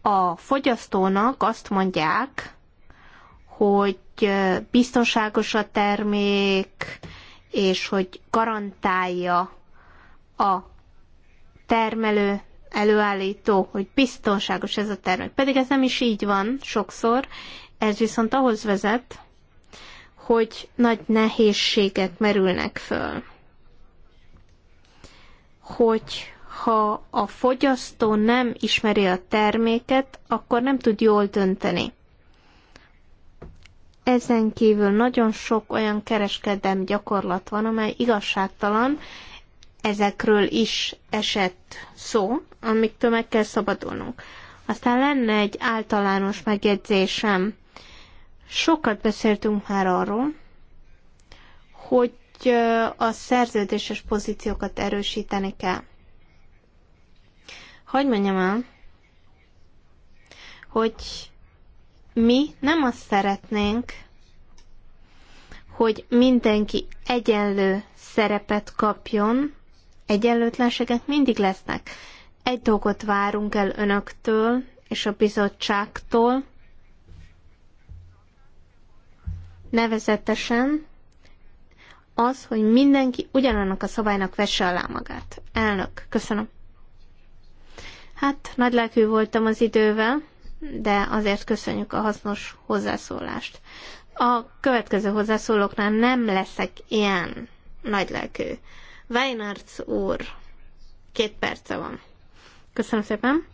a fogyasztónak azt mondják, hogy biztonságos a termék, és hogy garantálja a termelő előállító, hogy biztonságos ez a termék. Pedig ez nem is így van sokszor, ez viszont ahhoz vezet, hogy nagy nehézségek merülnek föl. Hogy ha a fogyasztó nem ismeri a terméket, akkor nem tud jól dönteni. Ezen kívül nagyon sok olyan kereskedelmi gyakorlat van, amely igazságtalan, ezekről is esett szó, amiktől meg kell szabadulnunk. Aztán lenne egy általános megjegyzésem. Sokat beszéltünk már arról, hogy a szerződéses pozíciókat erősíteni kell. Hogy mondjam el, hogy mi nem azt szeretnénk, hogy mindenki egyenlő szerepet kapjon, egyenlőtlenségek mindig lesznek. Egy dolgot várunk el önöktől és a bizottságtól, nevezetesen az, hogy mindenki ugyanannak a szabálynak vesse alá magát. Elnök, köszönöm. Hát, nagy lelkű voltam az idővel, de azért köszönjük a hasznos hozzászólást. A következő hozzászólóknál nem leszek ilyen nagy lelkű. Weinarts úr, két perce van. Köszönöm szépen.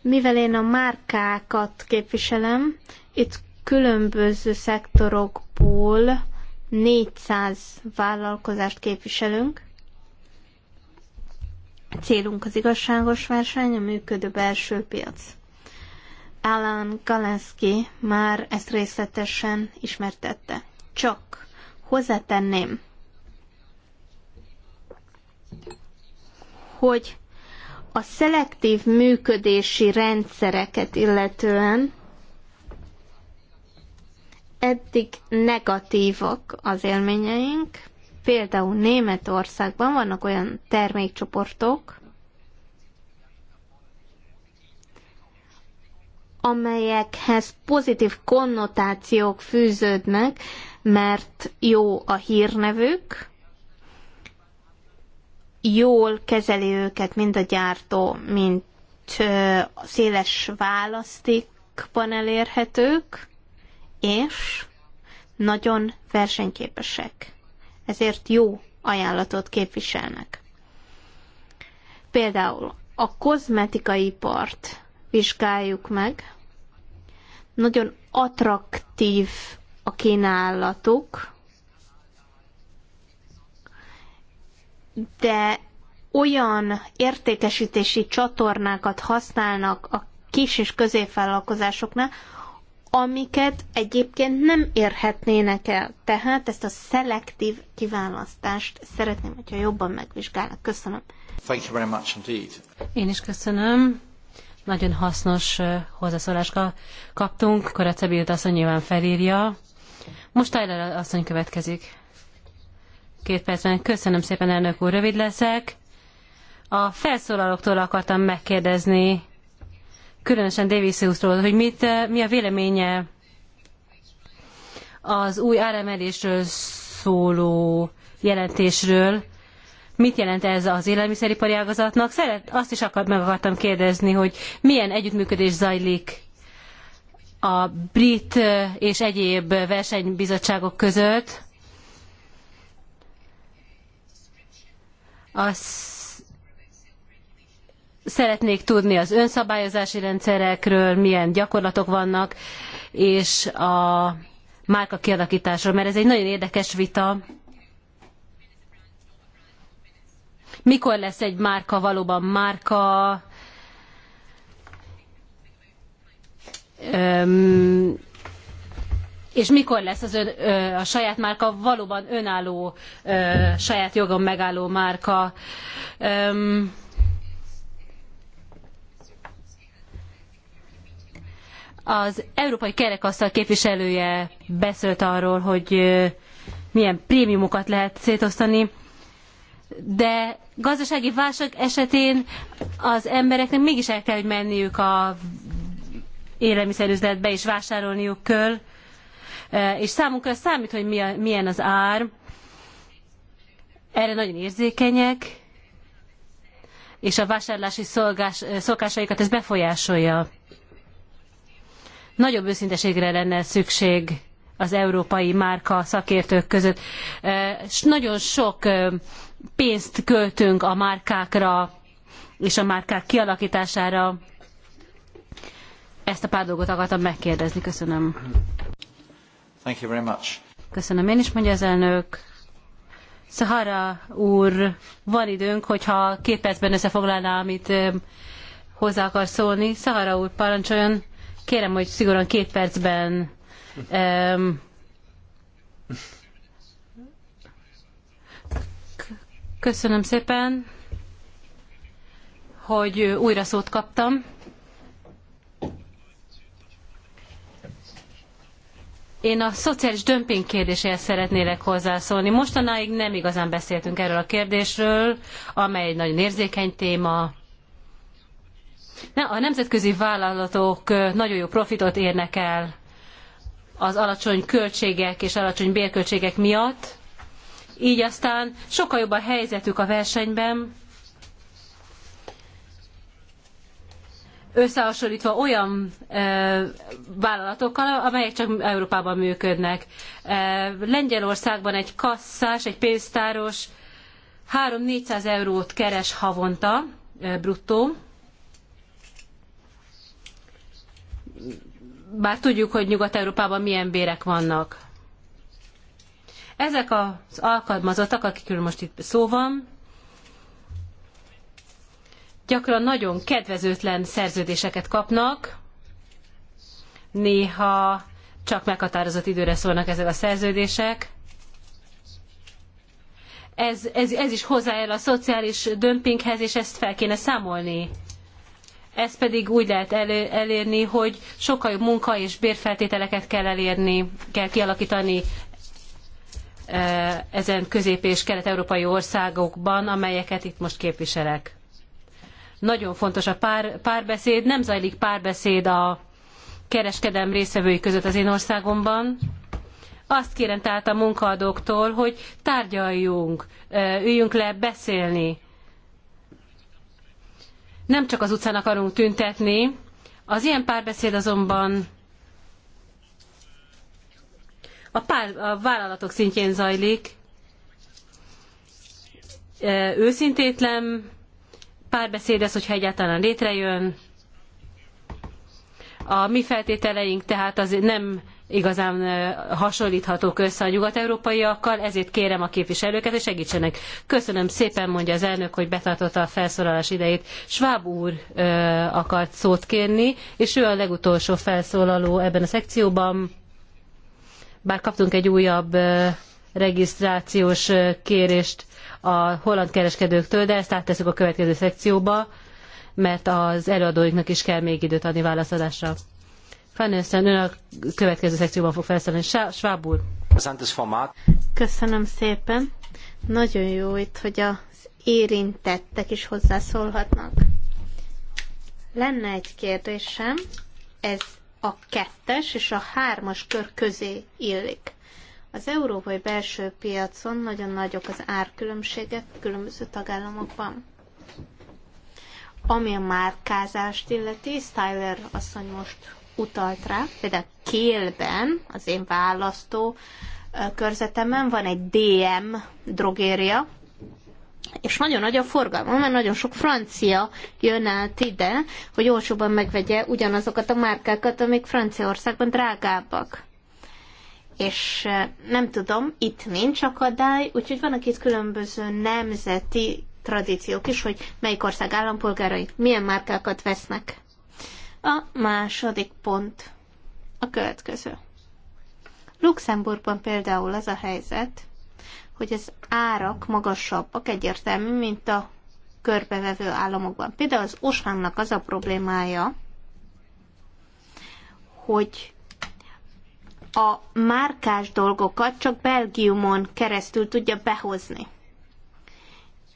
Mivel én a márkákat képviselem, itt különböző szektorokból 400 vállalkozást képviselünk. célunk az igazságos verseny, a működő belső piac. Alan Galenski már ezt részletesen ismertette. Csak hozzátenném, hogy a szelektív működési rendszereket illetően eddig negatívak az élményeink. Például Németországban vannak olyan termékcsoportok, amelyekhez pozitív konnotációk fűződnek, mert jó a hírnevük, jól kezeli őket mind a gyártó, mint széles választékban elérhetők, és nagyon versenyképesek. Ezért jó ajánlatot képviselnek. Például a kozmetikai ipart vizsgáljuk meg. Nagyon attraktív a kínálatuk, de olyan értékesítési csatornákat használnak a kis és középvállalkozásoknál, amiket egyébként nem érhetnének el. Tehát ezt a szelektív kiválasztást szeretném, hogyha jobban megvizsgálnak. Köszönöm. Thank you very much indeed. Én is köszönöm. Nagyon hasznos hozzászólást kaptunk. Cebilt asszony nyilván felírja. Most Tyler asszony következik két percben. Köszönöm szépen, elnök úr, rövid leszek. A felszólalóktól akartam megkérdezni, különösen Davis úrtól, hogy mit, eh, mi a véleménye az új áremelésről szóló jelentésről. Mit jelent ez az élelmiszeripari ágazatnak? Szeret, azt is akar, meg akartam kérdezni, hogy milyen együttműködés zajlik a brit eh, és egyéb versenybizottságok között, Azt szeretnék tudni az önszabályozási rendszerekről, milyen gyakorlatok vannak, és a márka kialakításról, mert ez egy nagyon érdekes vita. Mikor lesz egy márka valóban márka? Öm, és mikor lesz az ön, a saját márka valóban önálló, saját jogon megálló márka. az Európai Kerekasztal képviselője beszélt arról, hogy milyen prémiumokat lehet szétosztani, de gazdasági válság esetén az embereknek mégis el kell, hogy menniük a élelmiszerüzletbe és vásárolniuk kell, E, és számunkra számít, hogy milyen az ár. Erre nagyon érzékenyek, és a vásárlási szolgás, e, szokásaikat ez befolyásolja. Nagyobb őszinteségre lenne szükség az európai márka szakértők között. És e, nagyon sok pénzt költünk a márkákra és a márkák kialakítására. Ezt a pár dolgot akartam megkérdezni. Köszönöm. Thank you very much. Köszönöm én is, mondja az elnök. Szahara úr, van időnk, hogyha két percben összefoglalná, amit hozzá akar szólni. Szahara úr, parancsoljon. Kérem, hogy szigorúan két percben um, Köszönöm szépen, hogy újra szót kaptam. Én a szociális dömping kérdéséhez szeretnélek hozzászólni. Mostanáig nem igazán beszéltünk erről a kérdésről, amely egy nagyon érzékeny téma. A nemzetközi vállalatok nagyon jó profitot érnek el az alacsony költségek és alacsony bérköltségek miatt, így aztán sokkal jobb a helyzetük a versenyben, összehasonlítva olyan vállalatokkal, amelyek csak Európában működnek. Lengyelországban egy kasszás, egy pénztáros 3-400 eurót keres havonta bruttó, bár tudjuk, hogy Nyugat-Európában milyen bérek vannak. Ezek az alkalmazottak, akikről most itt szó van, gyakran nagyon kedvezőtlen szerződéseket kapnak, néha csak meghatározott időre szólnak ezek a szerződések. Ez, ez, ez is hozzájárul a szociális dömpinghez, és ezt fel kéne számolni. Ezt pedig úgy lehet elő, elérni, hogy sokkal jobb munka és bérfeltételeket kell elérni, kell kialakítani eh, ezen közép- és kelet-európai országokban, amelyeket itt most képviselek. Nagyon fontos a pár, párbeszéd, nem zajlik párbeszéd a kereskedelm részevői között az én országomban. Azt kérem tehát a munkaadóktól, hogy tárgyaljunk, üljünk le beszélni. Nem csak az utcán akarunk tüntetni, az ilyen párbeszéd azonban a, pár, a vállalatok szintjén zajlik. Őszintétlen párbeszéd ez, hogyha egyáltalán létrejön. A mi feltételeink tehát az nem igazán hasonlíthatók össze a nyugat-európaiakkal, ezért kérem a képviselőket, hogy segítsenek. Köszönöm szépen, mondja az elnök, hogy betartotta a felszólalás idejét. Schwab úr ö, akart szót kérni, és ő a legutolsó felszólaló ebben a szekcióban. Bár kaptunk egy újabb ö, regisztrációs ö, kérést a holland kereskedőktől, de ezt átteszük a következő szekcióba, mert az előadóiknak is kell még időt adni válaszadásra. Fennőszen ön a következő szekcióban fog felszállni. Schwab úr. Köszönöm szépen. Nagyon jó itt, hogy az érintettek is hozzászólhatnak. Lenne egy kérdésem, ez a kettes és a hármas kör közé illik. Az európai belső piacon nagyon nagyok az árkülönbségek különböző tagállamokban. Ami a márkázást illeti, Styler asszony most utalt rá, például Kélben, az én választó körzetemben van egy DM drogéria, és nagyon nagy a forgalma, mert nagyon sok francia jön át ide, hogy olcsóban megvegye ugyanazokat a márkákat, amik Franciaországban drágábbak és nem tudom, itt nincs akadály, úgyhogy vannak itt különböző nemzeti tradíciók is, hogy melyik ország állampolgárai milyen márkákat vesznek. A második pont a következő. Luxemburgban például az a helyzet, hogy az árak magasabbak egyértelmű, mint a körbevevő államokban. Például az Osvánnak az a problémája, hogy a márkás dolgokat csak Belgiumon keresztül tudja behozni.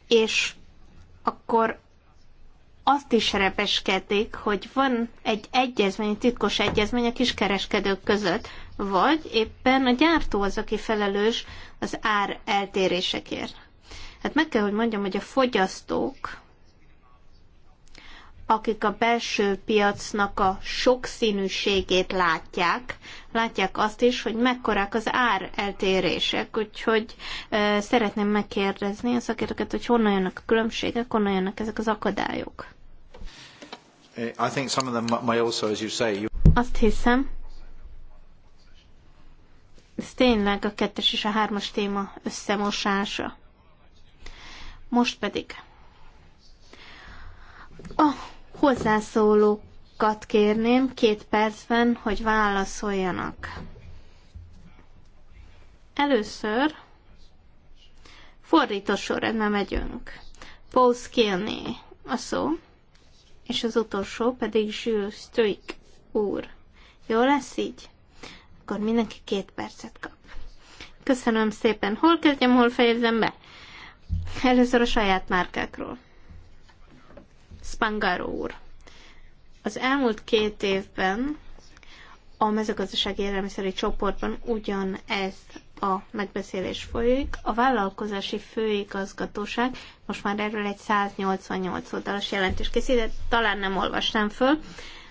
És akkor azt is repeskedik, hogy van egy egyezmény, titkos egyezmény a kiskereskedők között, vagy éppen a gyártó az, aki felelős az ár eltérésekért. Hát meg kell, hogy mondjam, hogy a fogyasztók akik a belső piacnak a sokszínűségét látják, látják azt is, hogy mekkorák az ár eltérések, úgyhogy e, szeretném megkérdezni a szakértőket, hogy honnan jönnek a különbségek, honnan jönnek ezek az akadályok. Eh, I think some of them may also, as you say, you... Azt hiszem, ez tényleg a kettes és a hármas téma összemosása. Most pedig. Oh, Hozzászólókat kérném két percben, hogy válaszoljanak. Először fordítós sorrendben megyünk. Paul Kilné a szó, és az utolsó pedig Jules Strick úr. Jó lesz így? Akkor mindenki két percet kap. Köszönöm szépen. Hol kezdjem, hol fejezem be? Először a saját márkákról. Spangaro úr. Az elmúlt két évben a mezőgazdasági élelmiszeri csoportban ugyanez a megbeszélés folyik. A vállalkozási főigazgatóság most már erről egy 188 oldalas jelentést készített, talán nem olvastam föl,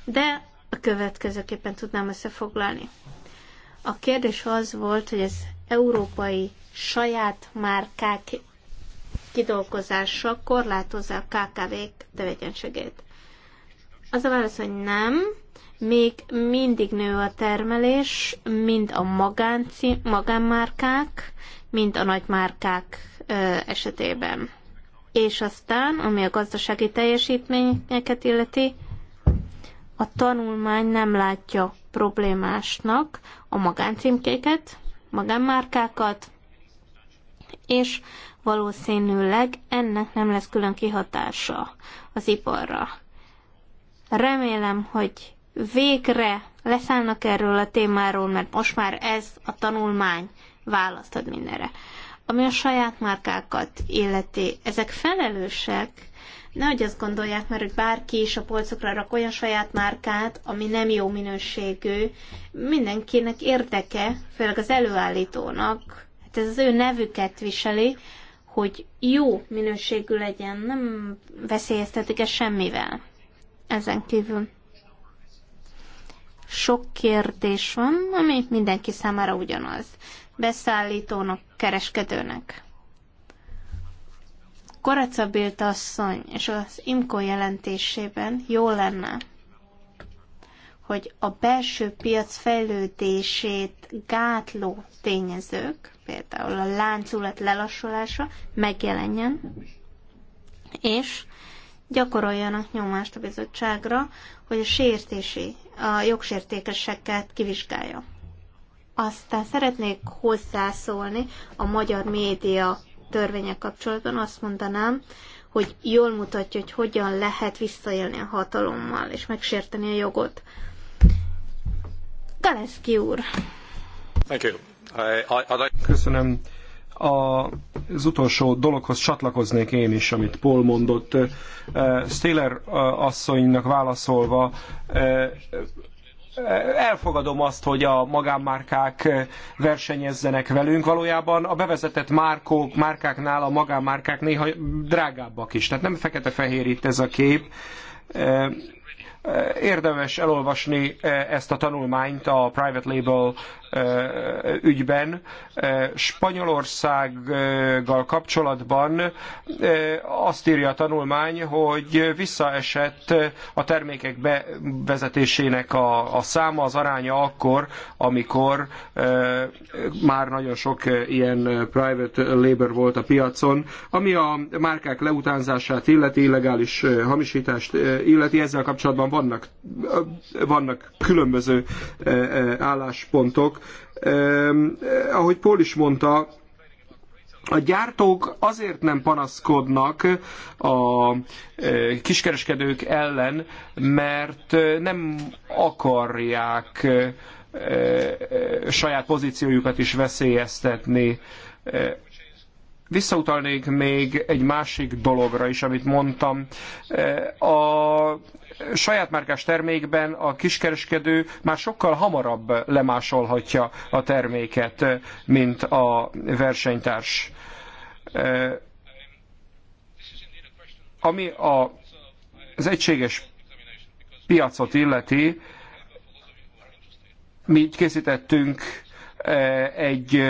de a következőképpen tudnám összefoglalni. A kérdés az volt, hogy az európai saját márkák kidolgozása korlátozza a KKV-k tevékenységét? Az a válasz, hogy nem. Még mindig nő a termelés, mind a magánci, magánmárkák, mind a nagymárkák esetében. És aztán, ami a gazdasági teljesítményeket illeti, a tanulmány nem látja problémásnak a magáncímkéket, magánmárkákat, és valószínűleg ennek nem lesz külön kihatása az iparra. Remélem, hogy végre leszállnak erről a témáról, mert most már ez a tanulmány választad mindenre. Ami a saját márkákat illeti, ezek felelősek, nehogy azt gondolják már, hogy bárki is a polcokra rak olyan saját márkát, ami nem jó minőségű. Mindenkinek érdeke, főleg az előállítónak, hát ez az ő nevüket viseli, hogy jó minőségű legyen, nem veszélyeztetik ezt semmivel. Ezen kívül sok kérdés van, ami mindenki számára ugyanaz. Beszállítónak, kereskedőnek. Koracabilt asszony és az Imko jelentésében jó lenne, hogy a belső piac fejlődését gátló tényezők például a láncolat lelassulása megjelenjen, és gyakoroljanak nyomást a bizottságra, hogy a sértési, a jogsértékeseket kivizsgálja. Aztán szeretnék hozzászólni a magyar média törvények kapcsolatban, azt mondanám, hogy jól mutatja, hogy hogyan lehet visszaélni a hatalommal és megsérteni a jogot. Galeszki úr! Thank you. Köszönöm. Az utolsó dologhoz csatlakoznék én is, amit Paul mondott. Eh, Stéler eh, asszonynak válaszolva, eh, elfogadom azt, hogy a magánmárkák versenyezzenek velünk. Valójában a bevezetett márkók, márkáknál a magánmárkák néha drágábbak is. Tehát nem fekete-fehér itt ez a kép. Érdemes elolvasni ezt a tanulmányt, a Private Label ügyben Spanyolországgal kapcsolatban azt írja a tanulmány, hogy visszaesett a termékek bevezetésének a, a száma, az aránya akkor, amikor már nagyon sok ilyen private labor volt a piacon, ami a márkák leutánzását illeti, illegális hamisítást illeti, ezzel kapcsolatban vannak, vannak különböző álláspontok, Eh, ahogy Paul is mondta, a gyártók azért nem panaszkodnak a eh, kiskereskedők ellen, mert eh, nem akarják saját pozíciójukat is veszélyeztetni. Visszautalnék még egy másik dologra is, amit mondtam. A saját márkás termékben a kiskereskedő már sokkal hamarabb lemásolhatja a terméket, mint a versenytárs. Ami a, az egységes piacot illeti, mi készítettünk egy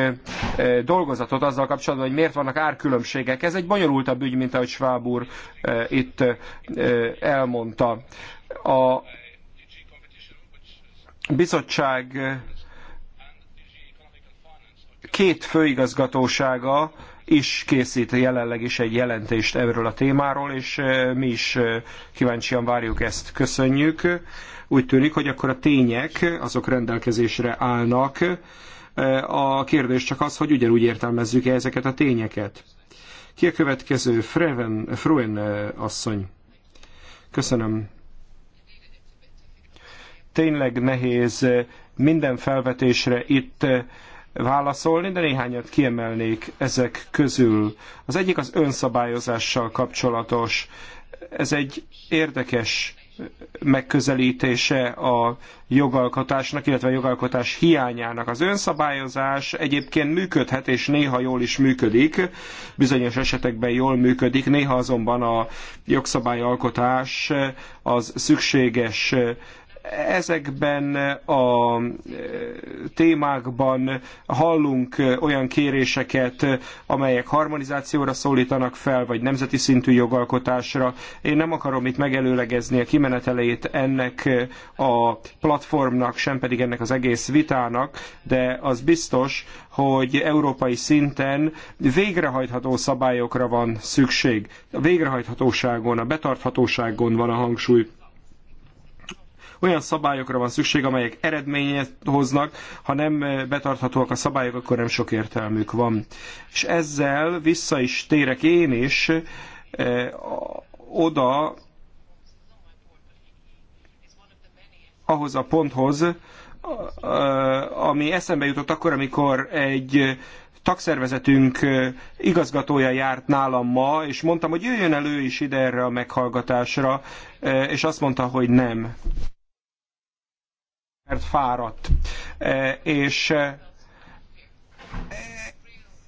dolgozatot azzal kapcsolatban, hogy miért vannak árkülönbségek. Ez egy bonyolultabb ügy, mint ahogy Schwab úr itt elmondta. A bizottság két főigazgatósága is készít jelenleg is egy jelentést erről a témáról, és mi is kíváncsian várjuk ezt. Köszönjük. Úgy tűnik, hogy akkor a tények azok rendelkezésre állnak. E, a kérdés csak az, hogy ugyanúgy értelmezzük -e ezeket a tényeket. Ki a következő? Freven, Fruen e, asszony. Köszönöm. Tényleg nehéz e, minden felvetésre itt válaszolni, de néhányat kiemelnék ezek közül. Az egyik az önszabályozással kapcsolatos. Ez egy érdekes megközelítése a jogalkotásnak, illetve a jogalkotás hiányának. Az önszabályozás egyébként működhet, és néha jól is működik, bizonyos esetekben jól működik, néha azonban a jogszabályalkotás az szükséges ezekben a e, témákban hallunk e, olyan kéréseket, amelyek harmonizációra szólítanak fel, vagy nemzeti szintű jogalkotásra. Én nem akarom itt megelőlegezni a kimeneteleit ennek e, a platformnak, sem pedig ennek az egész vitának, de az biztos, hogy európai szinten végrehajtható szabályokra van szükség. A végrehajthatóságon, a betarthatóságon van a hangsúly olyan szabályokra van szükség, amelyek eredményet hoznak, ha nem eh, betarthatóak a szabályok, akkor nem sok értelmük van. És ezzel vissza is térek én is eh, oda, ahhoz a ponthoz, eh, ami eszembe jutott akkor, amikor egy tagszervezetünk igazgatója járt nálam ma, és mondtam, hogy jöjjön elő is ide erre a meghallgatásra, és azt mondta, hogy nem mert fáradt. E, és e,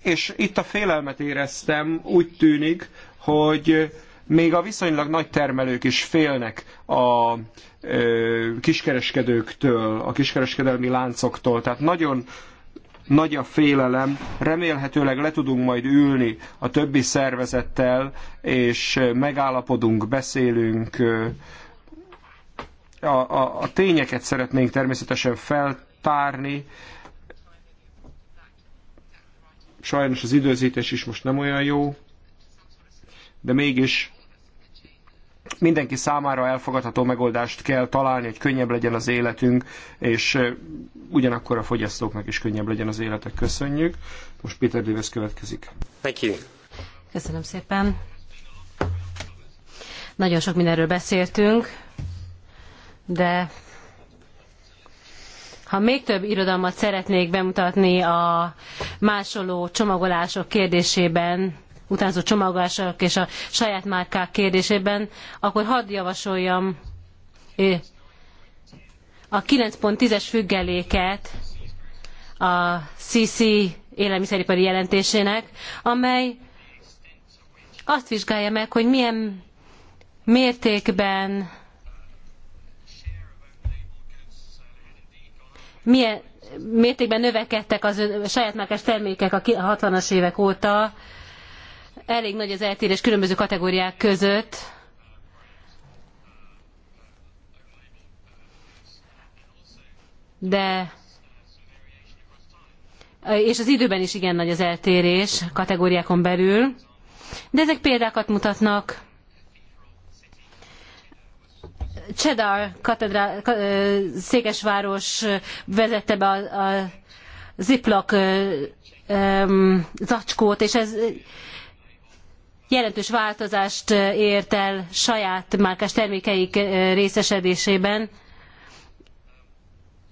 és itt a félelmet éreztem, úgy tűnik, hogy még a viszonylag nagy termelők is félnek a e, kiskereskedőktől, a kiskereskedelmi láncoktól. Tehát nagyon nagy a félelem, remélhetőleg le tudunk majd ülni a többi szervezettel, és megállapodunk, beszélünk, a, a, a tényeket szeretnénk természetesen feltárni. Sajnos az időzítés is most nem olyan jó, de mégis mindenki számára elfogadható megoldást kell találni, hogy könnyebb legyen az életünk, és ugyanakkor a fogyasztóknak is könnyebb legyen az életek. Köszönjük. Most Péter Dévesz következik. Thank you. Köszönöm szépen. Nagyon sok mindenről beszéltünk, de ha még több irodalmat szeretnék bemutatni a másoló csomagolások kérdésében, utánzó csomagolások és a saját márkák kérdésében, akkor hadd javasoljam a 9.10-es függeléket a CC élelmiszeripari jelentésének, amely azt vizsgálja meg, hogy milyen mértékben milyen mértékben növekedtek az saját márkás termékek a 60-as évek óta. Elég nagy az eltérés különböző kategóriák között. De és az időben is igen nagy az eltérés kategóriákon belül, de ezek példákat mutatnak Csedar katedrá, székesváros vezette be a, a ziplak zacskót, és ez jelentős változást ért el saját márkás termékeik részesedésében,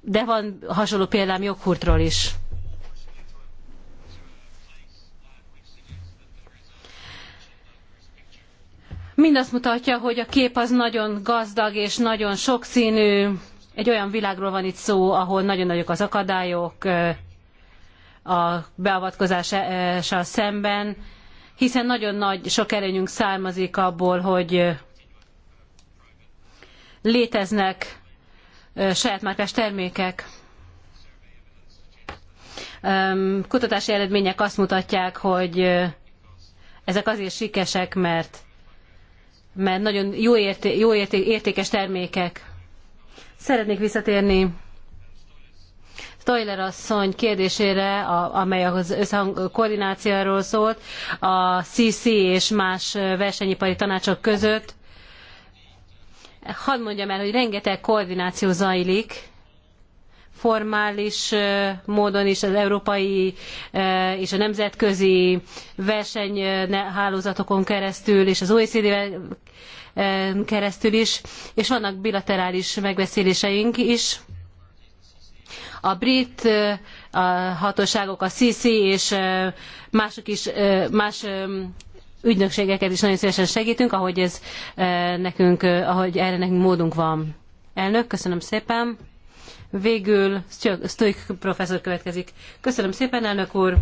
de van hasonló példám joghurtról is. Mind azt mutatja, hogy a kép az nagyon gazdag és nagyon sokszínű. Egy olyan világról van itt szó, ahol nagyon nagyok az akadályok a beavatkozással szemben, hiszen nagyon nagy sok erényünk származik abból, hogy léteznek saját márkás termékek. Kutatási eredmények azt mutatják, hogy ezek azért sikeresek, mert mert nagyon jó, érté, jó érté, értékes termékek. Szeretnék visszatérni Toiler asszony kérdésére, a, amely az összhang koordinációról szólt, a CC és más versenyipari tanácsok között. Hadd mondjam el, hogy rengeteg koordináció zajlik, formális módon is az európai és a nemzetközi versenyhálózatokon keresztül és az oecd keresztül is, és vannak bilaterális megbeszéléseink is. A brit a hatóságok, a CC és mások is, más ügynökségeket is nagyon szívesen segítünk, ahogy ez nekünk, ahogy erre nekünk módunk van. Elnök, köszönöm szépen. Végül Stoik professzor következik. Köszönöm szépen, elnök úr!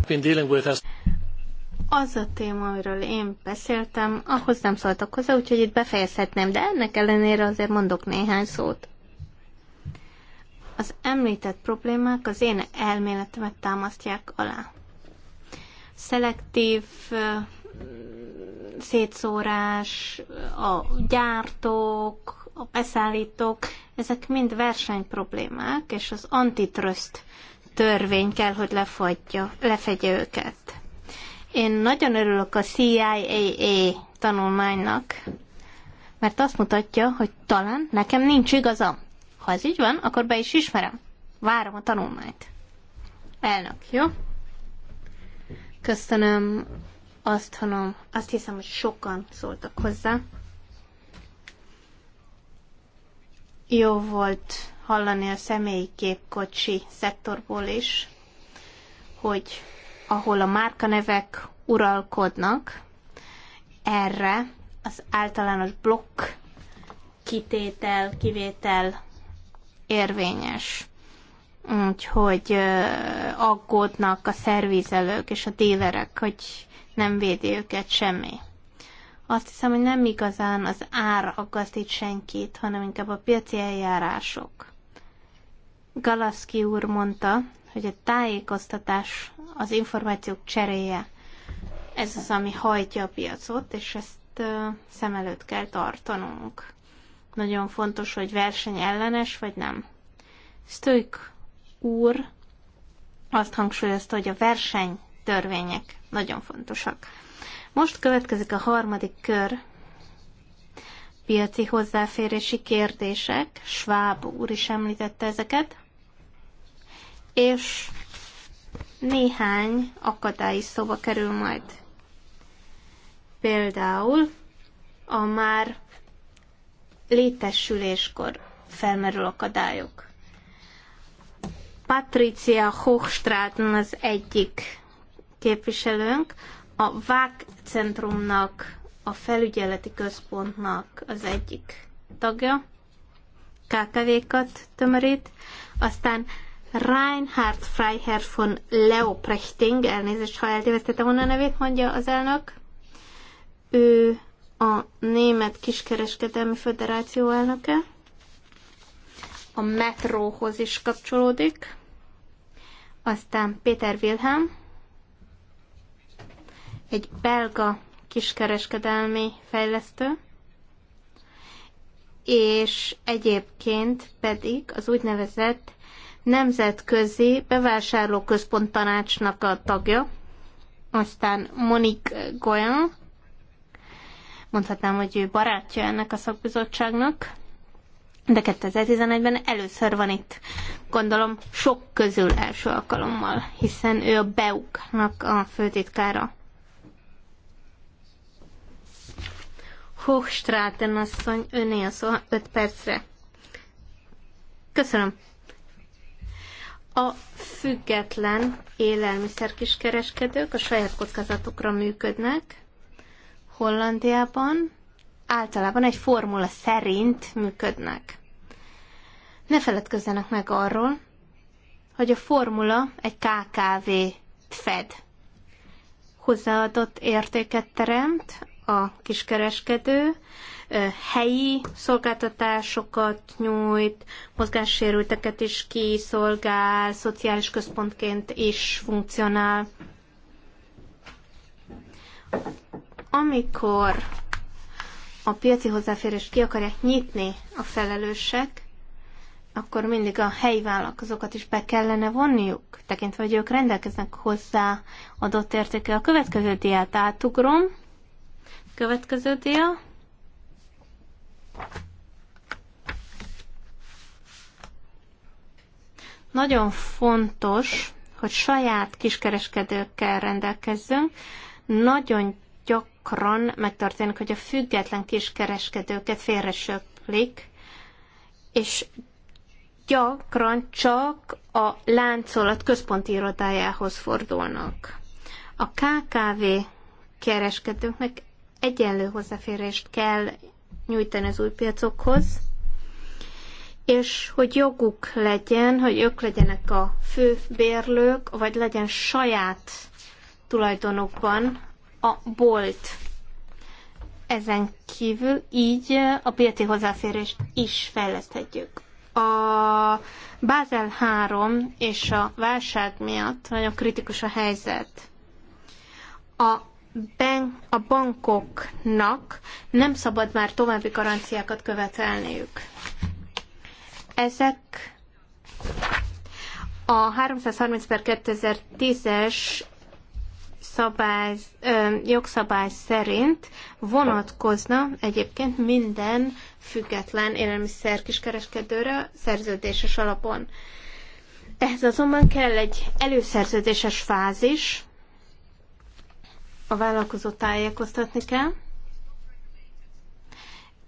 Az a téma, amiről én beszéltem, ahhoz nem szóltak hozzá, úgyhogy itt befejezhetném, de ennek ellenére azért mondok néhány szót. Az említett problémák az én elméletemet támasztják alá. Szelektív szétszórás, a gyártók, a beszállítók, ezek mind versenyproblémák, és az antitrust törvény kell, hogy lefagyja, lefegye őket. Én nagyon örülök a CIAA tanulmánynak, mert azt mutatja, hogy talán nekem nincs igazam. Ha ez így van, akkor be is ismerem. Várom a tanulmányt. Elnök, jó? Köszönöm. Azt, hanem, azt hiszem, hogy sokan szóltak hozzá. Jó volt hallani a személyi képkocsi szektorból is, hogy ahol a márkanevek uralkodnak, erre az általános blokk kitétel, kivétel érvényes. Úgyhogy aggódnak a szervizelők és a dílerek, hogy nem védi őket semmi. Azt hiszem, hogy nem igazán az ár aggasztít senkit, hanem inkább a piaci eljárások. Galaszki úr mondta, hogy a tájékoztatás, az információk cseréje, ez az, ami hajtja a piacot, és ezt szem előtt kell tartanunk. Nagyon fontos, hogy verseny ellenes vagy nem. Stoik úr azt hangsúlyozta, hogy a verseny törvények nagyon fontosak. Most következik a harmadik kör, piaci hozzáférési kérdések, Schwab úr is említette ezeket, és néhány akadály szoba szóba kerül majd. Például a már létesüléskor felmerül akadályok. Patricia Hochstraten az egyik képviselőnk, a VÁK centrumnak, a felügyeleti központnak az egyik tagja, KKV-kat tömörít, aztán Reinhard Freiherr von Leoprechting, elnézést, ha eltévesztettem volna a nevét, mondja az elnök. Ő a Német Kiskereskedelmi Föderáció elnöke. A metróhoz is kapcsolódik. Aztán Péter Wilhelm, egy belga kiskereskedelmi fejlesztő, és egyébként pedig az úgynevezett Nemzetközi Bevásárlóközpont Tanácsnak a tagja, aztán Monique Goyan, mondhatnám, hogy ő barátja ennek a szakbizottságnak, de 2011-ben először van itt, gondolom sok közül első alkalommal, hiszen ő a BEUK-nak a főtitkára. Hochstráten asszony, öné szó 5 percre. Köszönöm. A független élelmiszerkiskereskedők a saját kockázatokra működnek Hollandiában, általában egy formula szerint működnek. Ne feledkezzenek meg arról, hogy a formula egy KKV-t fed hozzáadott értéket teremt, a kiskereskedő, helyi szolgáltatásokat nyújt, mozgássérülteket is kiszolgál, szociális központként is funkcionál. Amikor a piaci hozzáférést ki akarják nyitni a felelősek, akkor mindig a helyi vállalkozókat is be kellene vonniuk, tekintve, hogy ők rendelkeznek hozzá adott értéke. A következő diát átugrom Következő dia. Nagyon fontos, hogy saját kiskereskedőkkel rendelkezzünk. Nagyon gyakran megtörténik, hogy a független kiskereskedőket félresöplik, és gyakran csak a láncolat központi irodájához fordulnak. A KKV kereskedőknek egyenlő hozzáférést kell nyújtani az új piacokhoz, és hogy joguk legyen, hogy ők legyenek a fő bérlők, vagy legyen saját tulajdonokban a bolt. Ezen kívül így a piaci hozzáférést is fejleszthetjük. A Bázel 3 és a válság miatt nagyon kritikus a helyzet. A ben, a bankoknak nem szabad már további garanciákat követelniük. Ezek a 330 per 2010-es szabály, ö, jogszabály szerint vonatkozna egyébként minden független élelmiszer kiskereskedőre szerződéses alapon. Ehhez azonban kell egy előszerződéses fázis, a vállalkozó tájékoztatni kell.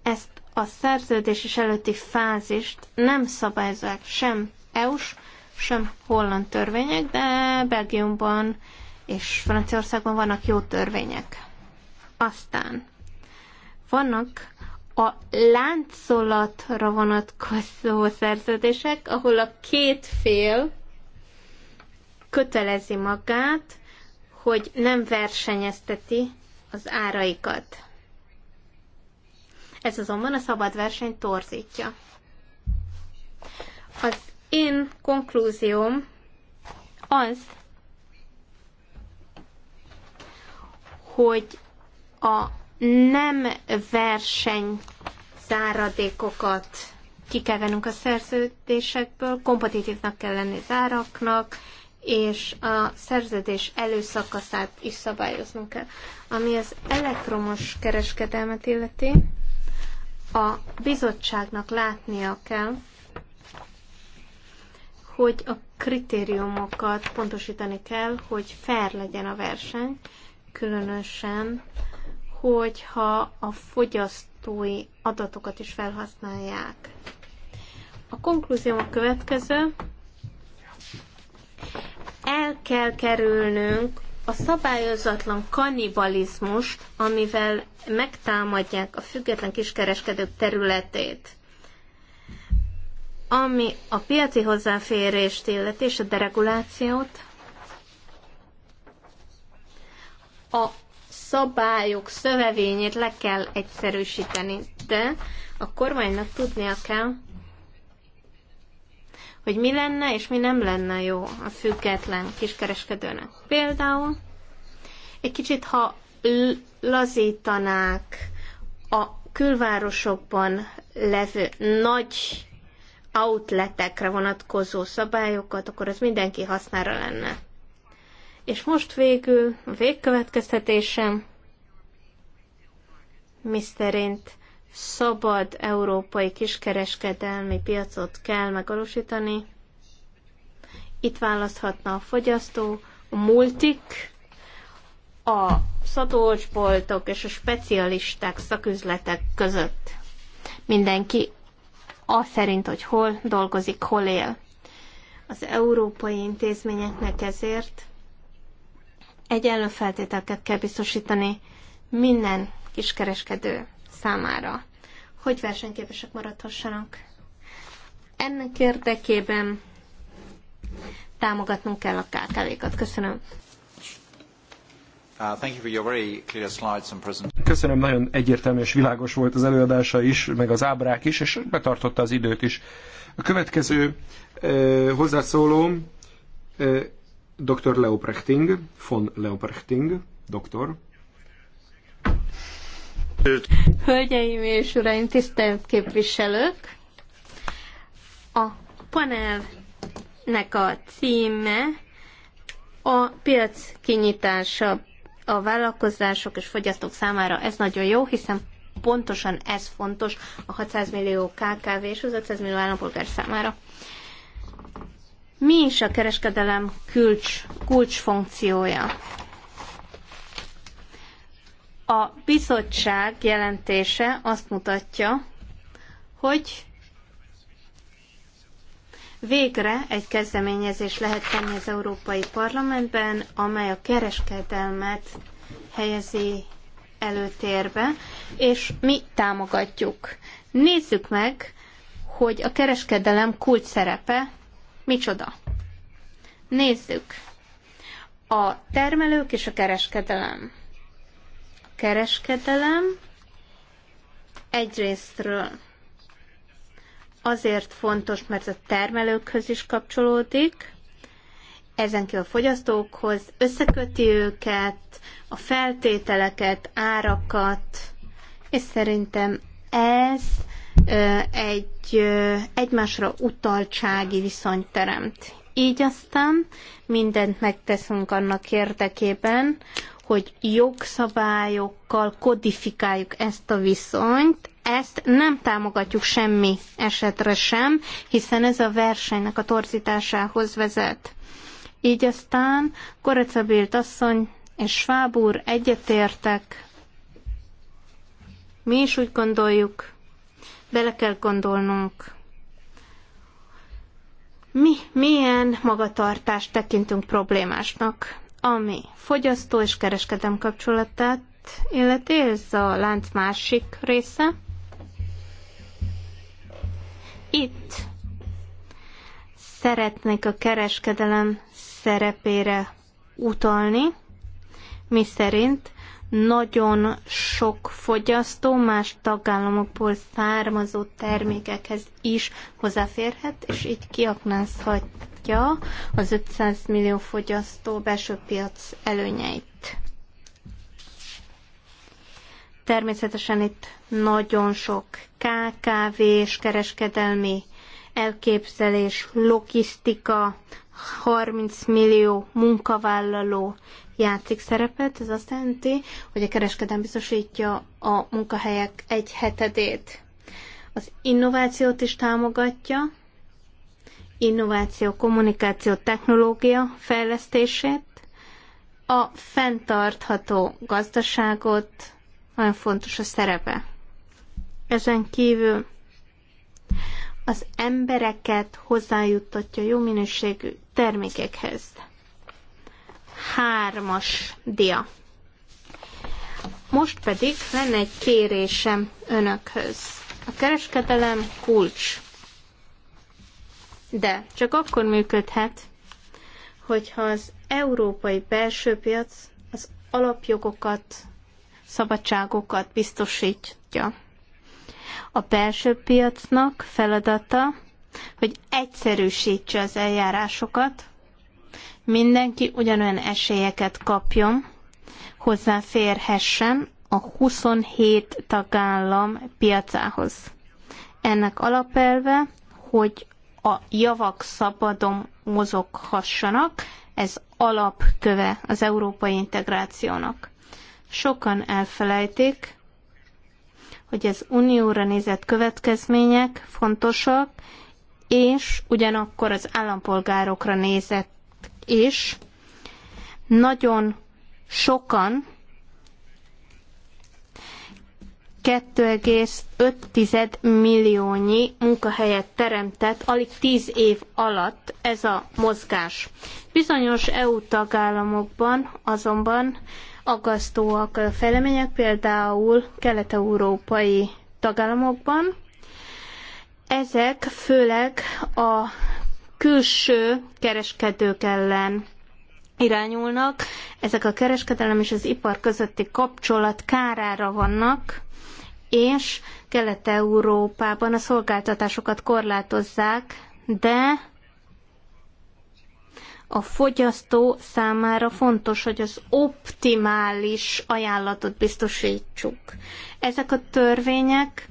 Ezt a és előtti fázist nem szabályozzák sem EU-s, sem holland törvények, de Belgiumban és Franciaországban vannak jó törvények. Aztán vannak a láncolatra vonatkozó szerződések, ahol a két fél kötelezi magát hogy nem versenyezteti az áraikat. Ez azonban a szabad verseny torzítja. Az én konklúzióm az, hogy a nem verseny záradékokat ki kell a szerződésekből, kompetitívnak kell lenni az áraknak, és a szerződés előszakaszát is szabályoznunk kell. Ami az elektromos kereskedelmet illeti, a bizottságnak látnia kell, hogy a kritériumokat pontosítani kell, hogy fair legyen a verseny, különösen, hogyha a fogyasztói adatokat is felhasználják. A konklúzióm a következő. El kell kerülnünk a szabályozatlan kannibalizmust, amivel megtámadják a független kiskereskedők területét, ami a piaci hozzáférést illeti és a deregulációt, a szabályok szövevényét le kell egyszerűsíteni, de a kormánynak tudnia kell, hogy mi lenne és mi nem lenne jó a független kiskereskedőnek. Például egy kicsit, ha lazítanák a külvárosokban levő nagy outletekre vonatkozó szabályokat, akkor az mindenki hasznára lenne. És most végül a végkövetkeztetésem, miszerint szabad európai kiskereskedelmi piacot kell megvalósítani. Itt választhatna a fogyasztó, a multik, a szatolcsboltok és a specialisták szaküzletek között. Mindenki az szerint, hogy hol dolgozik, hol él. Az európai intézményeknek ezért egyenlő feltételeket kell biztosítani minden kiskereskedő számára, hogy versenyképesek maradhassanak. Ennek érdekében támogatnunk kell a KKV-kat. Köszönöm. Uh, Köszönöm, nagyon egyértelmű és világos volt az előadása is, meg az ábrák is, és betartotta az időt is. A következő eh, uh, hozzászóló eh, uh, dr. Leoprechting, von Leoprechting, doktor. Hölgyeim és uraim, tisztelt képviselők! A panelnek a címe a piac kinyitása a vállalkozások és fogyasztók számára. Ez nagyon jó, hiszen pontosan ez fontos a 600 millió KKV és az 500 millió állampolgár számára. Mi is a kereskedelem kulcs, kulcs funkciója? A bizottság jelentése azt mutatja, hogy végre egy kezdeményezés lehet tenni az Európai Parlamentben, amely a kereskedelmet helyezi előtérbe, és mi támogatjuk. Nézzük meg, hogy a kereskedelem kulcs szerepe micsoda. Nézzük. A termelők és a kereskedelem kereskedelem egyrésztről azért fontos, mert a termelőkhöz is kapcsolódik, ezen kívül a fogyasztókhoz, összeköti őket, a feltételeket, árakat, és szerintem ez egy egymásra utaltsági viszony teremt. Így aztán mindent megteszünk annak érdekében, hogy jogszabályokkal kodifikáljuk ezt a viszonyt, ezt nem támogatjuk semmi esetre sem, hiszen ez a versenynek a torzításához vezet. Így aztán Korecabilt asszony és Schwab úr egyetértek. Mi is úgy gondoljuk, bele kell gondolnunk, mi milyen magatartást tekintünk problémásnak ami fogyasztó és kereskedem kapcsolatát illeti, ez a lánc másik része. Itt szeretnék a kereskedelem szerepére utalni, mi szerint nagyon sok fogyasztó más tagállamokból származó termékekhez is hozzáférhet, és így kiaknázhat támogatja az 500 millió fogyasztó belső piac előnyeit. Természetesen itt nagyon sok KKV és kereskedelmi elképzelés, logisztika, 30 millió munkavállaló játszik szerepet. Ez azt jelenti, hogy a kereskedelem biztosítja a munkahelyek egy hetedét. Az innovációt is támogatja, innováció, kommunikáció, technológia fejlesztését, a fenntartható gazdaságot, nagyon fontos a szerepe. Ezen kívül az embereket hozzájuttatja jó minőségű termékekhez. Hármas dia. Most pedig lenne egy kérésem önökhöz. A kereskedelem kulcs de csak akkor működhet, hogyha az európai belső piac az alapjogokat, szabadságokat biztosítja. A belső piacnak feladata, hogy egyszerűsítse az eljárásokat, mindenki ugyanolyan esélyeket kapjon, hozzáférhessen a 27 tagállam piacához. Ennek alapelve, hogy a javak szabadon mozoghassanak, ez alapköve az európai integrációnak. Sokan elfelejtik, hogy az unióra nézett következmények fontosak, és ugyanakkor az állampolgárokra nézett is. Nagyon sokan 2,5 milliónyi munkahelyet teremtett alig 10 év alatt ez a mozgás. Bizonyos EU tagállamokban azonban aggasztóak a fejlemények, például kelet-európai tagállamokban. Ezek főleg a külső kereskedők ellen irányulnak. Ezek a kereskedelem és az ipar közötti kapcsolat kárára vannak, és Kelet-Európában a szolgáltatásokat korlátozzák, de a fogyasztó számára fontos, hogy az optimális ajánlatot biztosítsuk. Ezek a törvények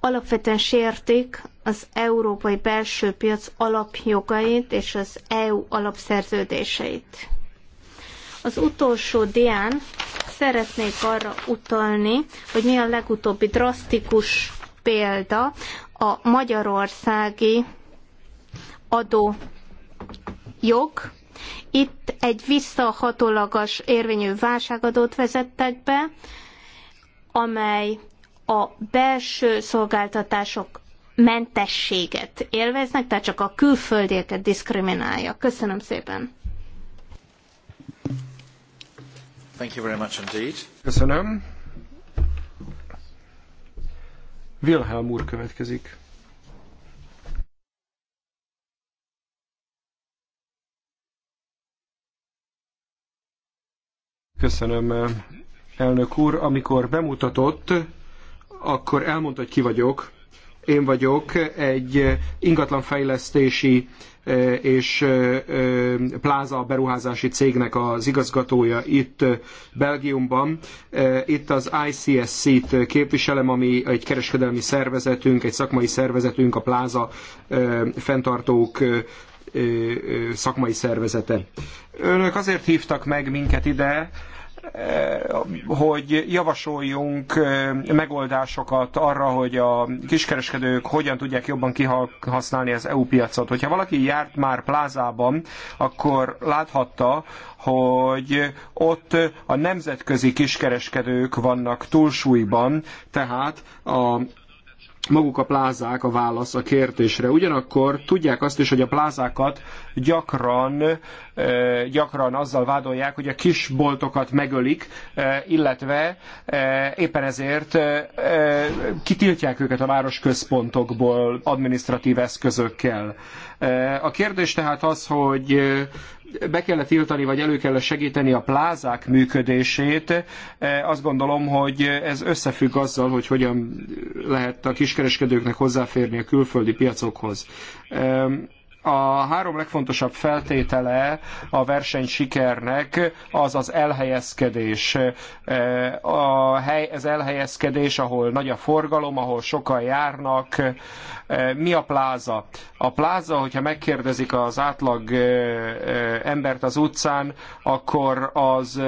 alapvetően sértik az európai belső piac alapjogait és az EU alapszerződéseit. Az utolsó dián szeretnék arra utalni, hogy mi a legutóbbi drasztikus példa a magyarországi adójog. Itt egy visszahatólagos érvényű válságadót vezettek be, amely a belső szolgáltatások mentességet élveznek, tehát csak a külföldieket diszkriminálja. Köszönöm szépen! Köszönöm. Wilhelm úr következik. Köszönöm, elnök úr. Amikor bemutatott, akkor elmondta, hogy ki vagyok. Én vagyok egy ingatlanfejlesztési eh, és eh, eh, pláza beruházási cégnek az igazgatója itt Belgiumban. Itt az ICSC-t képviselem, ami egy kereskedelmi szervezetünk, egy szakmai szervezetünk, a pláza fenntartók szakmai szervezete. Önök azért hívtak meg minket ide, Eh, hogy javasoljunk eh, megoldásokat arra, hogy a kiskereskedők hogyan tudják jobban kihasználni az EU piacot. Hogyha valaki járt már plázában, akkor láthatta, hogy ott a nemzetközi kiskereskedők vannak túlsúlyban, tehát a maguk a plázák a válasz a kérdésre. Ugyanakkor tudják azt is, hogy a plázákat gyakran, eh, gyakran azzal vádolják, hogy a kis boltokat megölik, eh, illetve eh, éppen ezért kitiltják őket a városközpontokból adminisztratív eszközökkel. A kérdés tehát az, hogy be kellett tiltani, vagy elő kellett segíteni a plázák működését. E, azt gondolom, hogy ez összefügg azzal, hogy hogyan lehet a kiskereskedőknek hozzáférni a külföldi piacokhoz. E, a három legfontosabb feltétele a verseny sikernek az az elhelyezkedés. E, a hely, az elhelyezkedés, ahol nagy a forgalom, ahol sokan járnak. E, mi a pláza? A pláza, hogyha megkérdezik az átlag e, embert az utcán, akkor az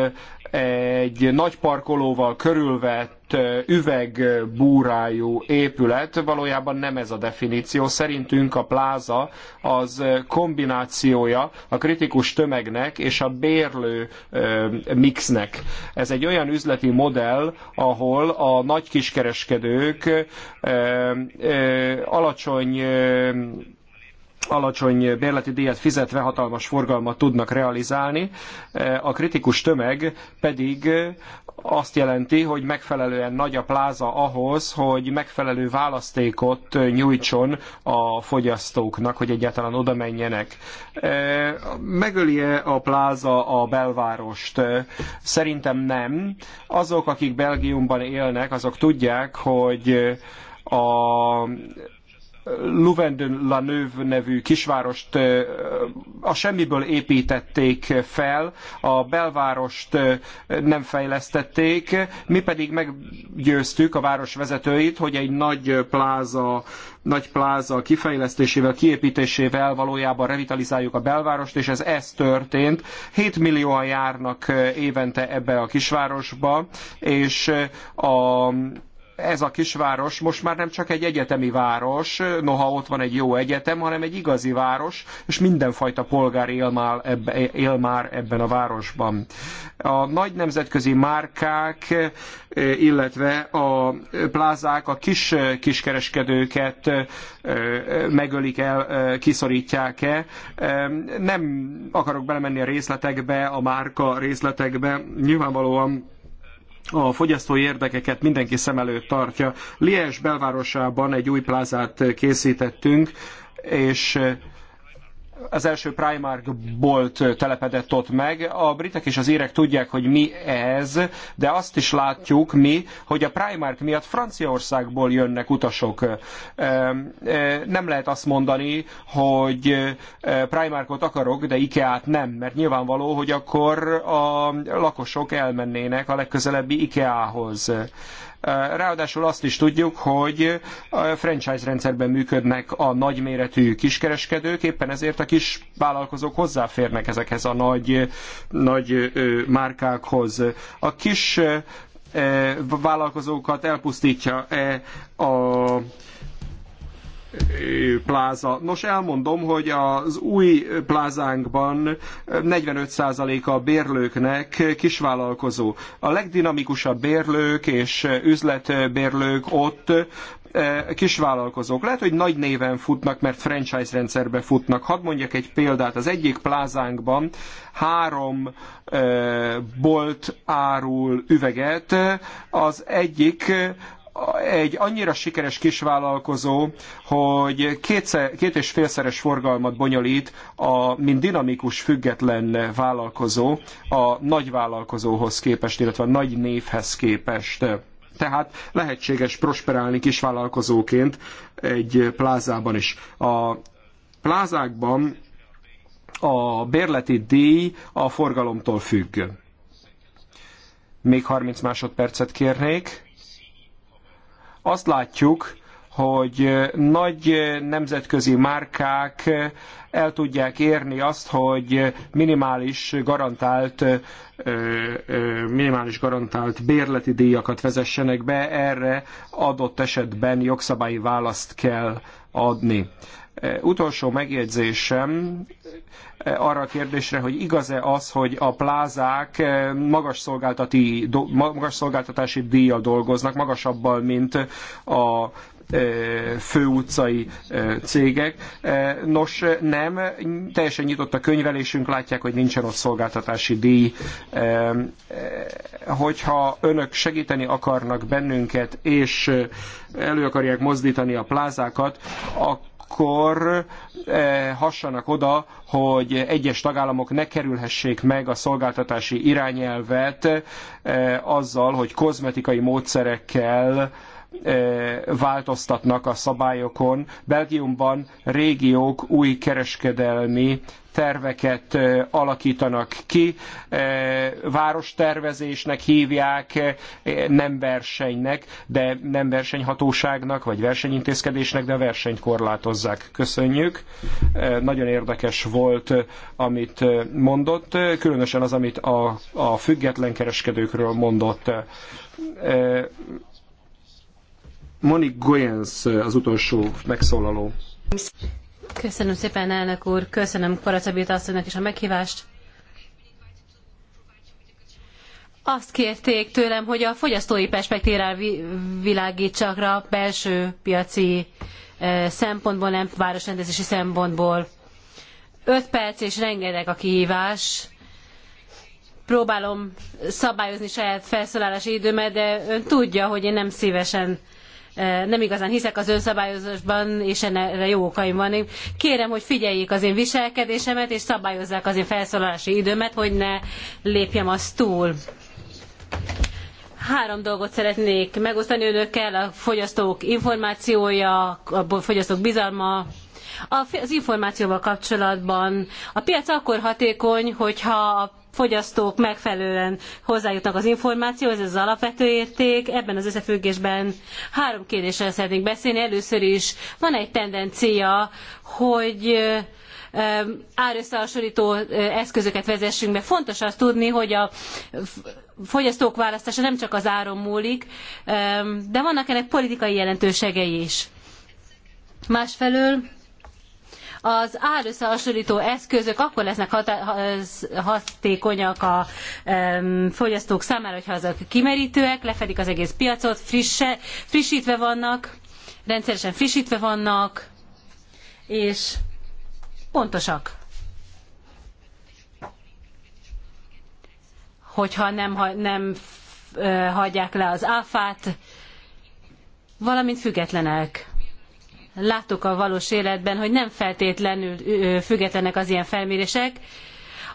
egy nagy parkolóval körülvett lett üvegbúrájú épület, valójában nem ez a definíció. Szerintünk a pláza az kombinációja a kritikus tömegnek és a bérlő mixnek. Ez egy olyan üzleti modell, ahol a nagy kiskereskedők alacsony alacsony bérleti díjat fizetve hatalmas forgalmat tudnak realizálni, e, a kritikus tömeg pedig azt jelenti, hogy megfelelően nagy a pláza ahhoz, hogy megfelelő választékot nyújtson a fogyasztóknak, hogy egyáltalán oda menjenek. megöli -e a pláza a belvárost? E, szerintem nem. Azok, akik Belgiumban élnek, azok tudják, hogy a Luvendun la Neuve nevű kisvárost a semmiből építették fel, a belvárost nem fejlesztették, mi pedig meggyőztük a város vezetőit, hogy egy nagy pláza nagy pláza kifejlesztésével, kiépítésével valójában revitalizáljuk a belvárost, és ez, ez történt. 7 millióan járnak évente ebbe a kisvárosba, és a ez a kisváros most már nem csak egy egyetemi város, noha ott van egy jó egyetem, hanem egy igazi város, és mindenfajta polgár él már, ebbe, él már ebben a városban. A nagy nemzetközi márkák, illetve a plázák a kis kiskereskedőket megölik el, kiszorítják-e. Nem akarok belemenni a részletekbe, a márka részletekbe. Nyilvánvalóan a fogyasztói érdekeket mindenki szem előtt tartja. Lies belvárosában egy új plázát készítettünk, és az első Primark bolt telepedett ott meg. A britek és az érek tudják, hogy mi ez, de azt is látjuk mi, hogy a Primark miatt Franciaországból jönnek utasok. Nem lehet azt mondani, hogy Primarkot akarok, de Ikeát nem, mert nyilvánvaló, hogy akkor a lakosok elmennének a legközelebbi Ikeához. hoz Ráadásul azt is tudjuk, hogy a franchise rendszerben működnek a nagyméretű kiskereskedők, éppen ezért a kis vállalkozók hozzáférnek ezekhez a nagy, nagy márkákhoz. A kis vállalkozókat elpusztítja -e a pláza. Nos, elmondom, hogy az új plázánkban 45%-a a bérlőknek kisvállalkozó. A legdinamikusabb bérlők és üzletbérlők ott e, kisvállalkozók. Lehet, hogy nagy néven futnak, mert franchise rendszerbe futnak. Hadd mondjak egy példát. Az egyik plázánkban három e, bolt árul üveget. Az egyik egy annyira sikeres kisvállalkozó, hogy kétszer, két és félszeres forgalmat bonyolít, a, mint dinamikus, független vállalkozó a nagy vállalkozóhoz képest, illetve a nagy névhez képest. Tehát lehetséges prosperálni kisvállalkozóként egy plázában is. A plázákban a bérleti díj a forgalomtól függ. Még 30 másodpercet kérnék azt látjuk, hogy nagy nemzetközi márkák el tudják érni azt, hogy minimális garantált, minimális garantált bérleti díjakat vezessenek be, erre adott esetben jogszabályi választ kell adni. Utolsó megjegyzésem arra a kérdésre, hogy igaz-e az, hogy a plázák magas, szolgáltati, magas szolgáltatási díjjal dolgoznak, magasabbal, mint a főutcai cégek. Nos, nem, teljesen nyitott a könyvelésünk, látják, hogy nincsen ott szolgáltatási díj. Hogyha önök segíteni akarnak bennünket, és elő akarják mozdítani a plázákat, akkor akkor eh, hassanak oda, hogy egyes tagállamok ne kerülhessék meg a szolgáltatási irányelvet eh, azzal, hogy kozmetikai módszerekkel változtatnak a szabályokon. Belgiumban régiók új kereskedelmi terveket alakítanak ki, várostervezésnek hívják, nem versenynek, de nem versenyhatóságnak, vagy versenyintézkedésnek, de a versenyt korlátozzák. Köszönjük. Nagyon érdekes volt, amit mondott, különösen az, amit a, a független kereskedőkről mondott Monik Goyens az utolsó megszólaló. Köszönöm szépen, elnök úr, köszönöm Karacabita asszonynak is a meghívást. Azt kérték tőlem, hogy a fogyasztói perspektírál világítsak rá belső piaci eh, szempontból, nem városrendezési szempontból. Öt perc és rengeteg a kihívás. Próbálom szabályozni saját felszólalási időmet, de ön tudja, hogy én nem szívesen nem igazán hiszek az önszabályozásban, és erre jó okaim van. Kérem, hogy figyeljék az én viselkedésemet, és szabályozzák az én felszólalási időmet, hogy ne lépjem azt túl. Három dolgot szeretnék megosztani önökkel, a fogyasztók információja, a fogyasztók bizalma, az információval kapcsolatban. A piac akkor hatékony, hogyha a fogyasztók megfelelően hozzájutnak az információhoz, ez az alapvető érték. Ebben az összefüggésben három kérdéssel szeretnénk beszélni. Először is van egy tendencia, hogy árösszehasonlító eszközöket vezessünk be. Fontos azt tudni, hogy a fogyasztók választása nem csak az áron múlik, de vannak ennek politikai jelentőségei is. Másfelől az árösszehasonlító eszközök akkor lesznek hatékonyak a fogyasztók számára, hogyha azok kimerítőek, lefedik az egész piacot, frisse, frissítve vannak, rendszeresen frissítve vannak, és pontosak. Hogyha nem, nem hagyják le az áfát, valamint függetlenek látok a valós életben, hogy nem feltétlenül függetlenek az ilyen felmérések.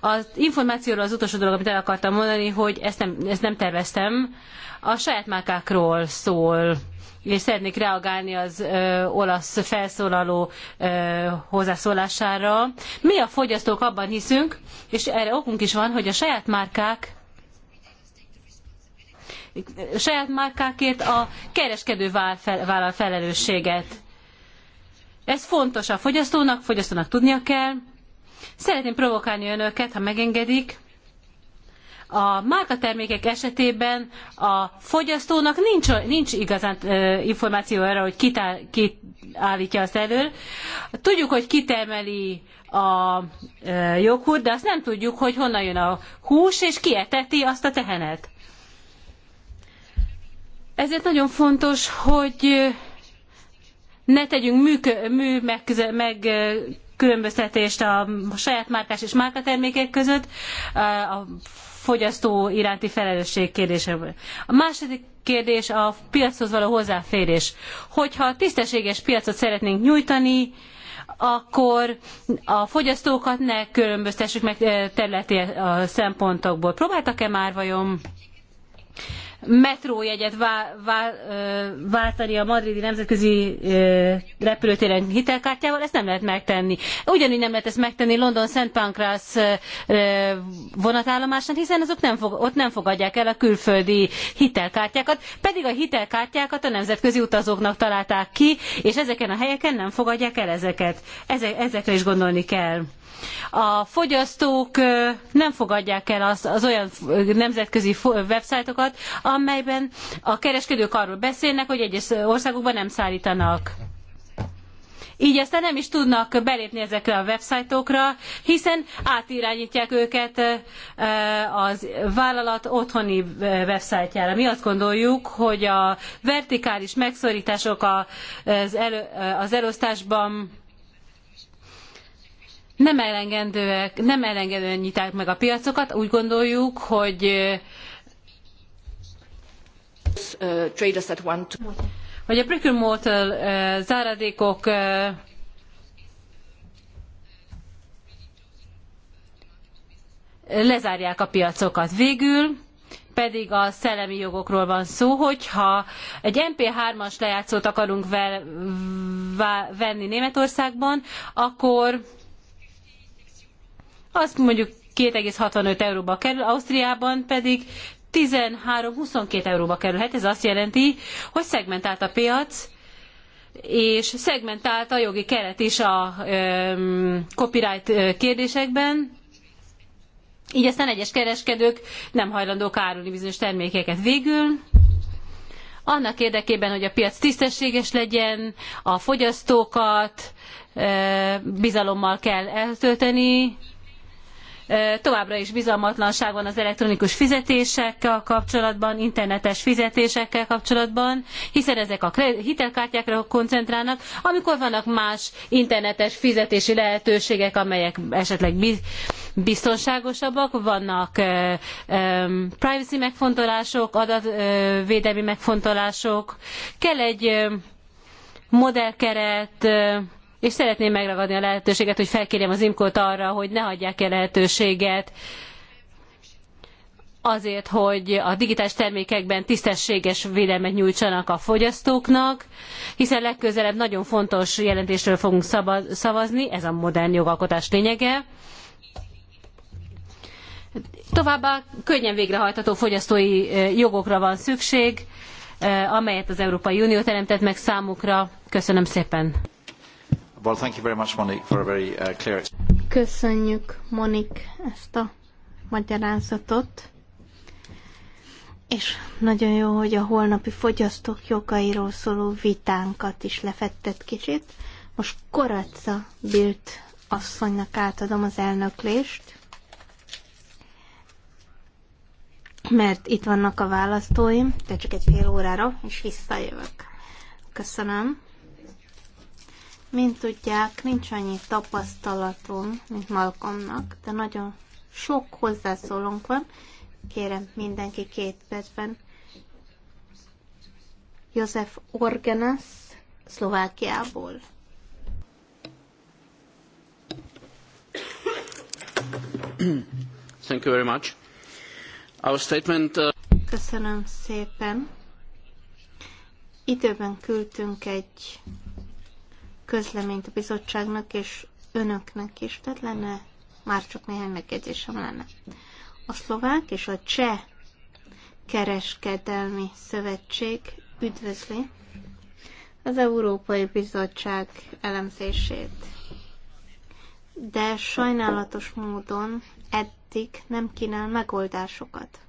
Az információról az utolsó dolog, amit el akartam mondani, hogy ezt nem, ezt nem terveztem, a saját márkákról szól és szeretnék reagálni az ö, olasz felszólaló ö, hozzászólására. Mi a fogyasztók abban hiszünk, és erre okunk is van, hogy a saját márkák a saját márkákért a kereskedő vállal felelősséget ez fontos a fogyasztónak, fogyasztónak tudnia kell. Szeretném provokálni önöket, ha megengedik. A márkatermékek esetében a fogyasztónak nincs, nincs igazán uh, információ arra, hogy ki kit állítja azt elő. Tudjuk, hogy kitermeli a uh, joghurt, de azt nem tudjuk, hogy honnan jön a hús, és ki eteti azt a tehenet. Ezért nagyon fontos, hogy ne tegyünk mű, mű meg, különböztetést a saját márkás és márkatermékek között a fogyasztó iránti felelősség kérdése. A második kérdés a piachoz való hozzáférés. Hogyha tisztességes piacot szeretnénk nyújtani, akkor a fogyasztókat ne különböztessük meg területi szempontokból. Próbáltak-e már vajon metrójegyet vá, vá, váltani a madridi nemzetközi repülőtéren hitelkártyával, ezt nem lehet megtenni. Ugyanígy nem lehet ezt megtenni London Szent Pancras vonatállomásán, hiszen azok nem fog, ott nem fogadják el a külföldi hitelkártyákat, pedig a hitelkártyákat a nemzetközi utazóknak találták ki, és ezeken a helyeken nem fogadják el ezeket. Ezek, ezekre is gondolni kell. A fogyasztók nem fogadják el az, az olyan nemzetközi websájtokat, amelyben a kereskedők arról beszélnek, hogy egyes országokban nem szállítanak. Így aztán nem is tudnak belépni ezekre a websájtokra, hiszen átirányítják őket az vállalat otthoni websájtjára. Mi azt gondoljuk, hogy a vertikális megszorítások az, elő, az elosztásban nem elengedőek, nem elengedően nyitják meg a piacokat, úgy gondoljuk, hogy uh, hogy a brick and mortar záradékok lezárják a piacokat. Végül pedig a szellemi jogokról van szó, hogyha egy MP3-as lejátszót akarunk venni Németországban, akkor azt mondjuk 2,65 euróba kerül, Ausztriában pedig 13-22 euróba kerülhet. Ez azt jelenti, hogy szegmentált a piac, és szegmentált a jogi keret is a copyright kérdésekben, így aztán egyes kereskedők nem hajlandók árulni bizonyos termékeket végül. Annak érdekében, hogy a piac tisztességes legyen, a fogyasztókat bizalommal kell eltölteni, Továbbra is bizalmatlanság van az elektronikus fizetésekkel kapcsolatban, internetes fizetésekkel kapcsolatban, hiszen ezek a hitelkártyákra koncentrálnak, amikor vannak más internetes fizetési lehetőségek, amelyek esetleg biztonságosabbak, vannak privacy megfontolások, adatvédelmi megfontolások, kell egy modellkeret, és szeretném megragadni a lehetőséget, hogy felkérjem az imkót arra, hogy ne hagyják el lehetőséget azért, hogy a digitális termékekben tisztességes védelmet nyújtsanak a fogyasztóknak, hiszen legközelebb nagyon fontos jelentésről fogunk szavazni, ez a modern jogalkotás lényege. Továbbá könnyen végrehajtható fogyasztói jogokra van szükség, amelyet az Európai Unió teremtett meg számukra. Köszönöm szépen! Well, thank you very much, Monique, for a very uh, clear... Köszönjük, Monik, ezt a magyarázatot. És nagyon jó, hogy a holnapi fogyasztók jogairól szóló vitánkat is lefetted kicsit. Most Koratza Bilt asszonynak átadom az elnöklést, mert itt vannak a választóim, de csak egy fél órára, és visszajövök. Köszönöm. Mint tudják, nincs annyi tapasztalatom, mint Malcolmnak, de nagyon sok hozzászólónk van. Kérem, mindenki két percben. József Orgenes, Szlovákiából. Thank you very much. Our statement, uh... Köszönöm szépen. Időben küldtünk egy közleményt a bizottságnak és önöknek is, tehát lenne már csak néhány megjegyzésem lenne. A szlovák és a cseh kereskedelmi szövetség üdvözli az Európai Bizottság elemzését. De sajnálatos módon eddig nem kínál megoldásokat.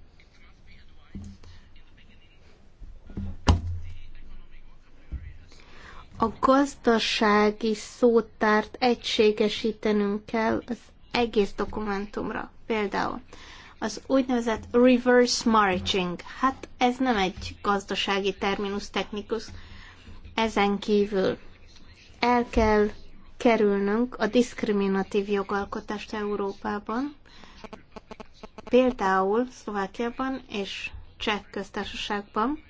a gazdasági szótárt egységesítenünk kell az egész dokumentumra. Például az úgynevezett reverse marching. Hát ez nem egy gazdasági terminus technikus. Ezen kívül el kell kerülnünk a diszkriminatív jogalkotást Európában, például Szlovákiában és Cseh köztársaságban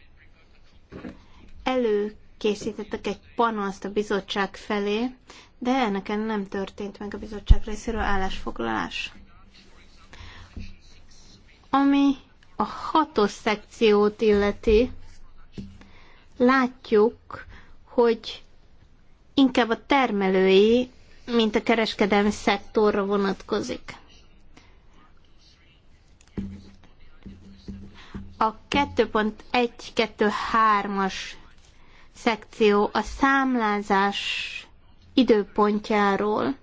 elő készítettek egy panaszt a bizottság felé, de ennek nem történt meg a bizottság részéről állásfoglalás. Ami a hatos szekciót illeti, látjuk, hogy inkább a termelői, mint a kereskedelmi szektorra vonatkozik. A 2.1-2.3-as szekció a számlázás időpontjáról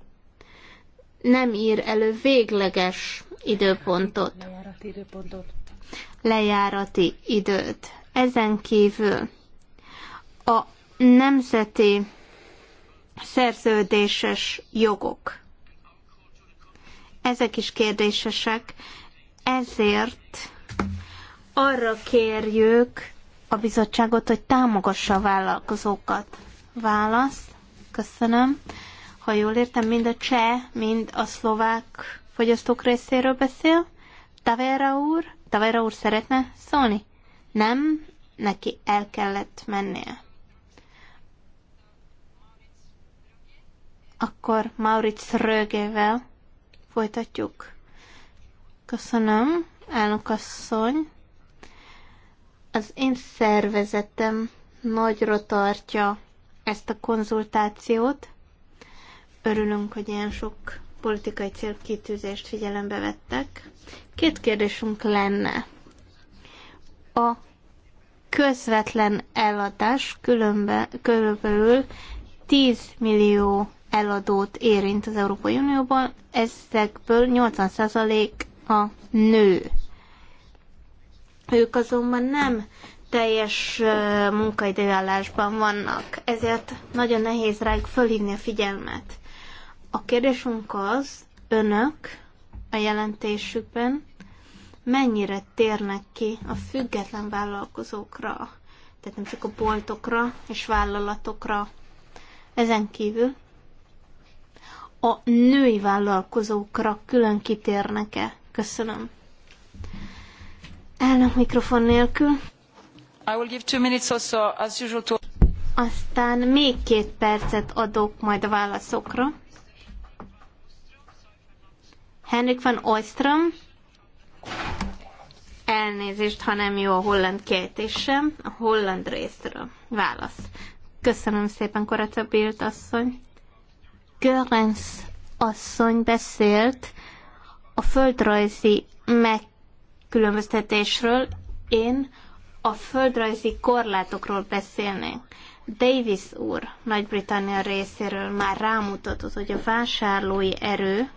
nem ír elő végleges időpontot. Lejárati időpontot. Lejárati időt. Ezen kívül a nemzeti szerződéses jogok. Ezek is kérdésesek, ezért arra kérjük a bizottságot, hogy támogassa a vállalkozókat? Válasz. Köszönöm. Ha jól értem, mind a cseh, mind a szlovák fogyasztók részéről beszél. Tavera úr? Tavera úr szeretne szólni? Nem, neki el kellett mennie. Akkor Maurits Rögével folytatjuk. Köszönöm, elnök asszony. Az én szervezetem nagyra tartja ezt a konzultációt. Örülünk, hogy ilyen sok politikai célkitűzést figyelembe vettek. Két kérdésünk lenne. A közvetlen eladás körülbelül 10 millió eladót érint az Európai Unióban, ezekből 80% a nő. Ők azonban nem teljes munkaidőállásban vannak, ezért nagyon nehéz rájuk fölhívni a figyelmet. A kérdésünk az, önök a jelentésükben mennyire térnek ki a független vállalkozókra, tehát nem csak a boltokra és vállalatokra. Ezen kívül a női vállalkozókra külön kitérnek-e? Köszönöm. Elnök mikrofon nélkül. I will give two minutes also, as usual to... Aztán még két percet adok majd a válaszokra. Henrik van Oystrom. Elnézést, ha nem jó a holland kiejtésem. A holland részről. Válasz. Köszönöm szépen, Korata Bild asszony. Görens asszony beszélt a földrajzi meg különböztetésről, én a földrajzi korlátokról beszélnék. Davis úr Nagy-Britannia részéről már rámutatott, hogy a vásárlói erő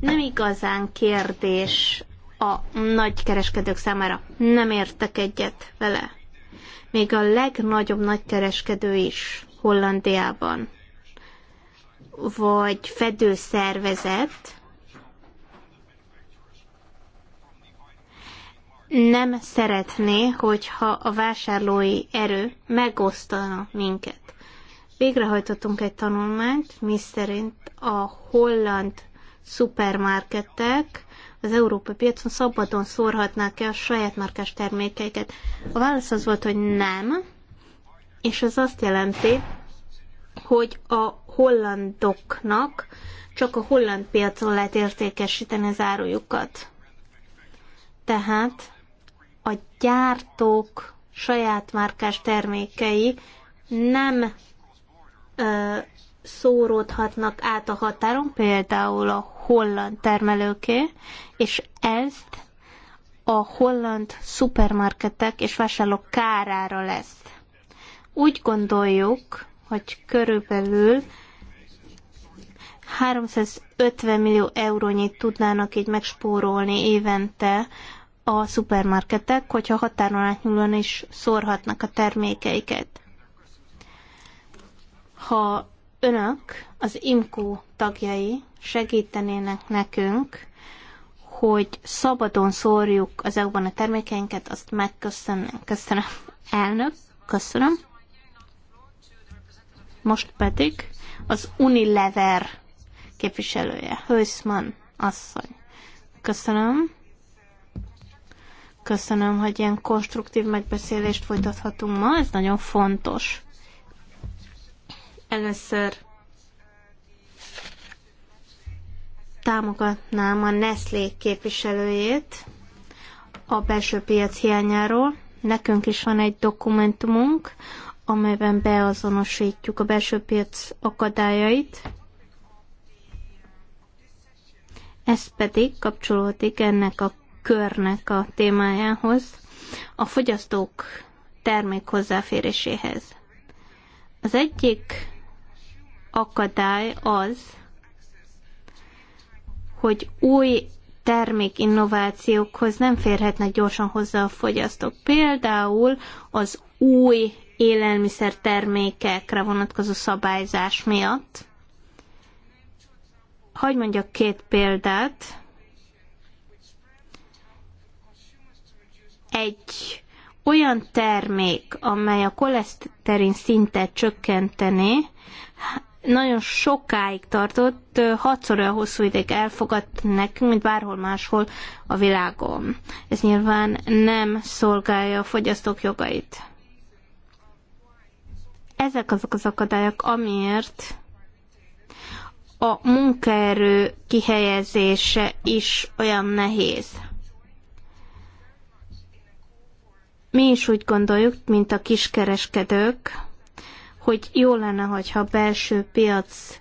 nem igazán kérdés a nagykereskedők számára. Nem értek egyet vele. Még a legnagyobb nagykereskedő is Hollandiában, vagy fedőszervezet, nem szeretné, hogyha a vásárlói erő megosztana minket. Végrehajtottunk egy tanulmányt, miszerint a holland szupermarketek az európai piacon szabadon szórhatnák el a saját markás termékeiket. A válasz az volt, hogy nem, és ez azt jelenti, hogy a hollandoknak csak a holland piacon lehet értékesíteni az árujukat. Tehát a gyártók saját márkás termékei nem ö, szóródhatnak át a határon, például a holland termelőké, és ezt a holland szupermarketek és vásárlók kárára lesz. Úgy gondoljuk, hogy körülbelül 350 millió eurónyit tudnának így megspórolni évente a szupermarketek, hogyha határon átnyúlóan is szórhatnak a termékeiket. Ha önök, az IMCO tagjai segítenének nekünk, hogy szabadon szórjuk az eu a termékeinket, azt megköszönöm. Köszönöm, elnök, köszönöm. Most pedig az Unilever képviselője, Hőszman asszony. Köszönöm. Köszönöm, hogy ilyen konstruktív megbeszélést folytathatunk ma, ez nagyon fontos. Először támogatnám a Nestlé képviselőjét a belső piac hiányáról. Nekünk is van egy dokumentumunk, amelyben beazonosítjuk a belső piac akadályait. Ez pedig kapcsolódik ennek a körnek a témájához, a fogyasztók termék hozzáféréséhez. Az egyik akadály az, hogy új termék innovációkhoz nem férhetnek gyorsan hozzá a fogyasztók. Például az új élelmiszertermékekre vonatkozó szabályzás miatt. Hagy mondjak két példát. egy olyan termék, amely a koleszterin szintet csökkenteni, nagyon sokáig tartott, hatszor olyan hosszú ideig elfogadt nekünk, mint bárhol máshol a világon. Ez nyilván nem szolgálja a fogyasztók jogait. Ezek azok az akadályok, amiért a munkaerő kihelyezése is olyan nehéz. Mi is úgy gondoljuk, mint a kiskereskedők, hogy jó lenne, hogyha a belső piac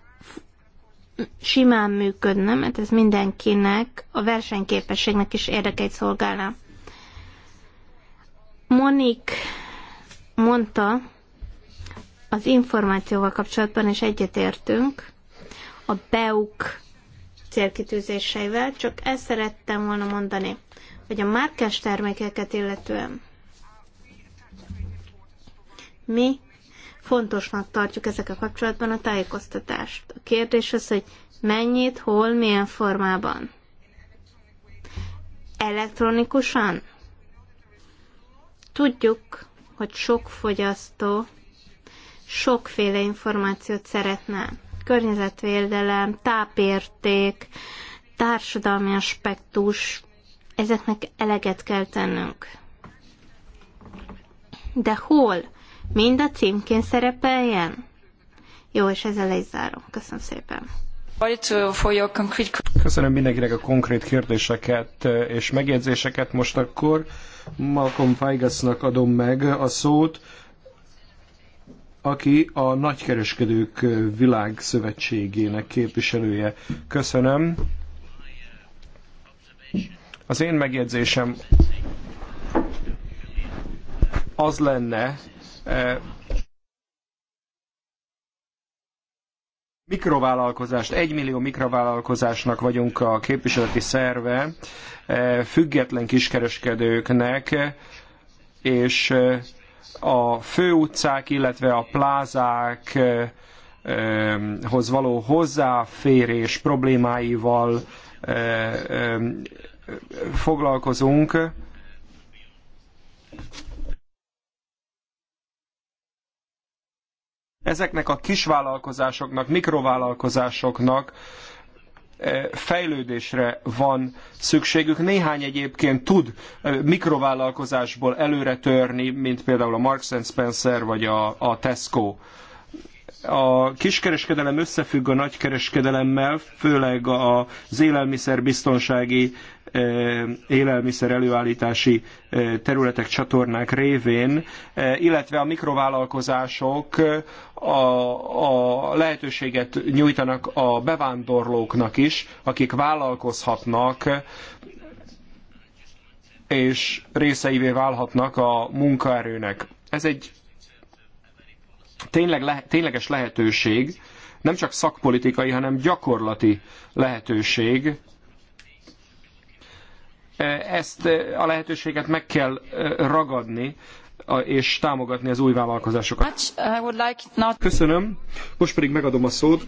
simán működne, mert ez mindenkinek, a versenyképességnek is érdekeit szolgálná. Monik mondta, az információval kapcsolatban is egyetértünk, a BEUK célkitűzéseivel, csak ezt szerettem volna mondani, hogy a márkás termékeket illetően mi fontosnak tartjuk ezek a kapcsolatban a tájékoztatást. A kérdés az, hogy mennyit, hol, milyen formában. Elektronikusan? Tudjuk, hogy sok fogyasztó sokféle információt szeretne. Környezetvédelem, tápérték, társadalmi aspektus, ezeknek eleget kell tennünk. De hol? mind a címként szerepeljen? Jó, és ezzel le is zárom. Köszönöm szépen. Köszönöm mindenkinek a konkrét kérdéseket eh, és megjegyzéseket. Most akkor Malcolm Feigasnak adom meg a szót, aki a Nagykereskedők eh, Világszövetségének képviselője. Köszönöm. Az én megjegyzésem az lenne, Eh, mikrovállalkozást, egymillió mikrovállalkozásnak vagyunk a képviseleti szerve, eh, független kiskereskedőknek, és eh, a főutcák, illetve a plázák hoz való hozzáférés problémáival foglalkozunk. ezeknek a kisvállalkozásoknak, mikrovállalkozásoknak eh, fejlődésre van szükségük. Néhány egyébként tud eh, mikrovállalkozásból előre törni, mint például a Marks Spencer vagy a, a Tesco a kiskereskedelem összefügg a nagykereskedelemmel, főleg az élelmiszerbiztonsági, eh, élelmiszer előállítási eh, területek, csatornák révén, eh, illetve a mikrovállalkozások a, a lehetőséget nyújtanak a bevándorlóknak is, akik vállalkozhatnak és részeivé válhatnak a munkaerőnek. Ez egy tényleg le, tényleges lehetőség, nem csak szakpolitikai, hanem gyakorlati lehetőség. E, ezt e, a lehetőséget meg kell e, ragadni, és támogatni az új vállalkozásokat. Köszönöm. Most pedig megadom a szót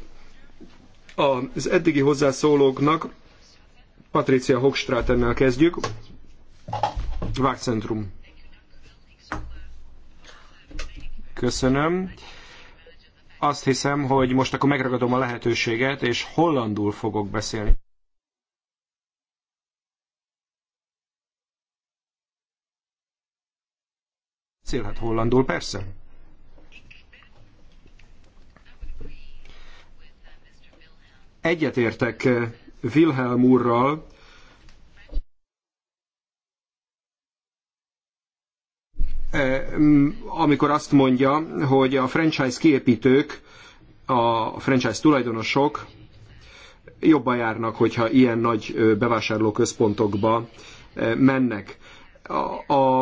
az eddigi hozzászólóknak. Patricia Hochstratennel kezdjük. Vágcentrum. Köszönöm. Azt hiszem, hogy most akkor megragadom a lehetőséget, és hollandul fogok beszélni. Szélhet hollandul, persze. Egyetértek eh, Wilhelm úrral, amikor azt mondja, hogy a franchise kiépítők, a franchise tulajdonosok jobban járnak, hogyha ilyen nagy bevásárlóközpontokba mennek. A,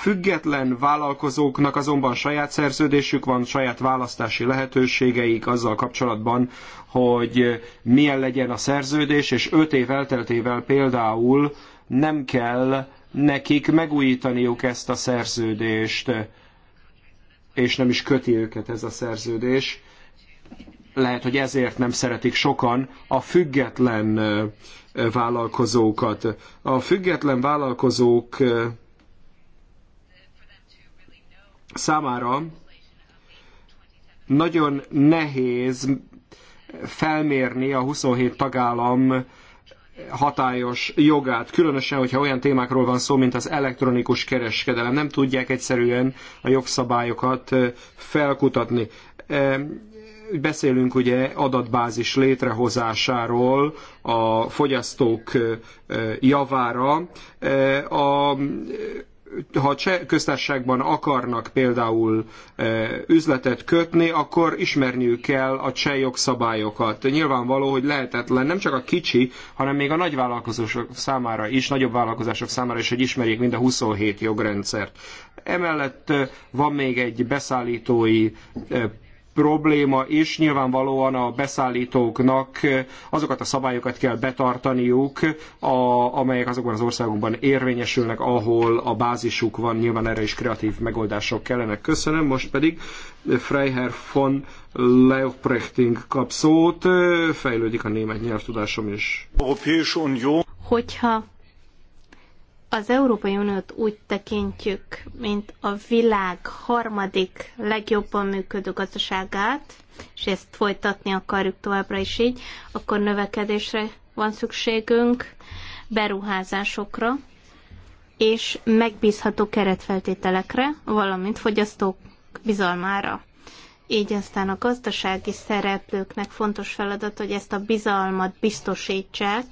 független vállalkozóknak azonban saját szerződésük van, saját választási lehetőségeik azzal kapcsolatban, hogy milyen legyen a szerződés, és öt év elteltével például nem kell nekik megújítaniuk ezt a szerződést, és nem is köti őket ez a szerződés. Lehet, hogy ezért nem szeretik sokan a független vállalkozókat. A független vállalkozók számára nagyon nehéz felmérni a 27 tagállam hatályos jogát, különösen, hogyha olyan témákról van szó, mint az elektronikus kereskedelem. Nem tudják egyszerűen a jogszabályokat felkutatni. Beszélünk ugye adatbázis létrehozásáról a fogyasztók javára. A ha a cseh köztársaságban akarnak például e, üzletet kötni, akkor ismerniük kell a cseh jogszabályokat. Nyilvánvaló, hogy lehetetlen nem csak a kicsi, hanem még a nagy vállalkozások számára is, nagyobb vállalkozások számára is, hogy ismerjék mind a 27 jogrendszert. Emellett e, van még egy beszállítói e, probléma is. Nyilvánvalóan a beszállítóknak azokat a szabályokat kell betartaniuk, a, amelyek azokban az országokban érvényesülnek, ahol a bázisuk van. Nyilván erre is kreatív megoldások kellenek. Köszönöm. Most pedig Freiherr von Leoprechting kap szót. Fejlődik a német nyelvtudásom is. Hogyha az Európai Uniót úgy tekintjük, mint a világ harmadik legjobban működő gazdaságát, és ezt folytatni akarjuk továbbra is így, akkor növekedésre van szükségünk, beruházásokra, és megbízható keretfeltételekre, valamint fogyasztók bizalmára. Így aztán a gazdasági szereplőknek fontos feladat, hogy ezt a bizalmat biztosítsák.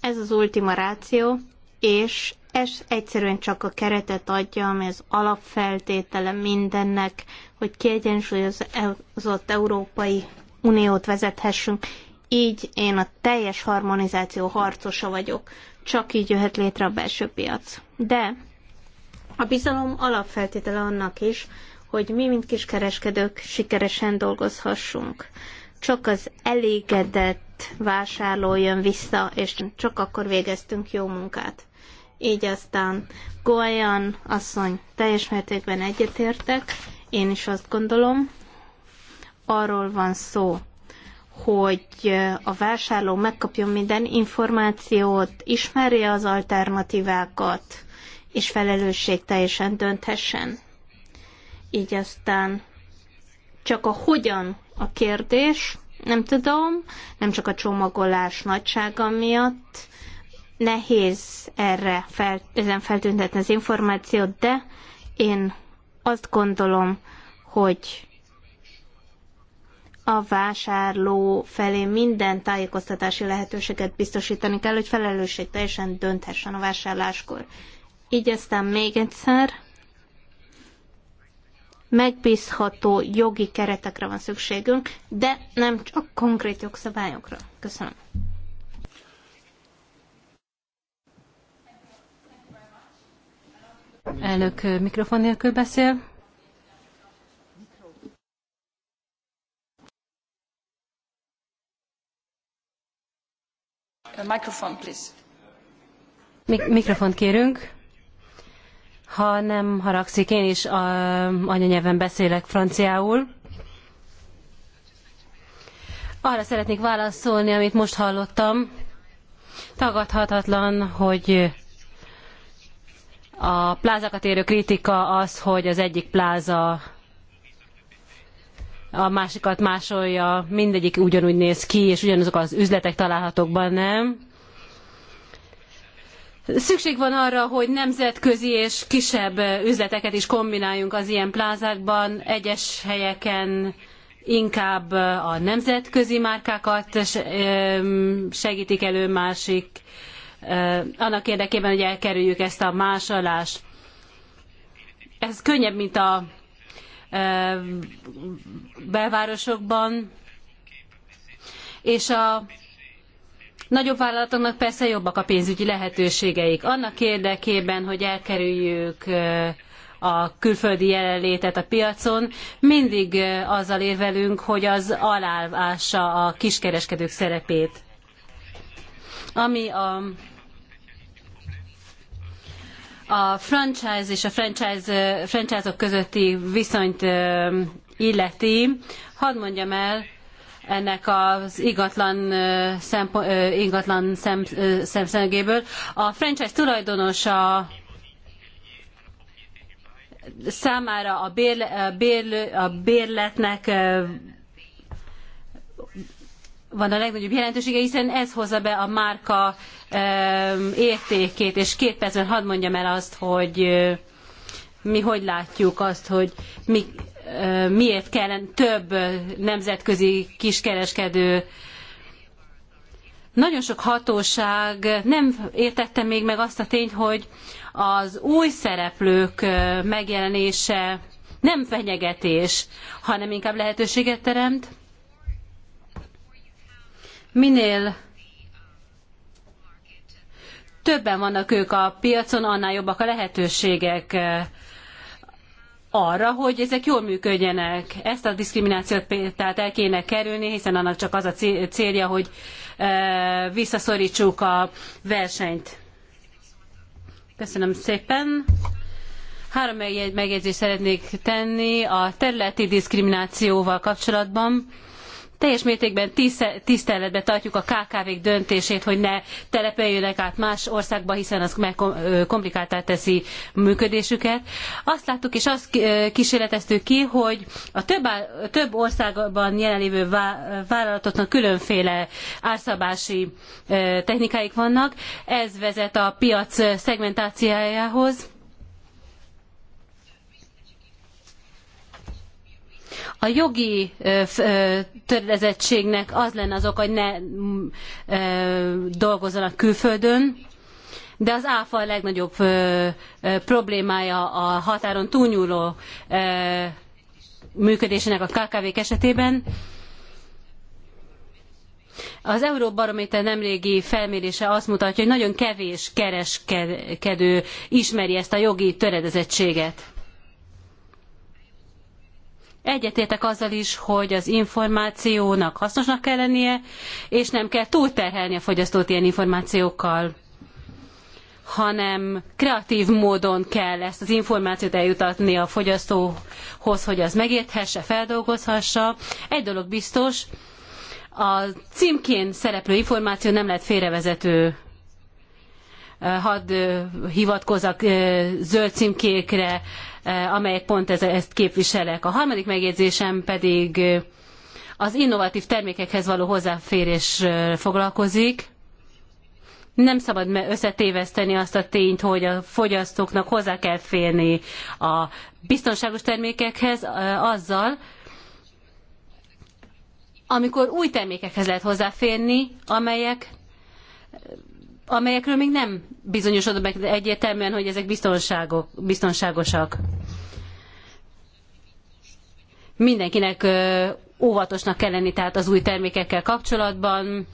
Ez az ultima ráció, és ez egyszerűen csak a keretet adja, ami az alapfeltétele mindennek, hogy kiegyensúlyozott Európai Uniót vezethessünk. Így én a teljes harmonizáció harcosa vagyok. Csak így jöhet létre a belső piac. De a bizalom alapfeltétele annak is, hogy mi, mint kiskereskedők sikeresen dolgozhassunk. Csak az elégedett vásárló jön vissza, és csak akkor végeztünk jó munkát így aztán Golyan asszony teljes mértékben egyetértek, én is azt gondolom, arról van szó, hogy a vásárló megkapjon minden információt, ismerje az alternatívákat, és felelősség teljesen dönthessen. Így aztán csak a hogyan a kérdés, nem tudom, nem csak a csomagolás nagysága miatt, nehéz erre fel, ezen feltüntetni az információt, de én azt gondolom, hogy a vásárló felé minden tájékoztatási lehetőséget biztosítani kell, hogy felelősség teljesen dönthessen a vásárláskor. Így aztán még egyszer, megbízható jogi keretekre van szükségünk, de nem csak konkrét jogszabályokra. Köszönöm. Elnök mikrofon nélkül beszél. Mikrofon, please. Mik mikrofont kérünk. Ha nem haragszik, én is a, anyanyelven beszélek franciául. Arra szeretnék válaszolni, amit most hallottam. Tagadhatatlan, hogy a plázakat érő kritika az, hogy az egyik pláza a másikat másolja, mindegyik ugyanúgy néz ki, és ugyanazok az üzletek találhatók benne. Szükség van arra, hogy nemzetközi és kisebb üzleteket is kombináljunk az ilyen plázákban. Egyes helyeken inkább a nemzetközi márkákat segítik elő, másik Eh, annak érdekében, hogy elkerüljük ezt a másolást. Ez könnyebb, mint a eh, belvárosokban, és a nagyobb vállalatoknak persze jobbak a pénzügyi lehetőségeik. Annak érdekében, hogy elkerüljük eh, a külföldi jelenlétet a piacon, mindig azzal érvelünk, hogy az aláássa a kiskereskedők szerepét. Ami a a franchise és a franchise, franchise-ok közötti viszonyt illeti, hadd mondjam el, ennek az ingatlan, szempo, ingatlan szem, szemszögéből. A franchise tulajdonosa számára a, bérle, a, bérle, a bérletnek van a legnagyobb jelentősége, hiszen ez hozza be a márka értékét, és két percben hadd mondjam el azt, hogy mi hogy látjuk azt, hogy mi, miért kell több nemzetközi kiskereskedő nagyon sok hatóság nem értette még meg azt a tényt, hogy az új szereplők megjelenése nem fenyegetés, hanem inkább lehetőséget teremt, Minél többen vannak ők a piacon, annál jobbak a lehetőségek eh, arra, hogy ezek jól működjenek. Ezt a diszkriminációt tehát el kéne kerülni, hiszen annak csak az a célja, hogy eh, visszaszorítsuk a versenyt. Köszönöm szépen. Három megjegyzést szeretnék tenni a területi diszkriminációval kapcsolatban teljes mértékben tiszteletbe tartjuk a KKV-k döntését, hogy ne telepeljenek át más országba, hiszen az komplikáltá teszi működésüket. Azt láttuk és azt kísérleteztük ki, hogy a több, több országban jelenlévő vállalatoknak különféle árszabási technikáik vannak. Ez vezet a piac szegmentációjához A jogi törvezettségnek az lenne az oka, hogy ne mm, dolgozzanak külföldön, de az áfa a legnagyobb problémája a határon túlnyúló működésének a KKV-k esetében. Az Euróbarométer nemrégi felmérése azt mutatja, hogy nagyon kevés kereskedő ismeri ezt a jogi töredezettséget. Egyetértek azzal is, hogy az információnak hasznosnak kell lennie, és nem kell túlterhelni a fogyasztót ilyen információkkal hanem kreatív módon kell ezt az információt eljutatni a fogyasztóhoz, hogy az megérthesse, feldolgozhassa. Egy dolog biztos, a címkén szereplő információ nem lehet félrevezető hadd hivatkozzak zöld címkékre, amelyek pont ezt képviselek. A harmadik megjegyzésem pedig az innovatív termékekhez való hozzáférés foglalkozik. Nem szabad összetéveszteni azt a tényt, hogy a fogyasztóknak hozzá kell férni a biztonságos termékekhez azzal, amikor új termékekhez lehet hozzáférni, amelyek amelyekről még nem bizonyosodott meg egyértelműen, hogy ezek biztonságok, biztonságosak. Mindenkinek óvatosnak kell lenni tehát az új termékekkel kapcsolatban,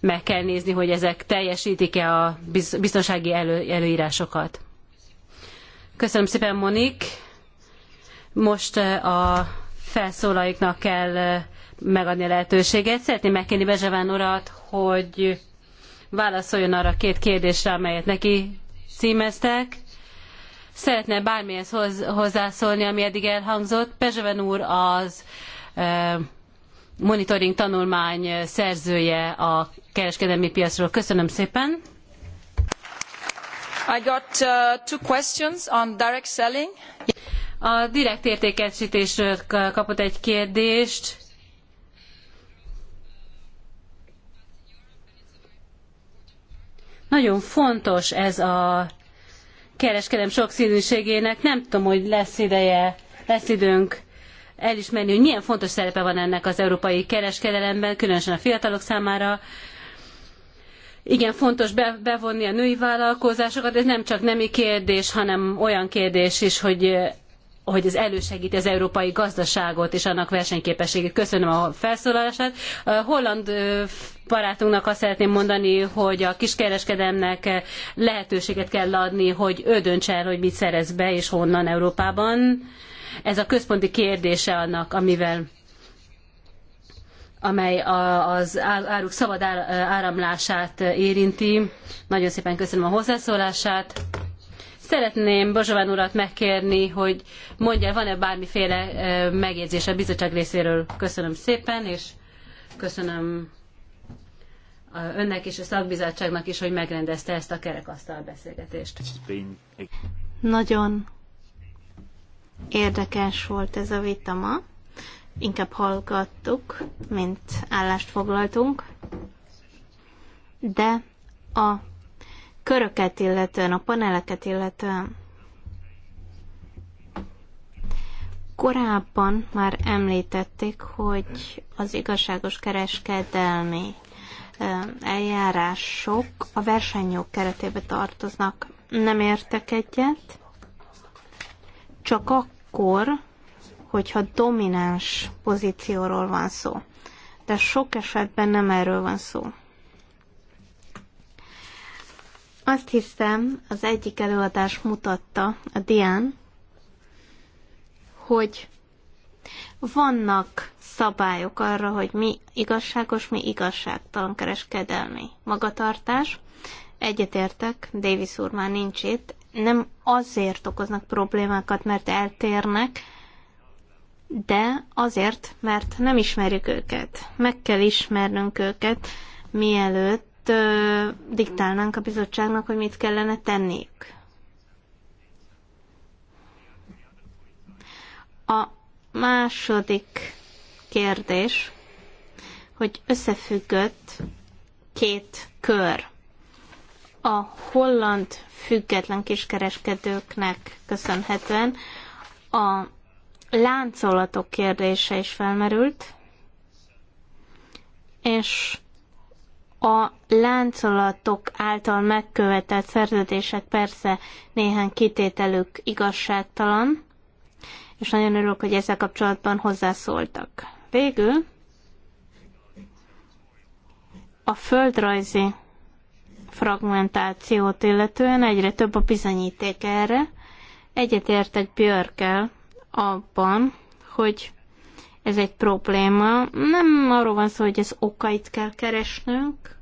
meg kell nézni, hogy ezek teljesítik-e a biztonsági elő, előírásokat. Köszönöm szépen, Monik. Most a felszólalóknak kell megadni a lehetőséget. Szeretném megkérni Bezseván urat, hogy válaszoljon arra két kérdésre, amelyet neki címeztek. Szeretne bármihez hoz, hozzászólni, ami eddig elhangzott. Pezseven úr az e, monitoring tanulmány szerzője a kereskedelmi piacról. Köszönöm szépen. I got uh, two questions on direct selling. A direkt értékesítésről kapott egy kérdést Nagyon fontos ez a kereskedem sokszínűségének. Nem tudom, hogy lesz ideje, lesz időnk elismerni, hogy milyen fontos szerepe van ennek az európai kereskedelemben, különösen a fiatalok számára. Igen, fontos bevonni a női vállalkozásokat, ez nem csak nemi kérdés, hanem olyan kérdés is, hogy hogy ez elősegíti az európai gazdaságot és annak versenyképességét. Köszönöm a felszólalását. A holland barátunknak azt szeretném mondani, hogy a kiskereskedelemnek lehetőséget kell adni, hogy ő döntse el, hogy mit szerez be és honnan Európában. Ez a központi kérdése annak, amivel amely az áruk szabad áramlását érinti. Nagyon szépen köszönöm a hozzászólását. Szeretném Bozsován urat megkérni, hogy mondja, van-e bármiféle megjegyzés a bizottság részéről. Köszönöm szépen, és köszönöm önnek és a szakbizottságnak is, hogy megrendezte ezt a kerekasztal beszélgetést. Nagyon érdekes volt ez a vita ma. Inkább hallgattuk, mint állást foglaltunk. De a köröket illetően, a paneleket illetően korábban már említették, hogy az igazságos kereskedelmi eljárások a versenyjog keretébe tartoznak. Nem értek egyet, csak akkor, hogyha domináns pozícióról van szó. De sok esetben nem erről van szó. Azt hiszem, az egyik előadás mutatta a dián, hogy vannak szabályok arra, hogy mi igazságos, mi igazságtalan kereskedelmi magatartás. Egyetértek, Davis úr már nincs itt, nem azért okoznak problémákat, mert eltérnek, de azért, mert nem ismerjük őket. Meg kell ismernünk őket, mielőtt ö, diktálnánk a bizottságnak, hogy mit kellene tenniük. A második kérdés, hogy összefüggött két kör. A holland független kiskereskedőknek köszönhetően a láncolatok kérdése is felmerült, és a láncolatok által megkövetelt szerződések persze néhány kitételük igazságtalan, és nagyon örülök, hogy ezzel kapcsolatban hozzászóltak. Végül a földrajzi fragmentációt illetően egyre több a bizonyíték erre. Egyetértek Björkel abban, hogy ez egy probléma. Nem arról van szó, hogy ez okait kell keresnünk,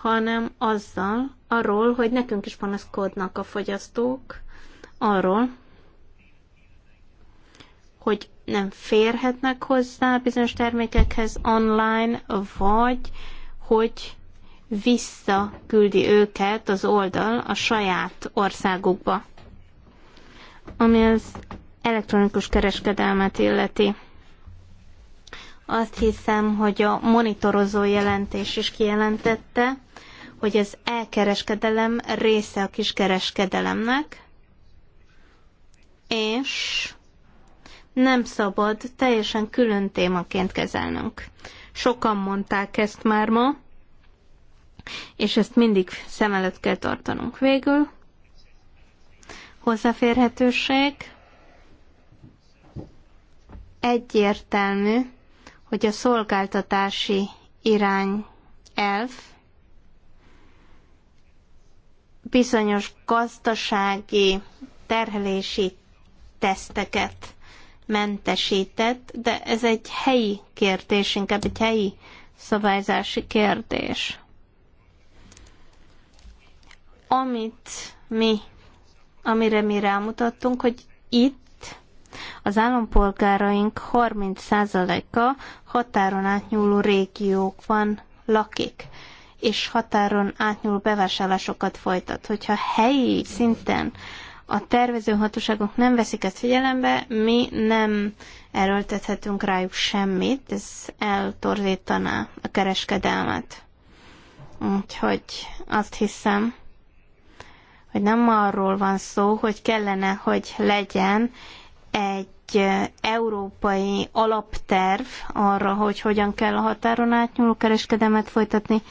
hanem azzal, arról, hogy nekünk is panaszkodnak a fogyasztók, arról, hogy nem férhetnek hozzá bizonyos termékekhez online, vagy hogy visszaküldi őket az oldal a saját országukba, ami az elektronikus kereskedelmet illeti. Azt hiszem, hogy a monitorozó jelentés is kijelentette, hogy az elkereskedelem része a kiskereskedelemnek, és nem szabad teljesen külön témaként kezelnünk. Sokan mondták ezt már ma, és ezt mindig szem előtt kell tartanunk végül. Hozzáférhetőség. Egyértelmű, hogy a szolgáltatási irány elv bizonyos gazdasági terhelési teszteket mentesített, de ez egy helyi kérdés, inkább egy helyi szabályzási kérdés. Amit mi, amire mi rámutattunk, hogy itt az állampolgáraink 30%-a határon átnyúló régiókban lakik és határon átnyúló bevásárlásokat folytat. Hogyha helyi szinten a tervező hatóságok nem veszik ezt figyelembe, mi nem erőltethetünk rájuk semmit, ez eltorzítaná a kereskedelmet. Úgyhogy azt hiszem, hogy nem arról van szó, hogy kellene, hogy legyen egy európai alapterv arra, hogy hogyan kell a határon átnyúló kereskedelmet folytatni,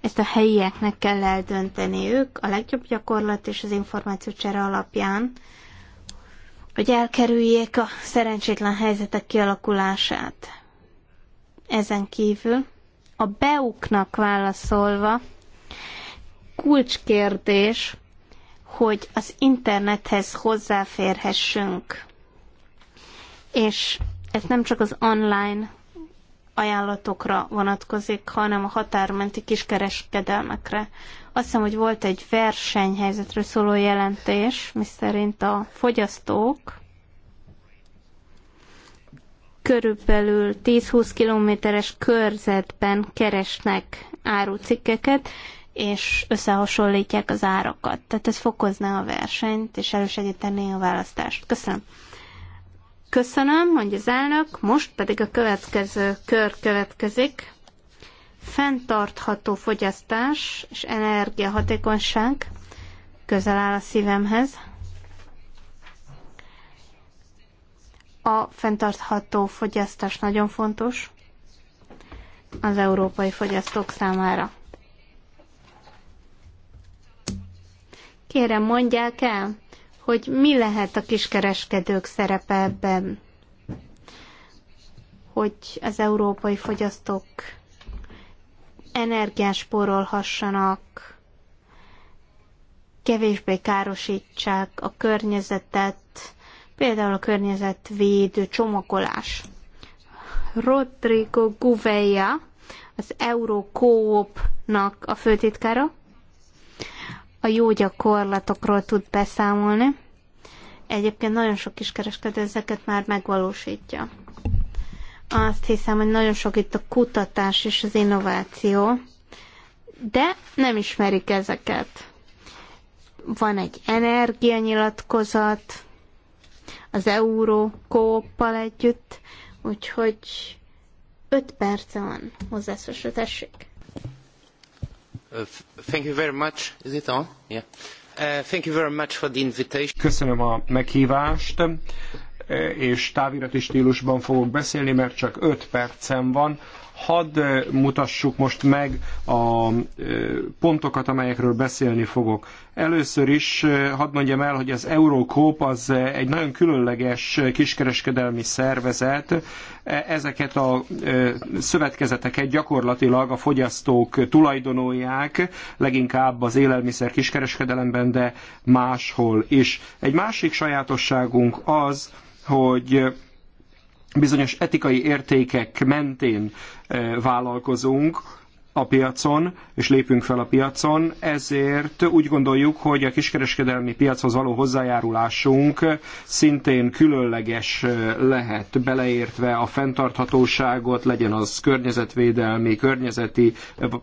ezt a helyieknek kell eldönteni ők a legjobb gyakorlat és az információcsere alapján, hogy elkerüljék a szerencsétlen helyzetek kialakulását. Ezen kívül a beuknak válaszolva kulcskérdés, hogy az internethez hozzáférhessünk. És ez nem csak az online ajánlatokra vonatkozik, hanem a határmenti kiskereskedelmekre. Azt hiszem, hogy volt egy versenyhelyzetről szóló jelentés, miszerint a fogyasztók körülbelül 10-20 kilométeres körzetben keresnek árucikkeket, és összehasonlítják az árakat. Tehát ez fokozná a versenyt, és elősegítené a választást. Köszönöm. Köszönöm, mondja az elnök, most pedig a következő kör következik. Fenntartható fogyasztás és energiahatékonyság közel áll a szívemhez. A fenntartható fogyasztás nagyon fontos az európai fogyasztók számára. Kérem, mondják el, hogy mi lehet a kiskereskedők szerepe ebben, hogy az európai fogyasztók energiát spórolhassanak, kevésbé károsítsák a környezetet, például a környezetvédő csomagolás. Rodrigo Gouveia, az Eurocoop-nak a főtitkára, a jó gyakorlatokról tud beszámolni. Egyébként nagyon sok kiskereskedő ezeket már megvalósítja. Azt hiszem, hogy nagyon sok itt a kutatás és az innováció, de nem ismerik ezeket. Van egy energianyilatkozat, az euró kóppal együtt, úgyhogy 5 perce van hozzászósra, tessék. Köszönöm a meghívást uh, és távirati stílusban fogok beszélni, mert csak 5 percem van. Hadd mutassuk most meg a pontokat, amelyekről beszélni fogok. Először is hadd mondjam el, hogy az Eurókóp az egy nagyon különleges kiskereskedelmi szervezet. E, ezeket a szövetkezeteket gyakorlatilag a fogyasztók tulajdonolják, leginkább az élelmiszer kiskereskedelemben, de máshol is. Egy másik sajátosságunk az, hogy bizonyos etikai értékek mentén eh, vállalkozunk, a piacon, és lépünk fel a piacon, ezért úgy gondoljuk, hogy a kiskereskedelmi piachoz való hozzájárulásunk szintén különleges lehet, beleértve a fenntarthatóságot, legyen az környezetvédelmi, környezeti,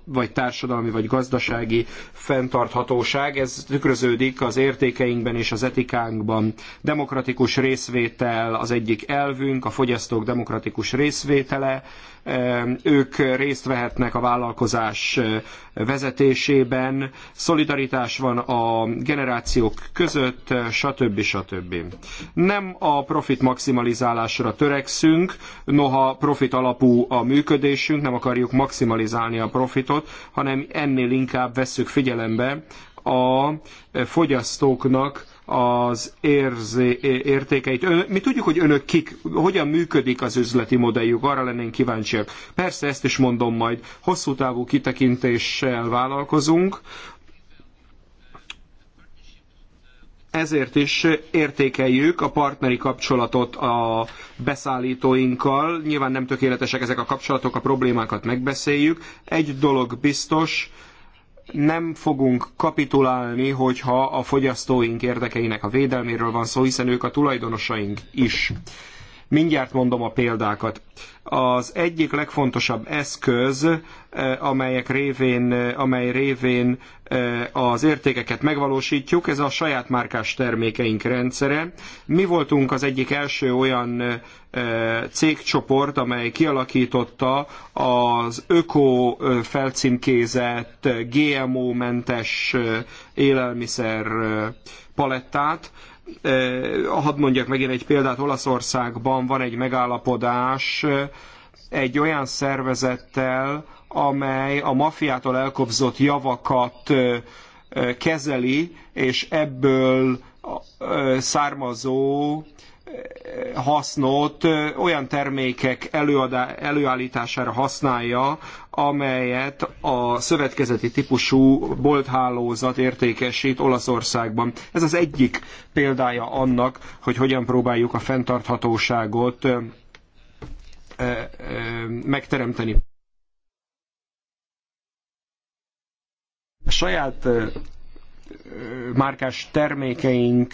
vagy társadalmi, vagy gazdasági fenntarthatóság. Ez tükröződik az értékeinkben és az etikánkban. Demokratikus részvétel az egyik elvünk, a fogyasztók demokratikus részvétele, ők részt vehetnek a vállalkozás eh, vezetésében, szolidaritás van a generációk között, eh, stb. stb. Nem a profit maximalizálásra törekszünk, noha profit alapú a működésünk, nem akarjuk maximalizálni a profitot, hanem ennél inkább vesszük figyelembe a fogyasztóknak az érzé, értékeit. Mi tudjuk, hogy önök kik, hogyan működik az üzleti modelljük, arra lennénk kíváncsiak. Persze ezt is mondom majd, hosszú távú kitekintéssel vállalkozunk, ezért is értékeljük a partneri kapcsolatot a beszállítóinkkal. Nyilván nem tökéletesek ezek a kapcsolatok, a problémákat megbeszéljük. Egy dolog biztos, nem fogunk kapitulálni, hogyha a fogyasztóink érdekeinek a védelméről van szó, hiszen ők a tulajdonosaink is. Mindjárt mondom a példákat. Az egyik legfontosabb eszköz, eh, amelyek révén, eh, amely révén eh, az értékeket megvalósítjuk, ez a saját márkás termékeink rendszere. Mi voltunk az egyik első olyan cégcsoport, amely kialakította az öko felcímkézett, GMO-mentes élelmiszer palettát, Eh, hadd mondjak megint egy példát, Olaszországban van egy megállapodás eh, egy olyan szervezettel, amely a maffiától elkobzott javakat eh, kezeli, és ebből származó hasznot olyan termékek előadá, előállítására használja, amelyet a szövetkezeti típusú bolthálózat értékesít Olaszországban. Ez az egyik példája annak, hogy hogyan próbáljuk a fenntarthatóságot megteremteni. A saját márkás termékeink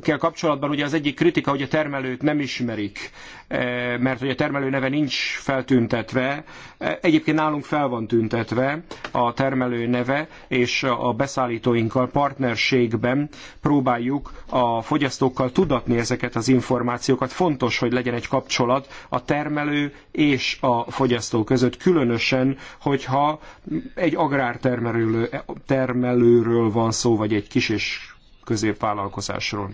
kell kapcsolatban ugye az egyik kritika, hogy a termelőt nem ismerik, eh, mert hogy a termelő neve nincs feltüntetve. Eh, egyébként nálunk fel van tüntetve a termelő neve, és a beszállítóinkkal partnerségben próbáljuk a fogyasztókkal tudatni ezeket az információkat. Fontos, hogy legyen egy kapcsolat a termelő és a fogyasztó között, különösen, hogyha egy agrártermelőről van szó, vagy egy kis és középvállalkozásról.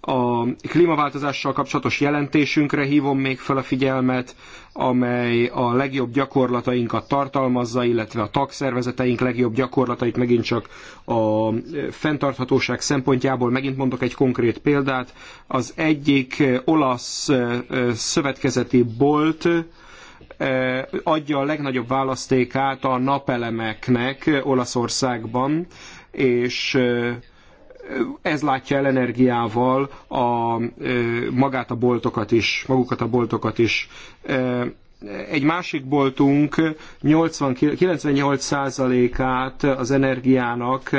A klímaváltozással kapcsolatos jelentésünkre hívom még fel a figyelmet, amely a legjobb gyakorlatainkat tartalmazza, illetve a tagszervezeteink legjobb gyakorlatait megint csak a fenntarthatóság szempontjából. Megint mondok egy konkrét példát. Az egyik olasz szövetkezeti bolt, adja a legnagyobb választékát a napelemeknek Olaszországban és ez látja el energiával a, magát a boltokat is, magukat a boltokat is. Egy másik boltunk 80, 98%-át az energiának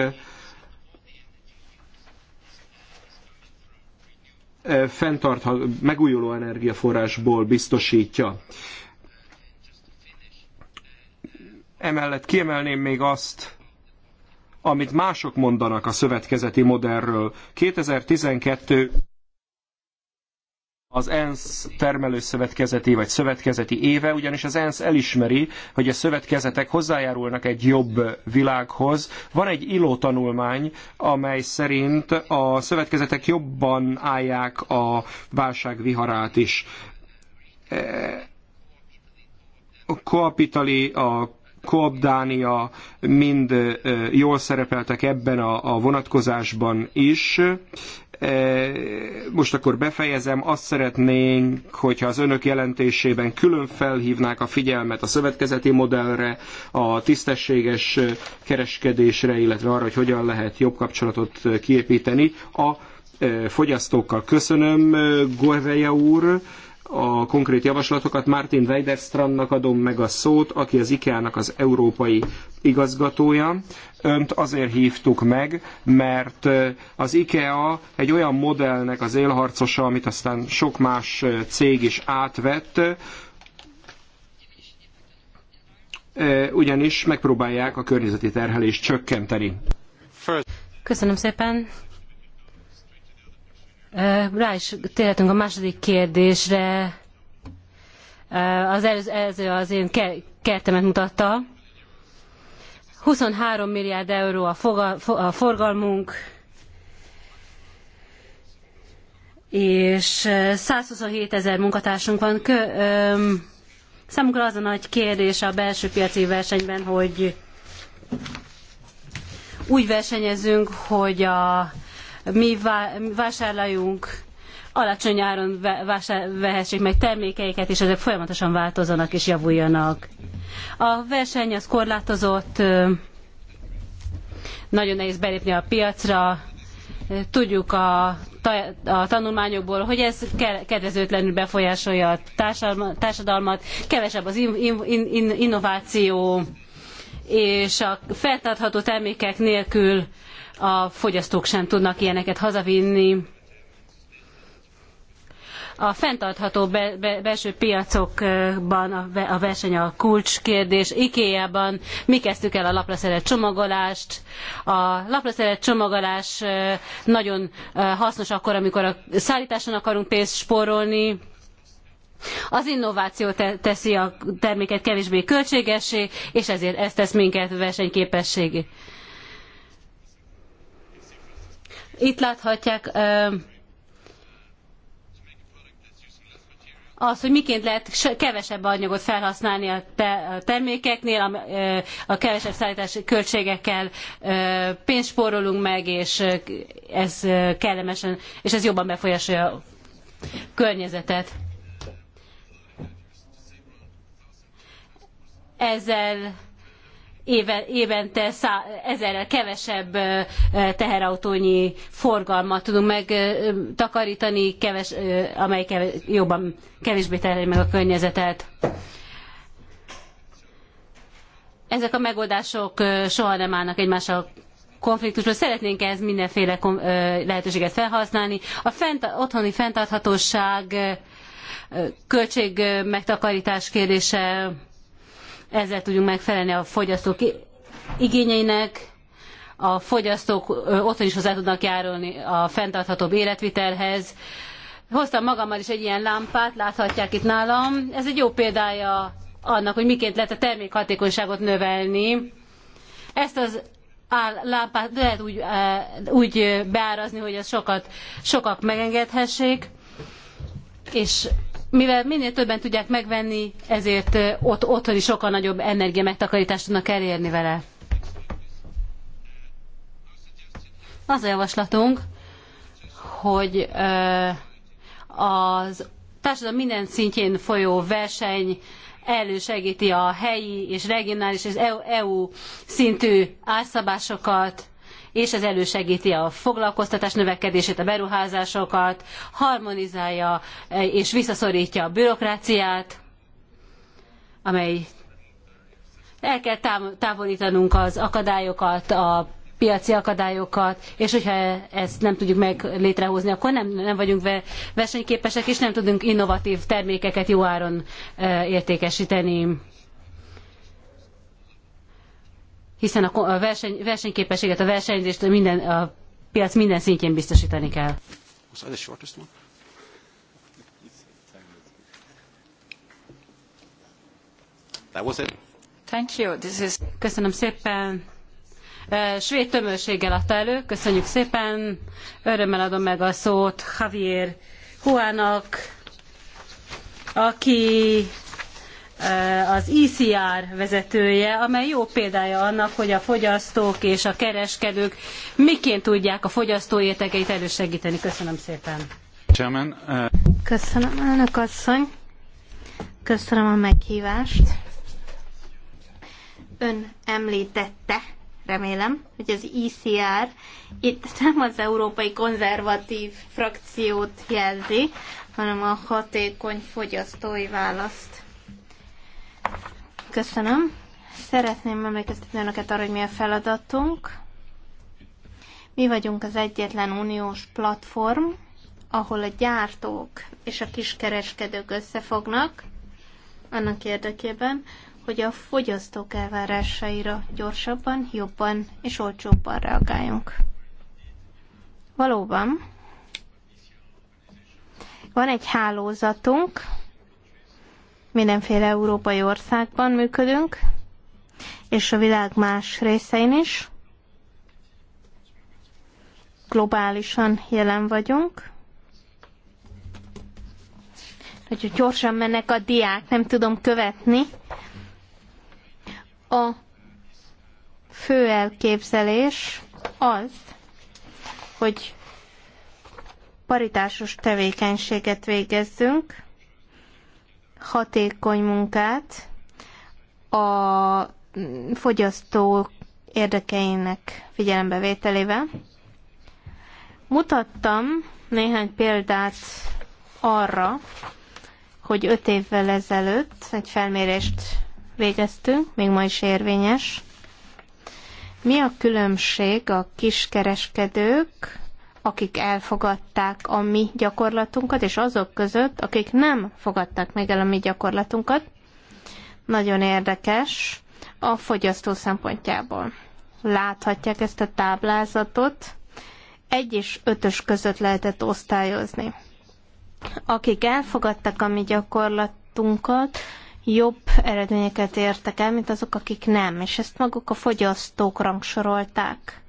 fenntartható, megújuló energiaforrásból biztosítja. Emellett kiemelném még azt, amit mások mondanak a szövetkezeti modellről. 2012 az ENSZ termelőszövetkezeti vagy szövetkezeti éve, ugyanis az ENSZ elismeri, hogy a szövetkezetek hozzájárulnak egy jobb világhoz. Van egy ILO tanulmány, amely szerint a szövetkezetek jobban állják a válság viharát is. E, a kapitali, a Koop Dánia mind jól szerepeltek ebben a vonatkozásban is. Most akkor befejezem, azt szeretnénk, hogyha az önök jelentésében külön felhívnák a figyelmet a szövetkezeti modellre, a tisztességes kereskedésre, illetve arra, hogy hogyan lehet jobb kapcsolatot kiépíteni a fogyasztókkal. Köszönöm, Gorveja úr! a konkrét javaslatokat. Martin Weiderstrandnak adom meg a szót, aki az IKEA-nak az európai igazgatója. Önt azért hívtuk meg, mert az IKEA egy olyan modellnek az élharcosa, amit aztán sok más cég is átvett, ugyanis megpróbálják a környezeti terhelést csökkenteni. Köszönöm szépen. Rá is térhetünk a második kérdésre. Az előző az én kertemet mutatta. 23 milliárd euró a, fogal, a forgalmunk, és 127 ezer munkatársunk van. Kö, Számunkra az a nagy kérdés a belső piaci versenyben, hogy úgy versenyezünk, hogy a mi vásárlaljunk, alacsony áron vehessék meg termékeiket, és ezek folyamatosan változanak és javuljanak. A verseny az korlátozott, nagyon nehéz belépni a piacra, tudjuk a, a tanulmányokból, hogy ez kedvezőtlenül befolyásolja a társadalmat, kevesebb az in, in, in, innováció, és a fenntartható termékek nélkül a fogyasztók sem tudnak ilyeneket hazavinni. A fenntartható be, be, belső piacokban a, a verseny a kulcskérdés. IKEA-ban mi kezdtük el a lapraszerelt csomagolást. A lapraszerelt csomagolás nagyon hasznos akkor, amikor a szállításon akarunk pénzt spórolni. Az innováció te teszi a terméket kevésbé költségessé, és ezért ez tesz minket versenyképességé. Itt láthatják az, hogy miként lehet kevesebb anyagot felhasználni a, termékeknél, a, kevesebb szállítási költségekkel pénzt spórolunk meg, és ez kellemesen, és ez jobban befolyásolja a környezetet. Ezzel évente szá, ezerrel kevesebb teherautónyi forgalmat tudunk megtakarítani, keves, amely keves, jobban, kevésbé terheli meg a környezetet. Ezek a megoldások soha nem állnak egymással konfliktusban. Szeretnénk ez mindenféle lehetőséget felhasználni. A fent, otthoni fenntarthatóság, költség megtakarítás kérdése, ezzel tudjunk megfelelni a fogyasztók igényeinek, a fogyasztók otthon is hozzá tudnak járulni a fenntarthatóbb életvitelhez. Hoztam magammal is egy ilyen lámpát, láthatják itt nálam. Ez egy jó példája annak, hogy miként lehet a termékhatékonyságot növelni. Ezt az lámpát lehet úgy, úgy beárazni, hogy az sokat, sokak megengedhessék, és mivel minél többen tudják megvenni, ezért ott, otthon is sokkal nagyobb energia megtakarítást tudnak elérni vele. Az a javaslatunk, hogy az társadalom minden szintjén folyó verseny elősegíti a helyi és regionális és EU szintű árszabásokat, és ez elősegíti a foglalkoztatás növekedését, a beruházásokat, harmonizálja e, és visszaszorítja a bürokráciát, amely el kell távolítanunk az akadályokat, a piaci akadályokat, és hogyha ezt nem tudjuk meg létrehozni, akkor nem, nem vagyunk versenyképesek, és nem tudunk innovatív termékeket jó áron e, értékesíteni hiszen a verseny, versenyképességet, a versenyzést minden, a piac minden szintjén biztosítani kell. Is... Köszönöm szépen. Svéd tömörséggel adta elő. Köszönjük szépen. Örömmel adom meg a szót Javier Huának, aki Eh, az ICR e vezetője, amely jó példája annak, hogy a fogyasztók és a kereskedők miként tudják a fogyasztó értekeit elősegíteni. Köszönöm szépen. Eh, Köszönöm, elnök asszony. Köszönöm a meghívást. Ön említette, remélem, hogy az ICR e itt nem az európai konzervatív frakciót jelzi, hanem a hatékony fogyasztói választ. Köszönöm. Szeretném emlékeztetni önöket arra, hogy mi a feladatunk. Mi vagyunk az egyetlen uniós platform, ahol a gyártók és a kiskereskedők összefognak, annak érdekében, hogy a fogyasztók elvárásaira gyorsabban, jobban és olcsóbban reagáljunk. Valóban, van egy hálózatunk, mindenféle európai országban működünk, és a világ más részein is. Globálisan jelen vagyunk. Nagyon gyorsan mennek a diák, nem tudom követni. A fő elképzelés az, hogy paritásos tevékenységet végezzünk, hatékony munkát a fogyasztó érdekeinek figyelembevételével. Mutattam néhány példát arra, hogy öt évvel ezelőtt egy felmérést végeztünk, még ma is érvényes. Mi a különbség a kiskereskedők akik elfogadták a mi gyakorlatunkat, és azok között, akik nem fogadták meg el a mi gyakorlatunkat. Nagyon érdekes a fogyasztó szempontjából. Láthatják ezt a táblázatot. Egy és ötös között lehetett osztályozni. Akik elfogadtak a mi gyakorlatunkat, jobb eredményeket értek el, mint azok, akik nem, és ezt maguk a fogyasztók rangsorolták.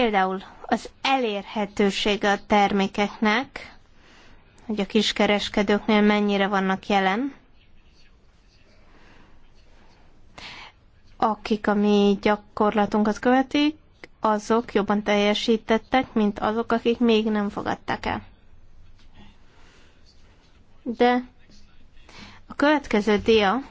Például az elérhetősége a termékeknek, hogy a kiskereskedőknél mennyire vannak jelen, akik a mi gyakorlatunkat követik, azok jobban teljesítettek, mint azok, akik még nem fogadták el. De a következő dia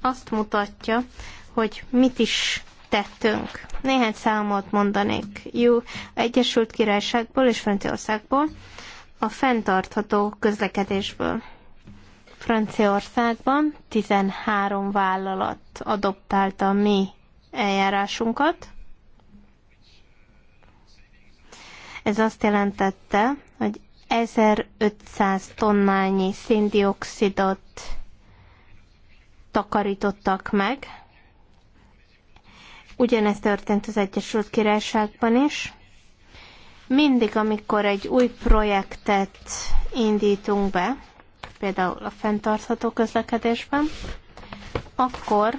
azt mutatja, hogy mit is tettünk. Néhány számot mondanék. Jó, Egyesült Királyságból és Franciaországból, a fenntartható közlekedésből. Franciaországban 13 vállalat adoptálta a mi eljárásunkat. Ez azt jelentette, hogy 1500 tonnányi széndiokszidot takarítottak meg Ugyanez történt az Egyesült Királyságban is. Mindig, amikor egy új projektet indítunk be, például a fenntartható közlekedésben, akkor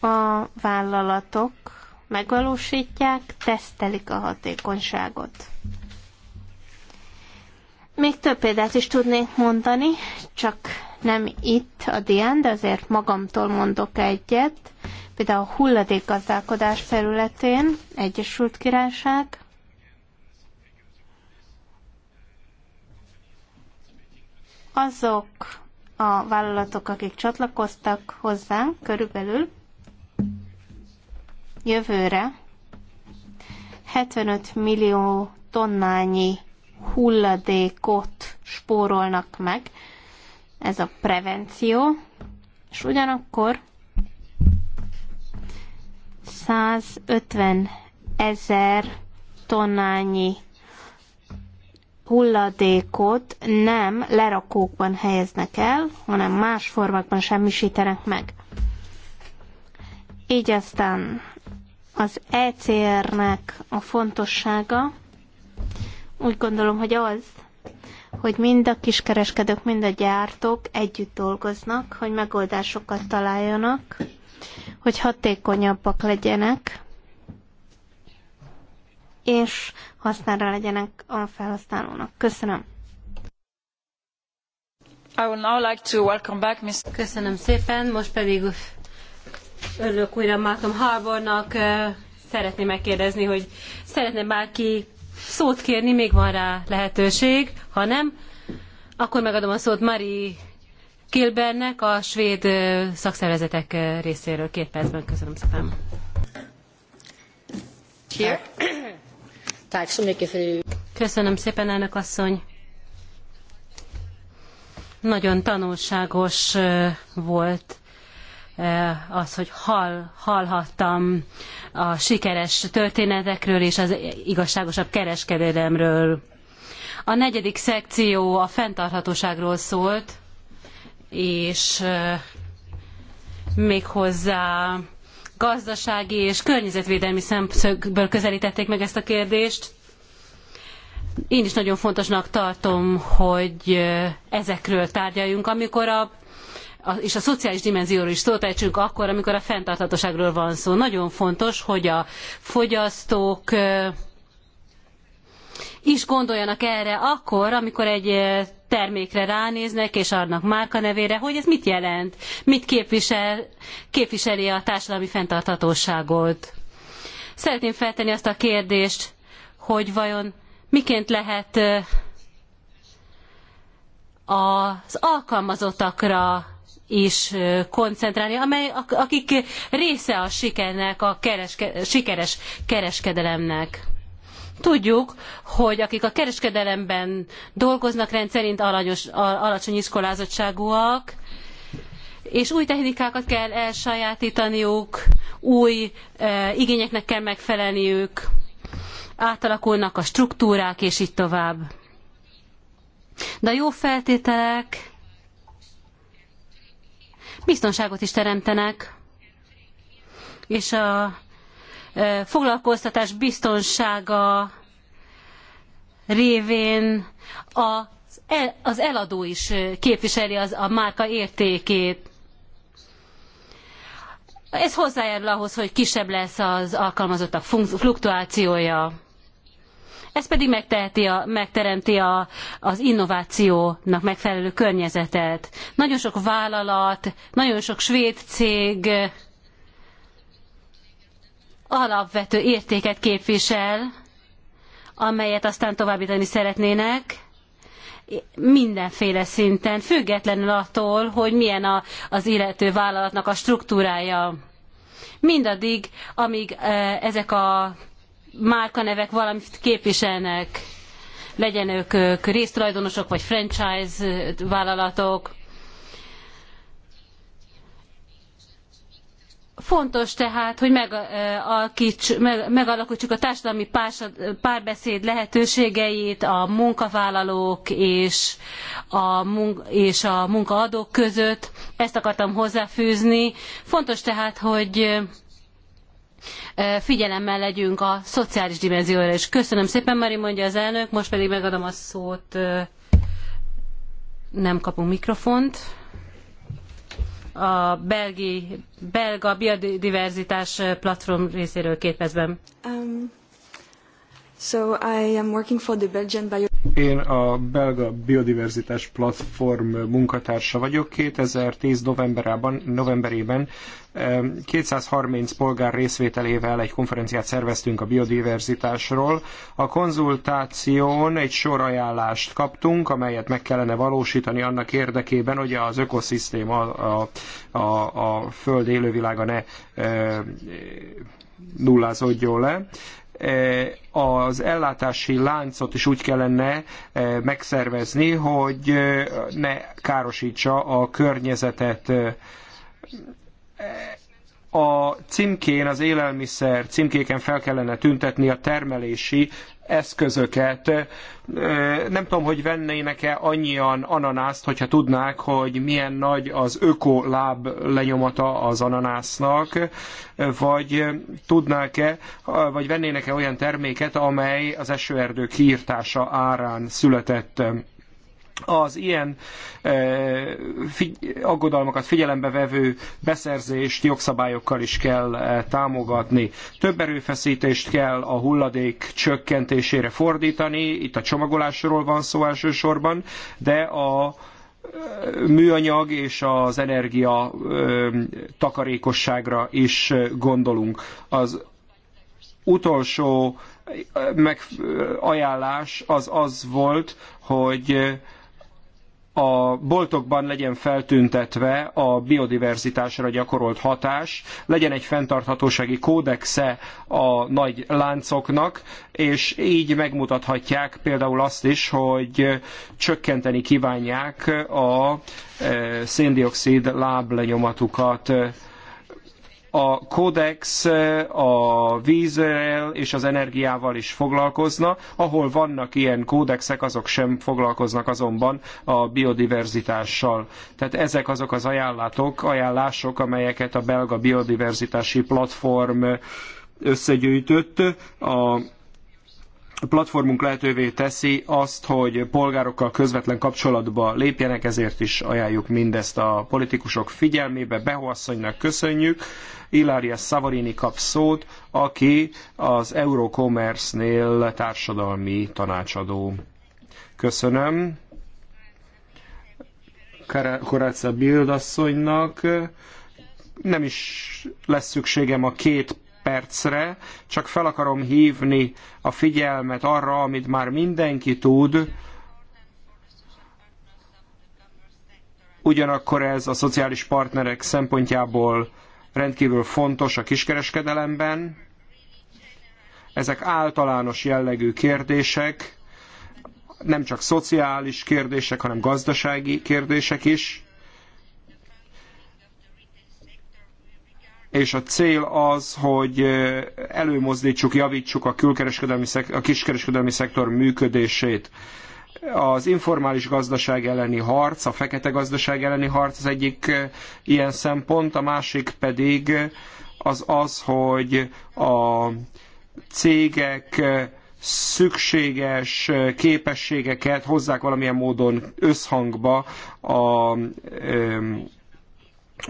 a vállalatok megvalósítják, tesztelik a hatékonyságot. Még több példát is tudnék mondani, csak nem itt a dián, de azért magamtól mondok egyet például a hulladékgazdálkodás területén, Egyesült Királyság, azok a vállalatok, akik csatlakoztak hozzánk körülbelül jövőre 75 millió tonnányi hulladékot spórolnak meg. Ez a prevenció. És ugyanakkor 150 ezer tonnányi hulladékot nem lerakókban helyeznek el, hanem más formákban semmisítenek meg. Így aztán az ECR-nek a fontossága úgy gondolom, hogy az, hogy mind a kiskereskedők, mind a gyártók együtt dolgoznak, hogy megoldásokat találjanak, hogy hatékonyabbak legyenek, és hasznára legyenek a felhasználónak. Köszönöm. I would now like to welcome back Ms. Köszönöm szépen, most pedig örülök újra Malcolm Harbornak. Szeretném megkérdezni, hogy szeretne bárki szót kérni, még van rá lehetőség, ha nem, akkor megadom a szót Mari Kilbennek a svéd szakszervezetek részéről. Két percben köszönöm szépen. Köszönöm szépen, elnök asszony. Nagyon tanulságos volt az, hogy hall, hallhattam a sikeres történetekről és az igazságosabb kereskedelemről. A negyedik szekció a fenntarthatóságról szólt, és méghozzá gazdasági és környezetvédelmi szemszögből közelítették meg ezt a kérdést. Én is nagyon fontosnak tartom, hogy ezekről tárgyaljunk, amikor a és a szociális dimenzióról is szót ejtsünk akkor, amikor a fenntarthatóságról van szó. Nagyon fontos, hogy a fogyasztók is gondoljanak erre akkor, amikor egy termékre ránéznek, és adnak márkanevére, hogy ez mit jelent, mit képvisel, képviseli a társadalmi fenntarthatóságot. Szeretném feltenni azt a kérdést, hogy vajon miként lehet az alkalmazottakra is koncentrálni, amely, akik része a sikernek, a kereske, sikeres kereskedelemnek. Tudjuk, hogy akik a kereskedelemben dolgoznak, rendszerint alanyos, alacsony iskolázottságúak, és új technikákat kell elsajátítaniuk, új e, igényeknek kell megfelelniük, átalakulnak a struktúrák, és így tovább. De a jó feltételek biztonságot is teremtenek, és a foglalkoztatás biztonsága révén az eladó is képviseli az, a márka értékét. Ez hozzájárul ahhoz, hogy kisebb lesz az alkalmazottak fluktuációja. Ez pedig megteheti a, megteremti a, az innovációnak megfelelő környezetet. Nagyon sok vállalat, nagyon sok svéd cég alapvető értéket képvisel, amelyet aztán továbbítani szeretnének mindenféle szinten, függetlenül attól, hogy milyen a, az illető vállalatnak a struktúrája. Mindaddig, amíg e, ezek a márkanevek valamit képviselnek, legyenek ők résztulajdonosok vagy franchise vállalatok, Fontos tehát, hogy megalakítsuk a társadalmi párbeszéd lehetőségeit a munkavállalók és a, munk- és a munkaadók között. Ezt akartam hozzáfűzni. Fontos tehát, hogy figyelemmel legyünk a szociális dimenzióra is. Köszönöm szépen, Mari mondja az elnök, most pedig megadom a szót. Nem kapunk mikrofont a belgi, belga biodiverzitás platform részéről két percben. Um, so I am working for the Belgian Bio én a belga biodiverzitás platform munkatársa vagyok. 2010 novemberában, novemberében 230 polgár részvételével egy konferenciát szerveztünk a biodiverzitásról. A konzultáción egy sor ajánlást kaptunk, amelyet meg kellene valósítani annak érdekében, hogy az ökoszisztéma, a, a, a föld élővilága ne e, nullázódjon le. Eh, az ellátási láncot is úgy kellene eh, megszervezni, hogy eh, ne károsítsa a környezetet. A címkén, az élelmiszer címkéken fel kellene tüntetni a termelési eszközöket. Nem tudom, hogy vennének-e annyian ananászt, hogyha tudnák, hogy milyen nagy az öko láb lenyomata az ananásznak, vagy tudnák-e, vagy vennének-e olyan terméket, amely az esőerdők kiirtása árán született az ilyen e, figy aggodalmakat figyelembe vevő beszerzést jogszabályokkal is kell e, támogatni. Több erőfeszítést kell a hulladék csökkentésére fordítani, itt a csomagolásról van szó elsősorban, de a e, műanyag és az energia takarékosságra is gondolunk. Az utolsó meg ajánlás az az volt, hogy a boltokban legyen feltüntetve a biodiverzitásra gyakorolt hatás, legyen egy fenntarthatósági kódexe a nagy láncoknak, és így megmutathatják például azt is, hogy csökkenteni kívánják a eh, széndiokszid láblenyomatukat a kódex a vízzel és az energiával is foglalkozna. Ahol vannak ilyen kódexek, azok sem foglalkoznak azonban a biodiverzitással. Tehát ezek azok az ajánlatok, ajánlások, amelyeket a belga biodiverzitási platform összegyűjtött. A platformunk lehetővé teszi azt, hogy polgárokkal közvetlen kapcsolatba lépjenek, ezért is ajánljuk mindezt a politikusok figyelmébe. Behoasszonynak köszönjük Ilária Szavarini kap szót, aki az Eurocommerce-nél társadalmi tanácsadó. Köszönöm. Koráca Bildasszonynak. Nem is lesz szükségem a két percre, csak fel akarom hívni a figyelmet arra, amit már mindenki tud, ugyanakkor ez a szociális partnerek szempontjából rendkívül fontos a kiskereskedelemben. Ezek általános jellegű kérdések, nem csak szociális kérdések, hanem gazdasági kérdések is. és a cél az, hogy előmozdítsuk, javítsuk a, a kiskereskedelmi szektor működését. Az informális gazdaság elleni harc, a fekete gazdaság elleni harc az egyik eh, ilyen szempont, a másik pedig az az, hogy a cégek eh, szükséges eh, képességeket hozzák valamilyen módon összhangba a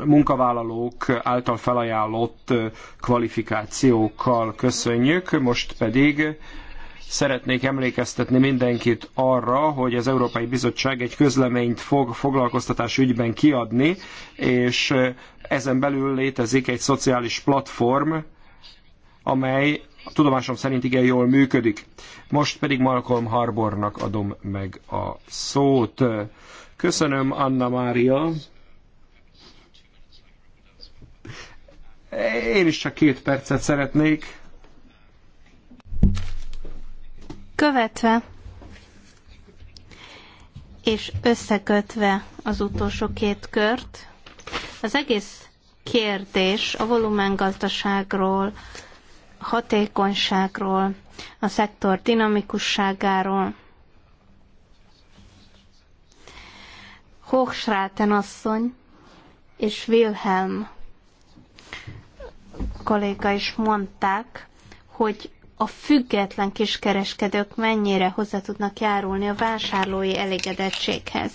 munkavállalók által felajánlott kvalifikációkkal köszönjük. Most pedig Szeretnék emlékeztetni mindenkit arra, hogy az Európai Bizottság egy közleményt fog foglalkoztatás ügyben kiadni, és ezen belül létezik egy szociális platform, amely tudomásom szerint igen jól működik. Most pedig Malcolm Harbornak adom meg a szót. Köszönöm, Anna Mária. Én is csak két percet szeretnék. követve és összekötve az utolsó két kört, az egész kérdés a volumengazdaságról, a hatékonyságról, a szektor dinamikusságáról. Hochschraten asszony és Wilhelm kolléga is mondták, hogy a független kiskereskedők mennyire hozzá tudnak járulni a vásárlói elégedettséghez.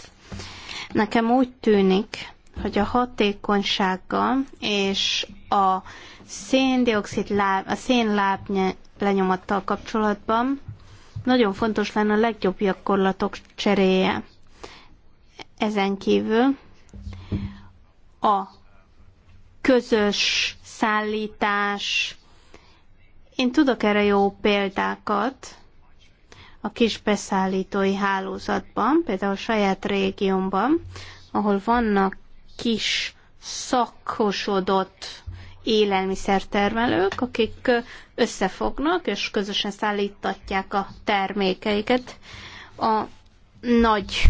Nekem úgy tűnik, hogy a hatékonysággal és a széndiokszid láb, a szénláb lenyomattal kapcsolatban nagyon fontos lenne a legjobb gyakorlatok cseréje. Ezen kívül a közös szállítás, én tudok erre jó példákat a kis beszállítói hálózatban, például a saját régiómban, ahol vannak kis szakosodott élelmiszertermelők, akik összefognak és közösen szállítatják a termékeiket a nagy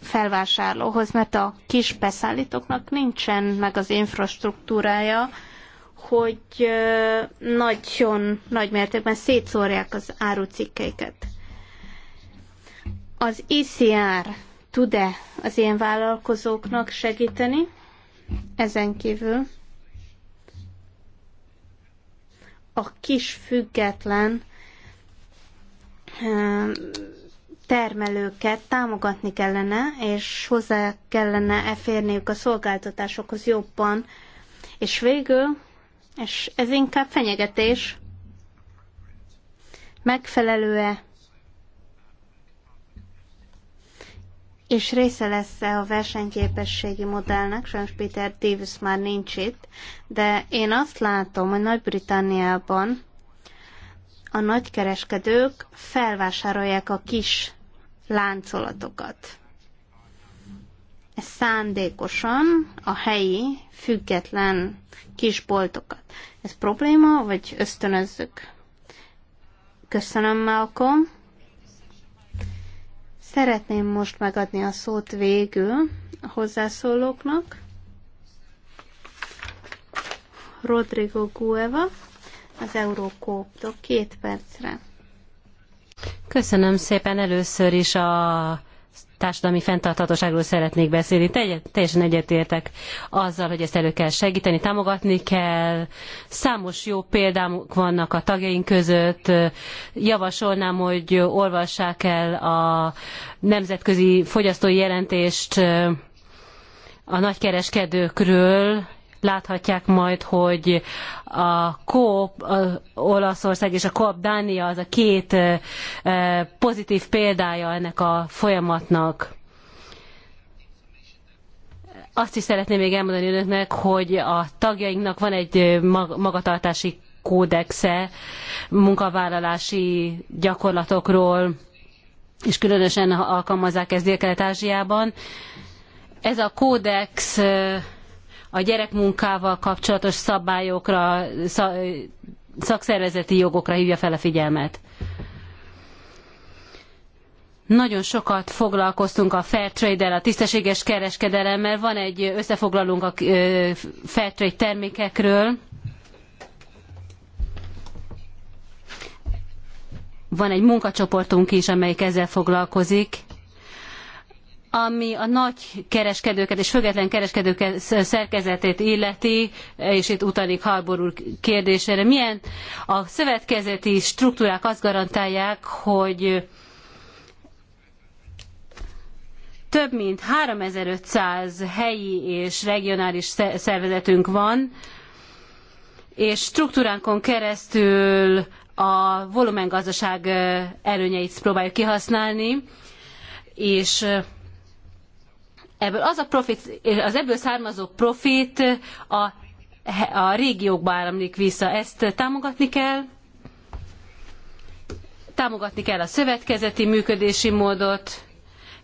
felvásárlóhoz, mert a kis beszállítóknak nincsen meg az infrastruktúrája, hogy nagyon nagy mértékben szétszórják az árucikkeiket. Az ICR e tud-e az ilyen vállalkozóknak segíteni? Ezen kívül a kis független termelőket támogatni kellene, és hozzá kellene elférniük férniük a szolgáltatásokhoz jobban. És végül és ez inkább fenyegetés, megfelelő-e, és része lesz-e a versenyképességi modellnek, sajnos Peter Davis már nincs itt, de én azt látom, hogy Nagy-Britanniában a nagykereskedők felvásárolják a kis láncolatokat szándékosan a helyi független kisboltokat. Ez probléma, vagy ösztönözzük? Köszönöm, Malcolm. Szeretném most megadni a szót végül a hozzászólóknak. Rodrigo Gueva, az Eurókóptól két percre. Köszönöm szépen először is a társadalmi fenntarthatóságról szeretnék beszélni. Teljesen egyetértek azzal, hogy ezt elő kell segíteni, támogatni kell. Számos jó példámuk vannak a tagjaink között. Javasolnám, hogy olvassák el a nemzetközi fogyasztói jelentést a nagykereskedőkről, láthatják majd, hogy a Coop a Olaszország és a Coop Dánia az a két pozitív példája ennek a folyamatnak. Azt is szeretném még elmondani önöknek, hogy a tagjainknak van egy magatartási kódexe munkavállalási gyakorlatokról, és különösen alkalmazzák ezt Dél-Kelet-Ázsiában. Ez a kódex a gyerekmunkával kapcsolatos szabályokra, szakszervezeti jogokra hívja fel a figyelmet. Nagyon sokat foglalkoztunk a fair trade-el, a tisztességes kereskedelemmel. Van egy összefoglalónk a fair trade termékekről. Van egy munkacsoportunk is, amelyik ezzel foglalkozik ami a nagy kereskedőket és független kereskedők szerkezetét illeti, és itt utalik Harbor úr kérdésére, milyen a szövetkezeti struktúrák azt garantálják, hogy több mint 3500 helyi és regionális szervezetünk van, és struktúránkon keresztül a volumengazdaság előnyeit próbáljuk kihasználni, és Ebből az a profit, az ebből származó profit a, a régiókba áramlik vissza. Ezt támogatni kell, támogatni kell a szövetkezeti működési módot,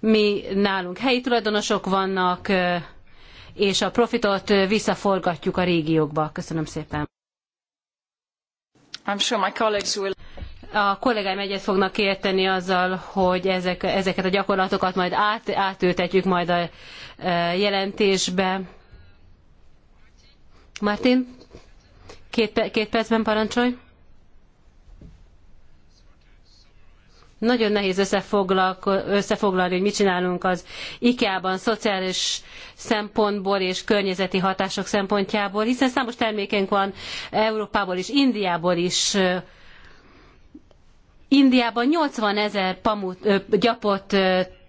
mi nálunk helyi tulajdonosok vannak, és a profitot visszaforgatjuk a régiókba. Köszönöm szépen. I'm sure my colleagues will... A kollégáim egyet fognak érteni azzal, hogy ezek, ezeket a gyakorlatokat majd át, átültetjük majd a e, jelentésbe. Martin, két, két percben parancsolj. nagyon nehéz összefoglalni, hogy mit csinálunk az IKEA-ban szociális szempontból és környezeti hatások szempontjából, hiszen számos termékünk van Európából és Indiából is, Indiában 80 ezer gyapot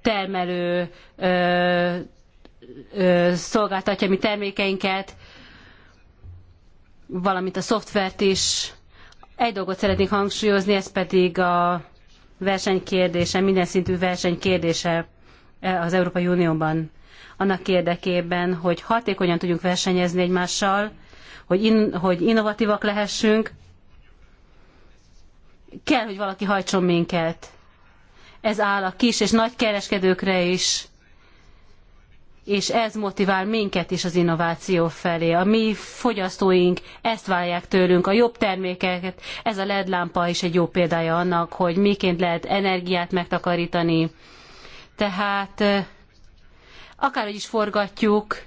termelő ö, ö, szolgáltatja mi termékeinket, valamint a szoftvert is. Egy dolgot szeretnék hangsúlyozni, ez pedig a versenykérdése, minden szintű versenykérdése e, az Európai Unióban. Annak érdekében, hogy hatékonyan tudjunk versenyezni egymással, hogy, in, hogy innovatívak lehessünk, kell, hogy valaki hajtson minket. Ez áll a kis és nagy kereskedőkre is, és ez motivál minket is az innováció felé. A mi fogyasztóink ezt várják tőlünk, a jobb termékeket. Ez a LED lámpa is egy jó példája annak, hogy miként lehet energiát megtakarítani. Tehát akárhogy is forgatjuk,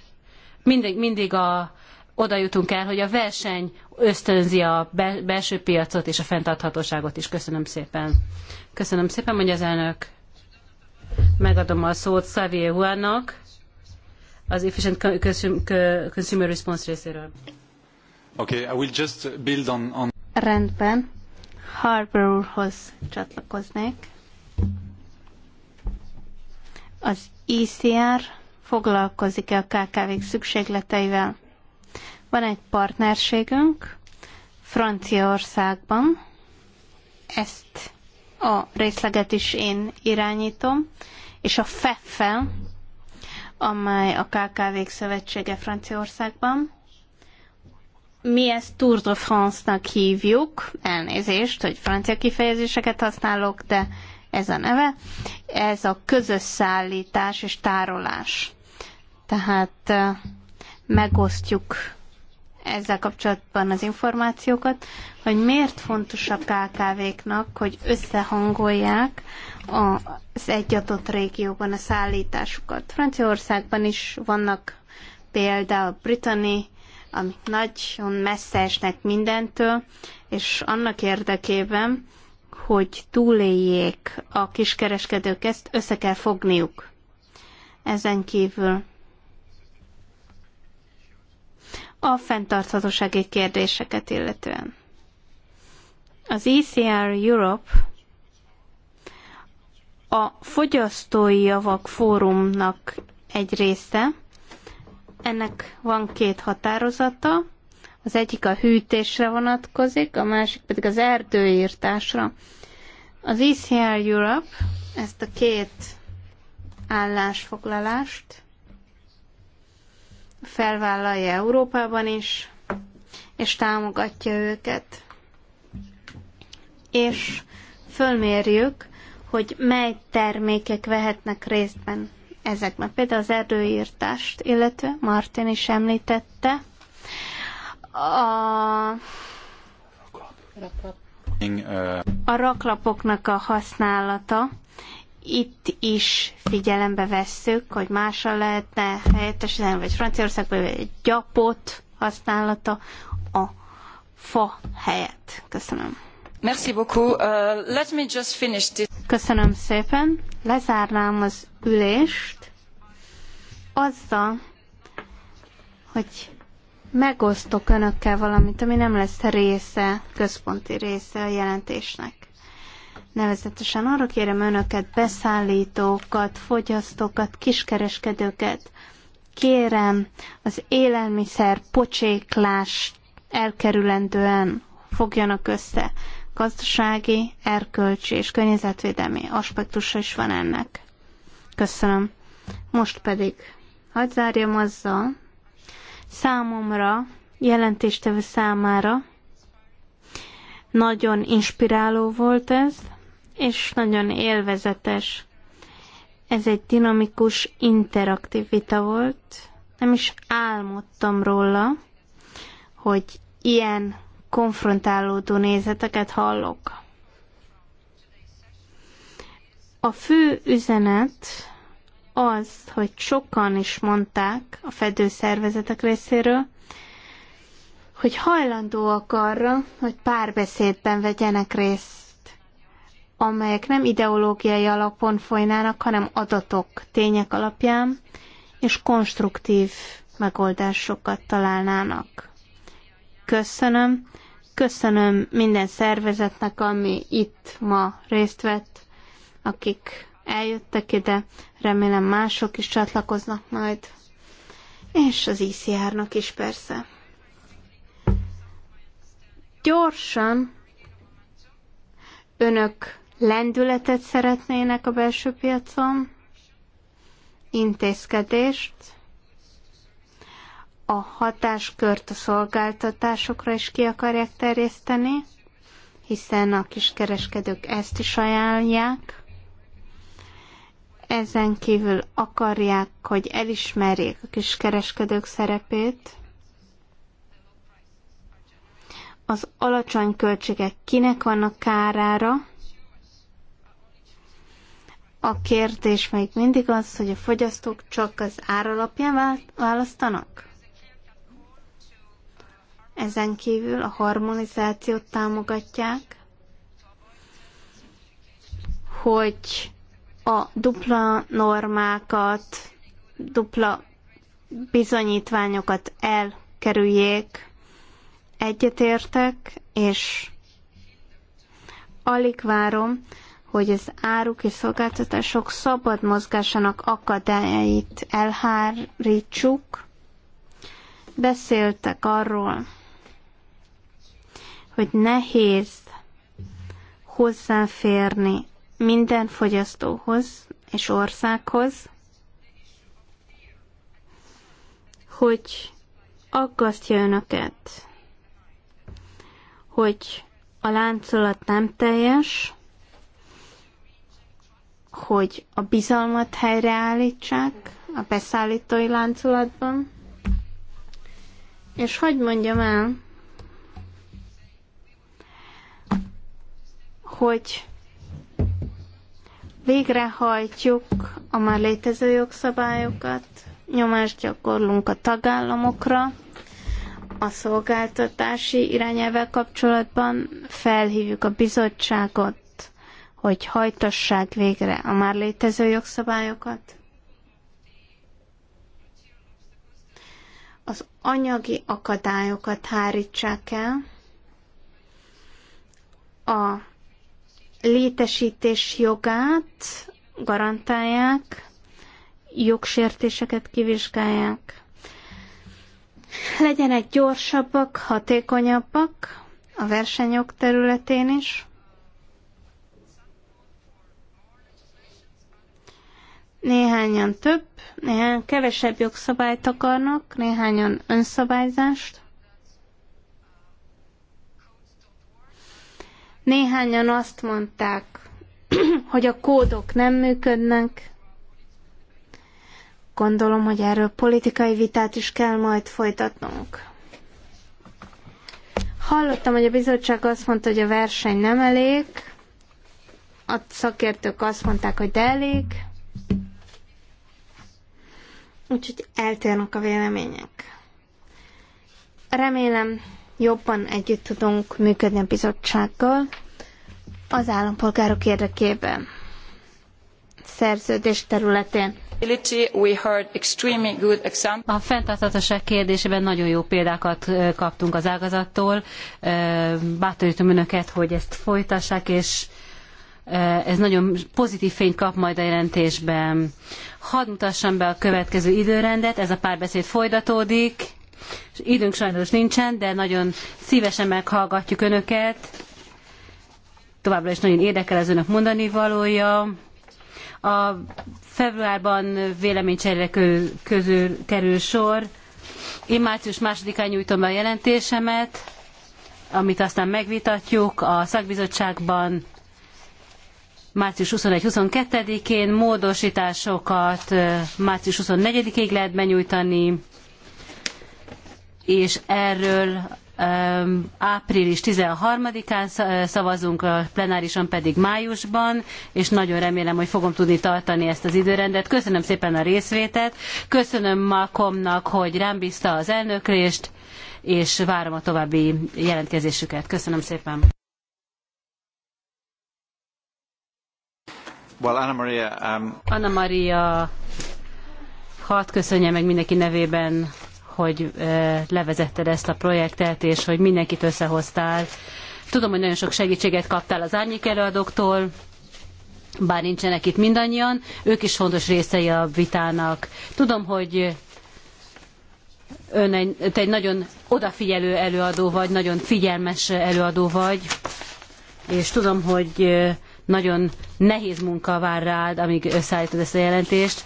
mindig, mindig a, oda jutunk el, hogy a verseny ösztönzi a belső piacot és a fenntarthatóságot is. Köszönöm szépen. Köszönöm szépen, hogy az elnök. Megadom a szót Xavier Huannak az Efficient Consumer Response részéről. Okay, I will just build on, on... Rendben. Harper úrhoz csatlakoznék. Az ECR foglalkozik-e a KKV-k szükségleteivel? Van egy partnerségünk Franciaországban, ezt a részleget is én irányítom, és a e FEFFEL, amely a kkv szövetsége Franciaországban, mi ezt Tour de France-nak hívjuk, elnézést, hogy francia kifejezéseket használok, de ez a neve, ez a közös szállítás és tárolás. Tehát eh, megosztjuk ezzel kapcsolatban az információkat, hogy miért fontos a KKV-knak, hogy összehangolják az egy adott régióban a szállításukat. Franciaországban is vannak például Brittany, amik nagyon messze esnek mindentől, és annak érdekében, hogy túléljék a kiskereskedők ezt, össze kell fogniuk. Ezen kívül a fenntarthatósági kérdéseket illetően. Az ECR Europe a Fogyasztói Javak Fórumnak egy része. Ennek van két határozata. Az egyik a hűtésre vonatkozik, a másik pedig az erdőírtásra. Az ECR Europe ezt a két állásfoglalást felvállalja Európában is, és támogatja őket. És fölmérjük, hogy mely termékek vehetnek részben ezekben. Például az erdőírtást, illetve Martin is említette, a, a raklapoknak a használata, itt is figyelembe vesszük, hogy mással lehetne helyettesíteni, vagy Franciaországban egy gyapot használata a fa helyett. Köszönöm. Merci beaucoup. Uh, let me just finish this. Köszönöm szépen. Lezárnám az ülést azzal, hogy megosztok önökkel valamit, ami nem lesz része, központi része a jelentésnek. Nevezetesen arra kérem önöket, beszállítókat, fogyasztókat, kiskereskedőket, kérem az élelmiszer pocséklás elkerülendően fogjanak össze. Gazdasági, erkölcsi és környezetvédelmi aspektusa is van ennek. Köszönöm. Most pedig hagyd zárjam azzal, számomra, jelentéstevő számára nagyon inspiráló volt ez, és nagyon élvezetes. Ez egy dinamikus, interaktív vita volt. Nem is álmodtam róla, hogy ilyen konfrontálódó nézeteket hallok. A fő üzenet az, hogy sokan is mondták a fedőszervezetek részéről, hogy hajlandóak arra, hogy párbeszédben vegyenek részt amelyek nem ideológiai alapon folynának, hanem adatok, tények alapján, és konstruktív megoldásokat találnának. Köszönöm. Köszönöm minden szervezetnek, ami itt ma részt vett, akik eljöttek ide, remélem mások is csatlakoznak majd, és az ICR-nak is persze. Gyorsan önök lendületet szeretnének a belső piacon, intézkedést, a hatáskört a szolgáltatásokra is ki akarják terjeszteni, hiszen a kiskereskedők ezt is ajánlják. Ezen kívül akarják, hogy elismerjék a kiskereskedők szerepét. Az alacsony költségek kinek vannak kárára, a kérdés még mindig az, hogy a fogyasztók csak az ár alapján választanak? Ezen kívül a harmonizációt támogatják, hogy a dupla normákat, dupla bizonyítványokat elkerüljék. Egyetértek, és alig várom, hogy az áruk és szolgáltatások szabad mozgásának akadályait elhárítsuk. Beszéltek arról, hogy nehéz hozzáférni minden fogyasztóhoz és országhoz, hogy aggasztja önöket, hogy a láncolat nem teljes, hogy a bizalmat helyreállítsák a beszállítói láncolatban. És hogy mondjam el, hogy végrehajtjuk a már létező jogszabályokat, nyomást gyakorlunk a tagállamokra, a szolgáltatási irányelvvel kapcsolatban felhívjuk a bizottságot hogy hajtassák végre a már létező jogszabályokat? Az anyagi akadályokat hárítsák el, a létesítés jogát garantálják, jogsértéseket kivizsgálják. Legyenek gyorsabbak, hatékonyabbak a versenyok területén is, Néhányan több, néhány kevesebb jogszabályt akarnak, néhányan önszabályzást. Néhányan azt mondták, hogy a kódok nem működnek. Gondolom, hogy erről politikai vitát is kell majd folytatnunk. Hallottam, hogy a bizottság azt mondta, hogy a verseny nem elég. A szakértők azt mondták, hogy de elég úgyhogy eltérnek a vélemények. Remélem, jobban együtt tudunk működni a bizottsággal az állampolgárok érdekében szerződés területén. A fenntarthatóság kérdésében nagyon jó példákat kaptunk az ágazattól. Bátorítom önöket, hogy ezt folytassák, és Eh, ez nagyon pozitív fényt kap majd a jelentésben. Hadd mutassam be a következő időrendet, ez a párbeszéd folytatódik. Időnk sajnos nincsen, de nagyon szívesen meghallgatjuk Önöket. Továbbra is nagyon érdekel az Önök mondani valója. A februárban véleménycserére közül kerül sor. Én március másodikán nyújtom be a jelentésemet, amit aztán megvitatjuk a szakbizottságban március 21-22-én, módosításokat március 24-ig lehet benyújtani, és erről április 13-án szavazunk, a plenárison pedig májusban, és nagyon remélem, hogy fogom tudni tartani ezt az időrendet. Köszönöm szépen a részvételt, köszönöm Malcolmnak, hogy rám bízta az elnökrést, és várom a további jelentkezésüket. Köszönöm szépen! Well, Anna Maria, um... Anna Maria, hadd köszönje meg mindenki nevében, hogy levezetted ezt a projektet, és hogy mindenkit összehoztál. Tudom, hogy nagyon sok segítséget kaptál az árnyék előadóktól, bár nincsenek itt mindannyian, ők is fontos részei a vitának. Tudom, hogy ön egy, te egy nagyon odafigyelő előadó vagy, nagyon figyelmes előadó vagy, és tudom, hogy nagyon nehéz munka vár rád, amíg összeállítod ezt a jelentést,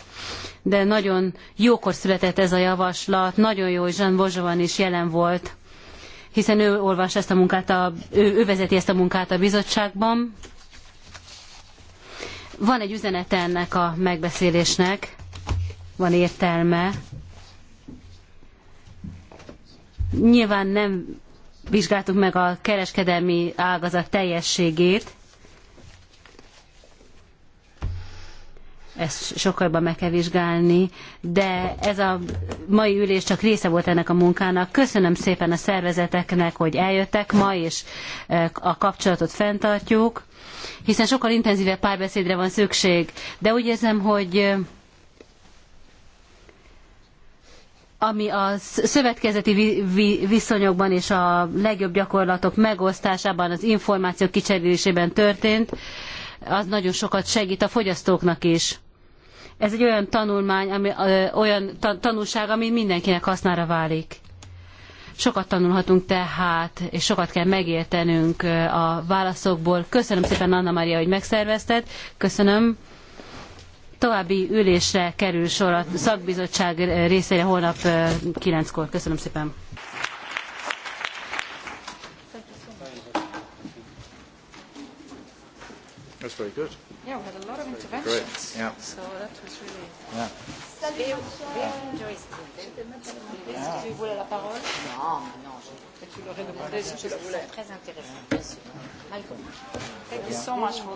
de nagyon jókor született ez a javaslat, nagyon jó, hogy Jean Bozsovan is jelen volt, hiszen ő olvas ezt a munkát, a, ő, ő vezeti ezt a munkát a bizottságban. Van egy üzenete ennek a megbeszélésnek, van értelme. Nyilván nem vizsgáltuk meg a kereskedelmi ágazat teljességét, ezt sokkal jobban meg kell vizsgálni, de ez a mai ülés csak része volt ennek a munkának. Köszönöm szépen a szervezeteknek, hogy eljöttek ma, és e, a kapcsolatot fenntartjuk, hiszen sokkal intenzívebb párbeszédre van szükség, de úgy érzem, hogy e, ami a szövetkezeti viszonyokban és a legjobb gyakorlatok megosztásában, az információk kicserélésében történt, az nagyon sokat segít a fogyasztóknak is. Ez egy olyan tanulmány, ami, olyan tanulság, ami mindenkinek hasznára válik. Sokat tanulhatunk tehát, és sokat kell megértenünk a válaszokból. Köszönöm szépen, Anna Maria, hogy megszervezted. Köszönöm. További ülésre kerül sor a szakbizottság részére holnap 9-kor. Köszönöm szépen. That's very good. Yeah, we had a lot of interventions. Great. Yeah. So that was really. Yeah. Salut, Est-ce que tu voulais la parole Non, non. Tu l'aurais demandé si tu voulais. Très intéressant, bien sûr. Malcolm. Thank you so much for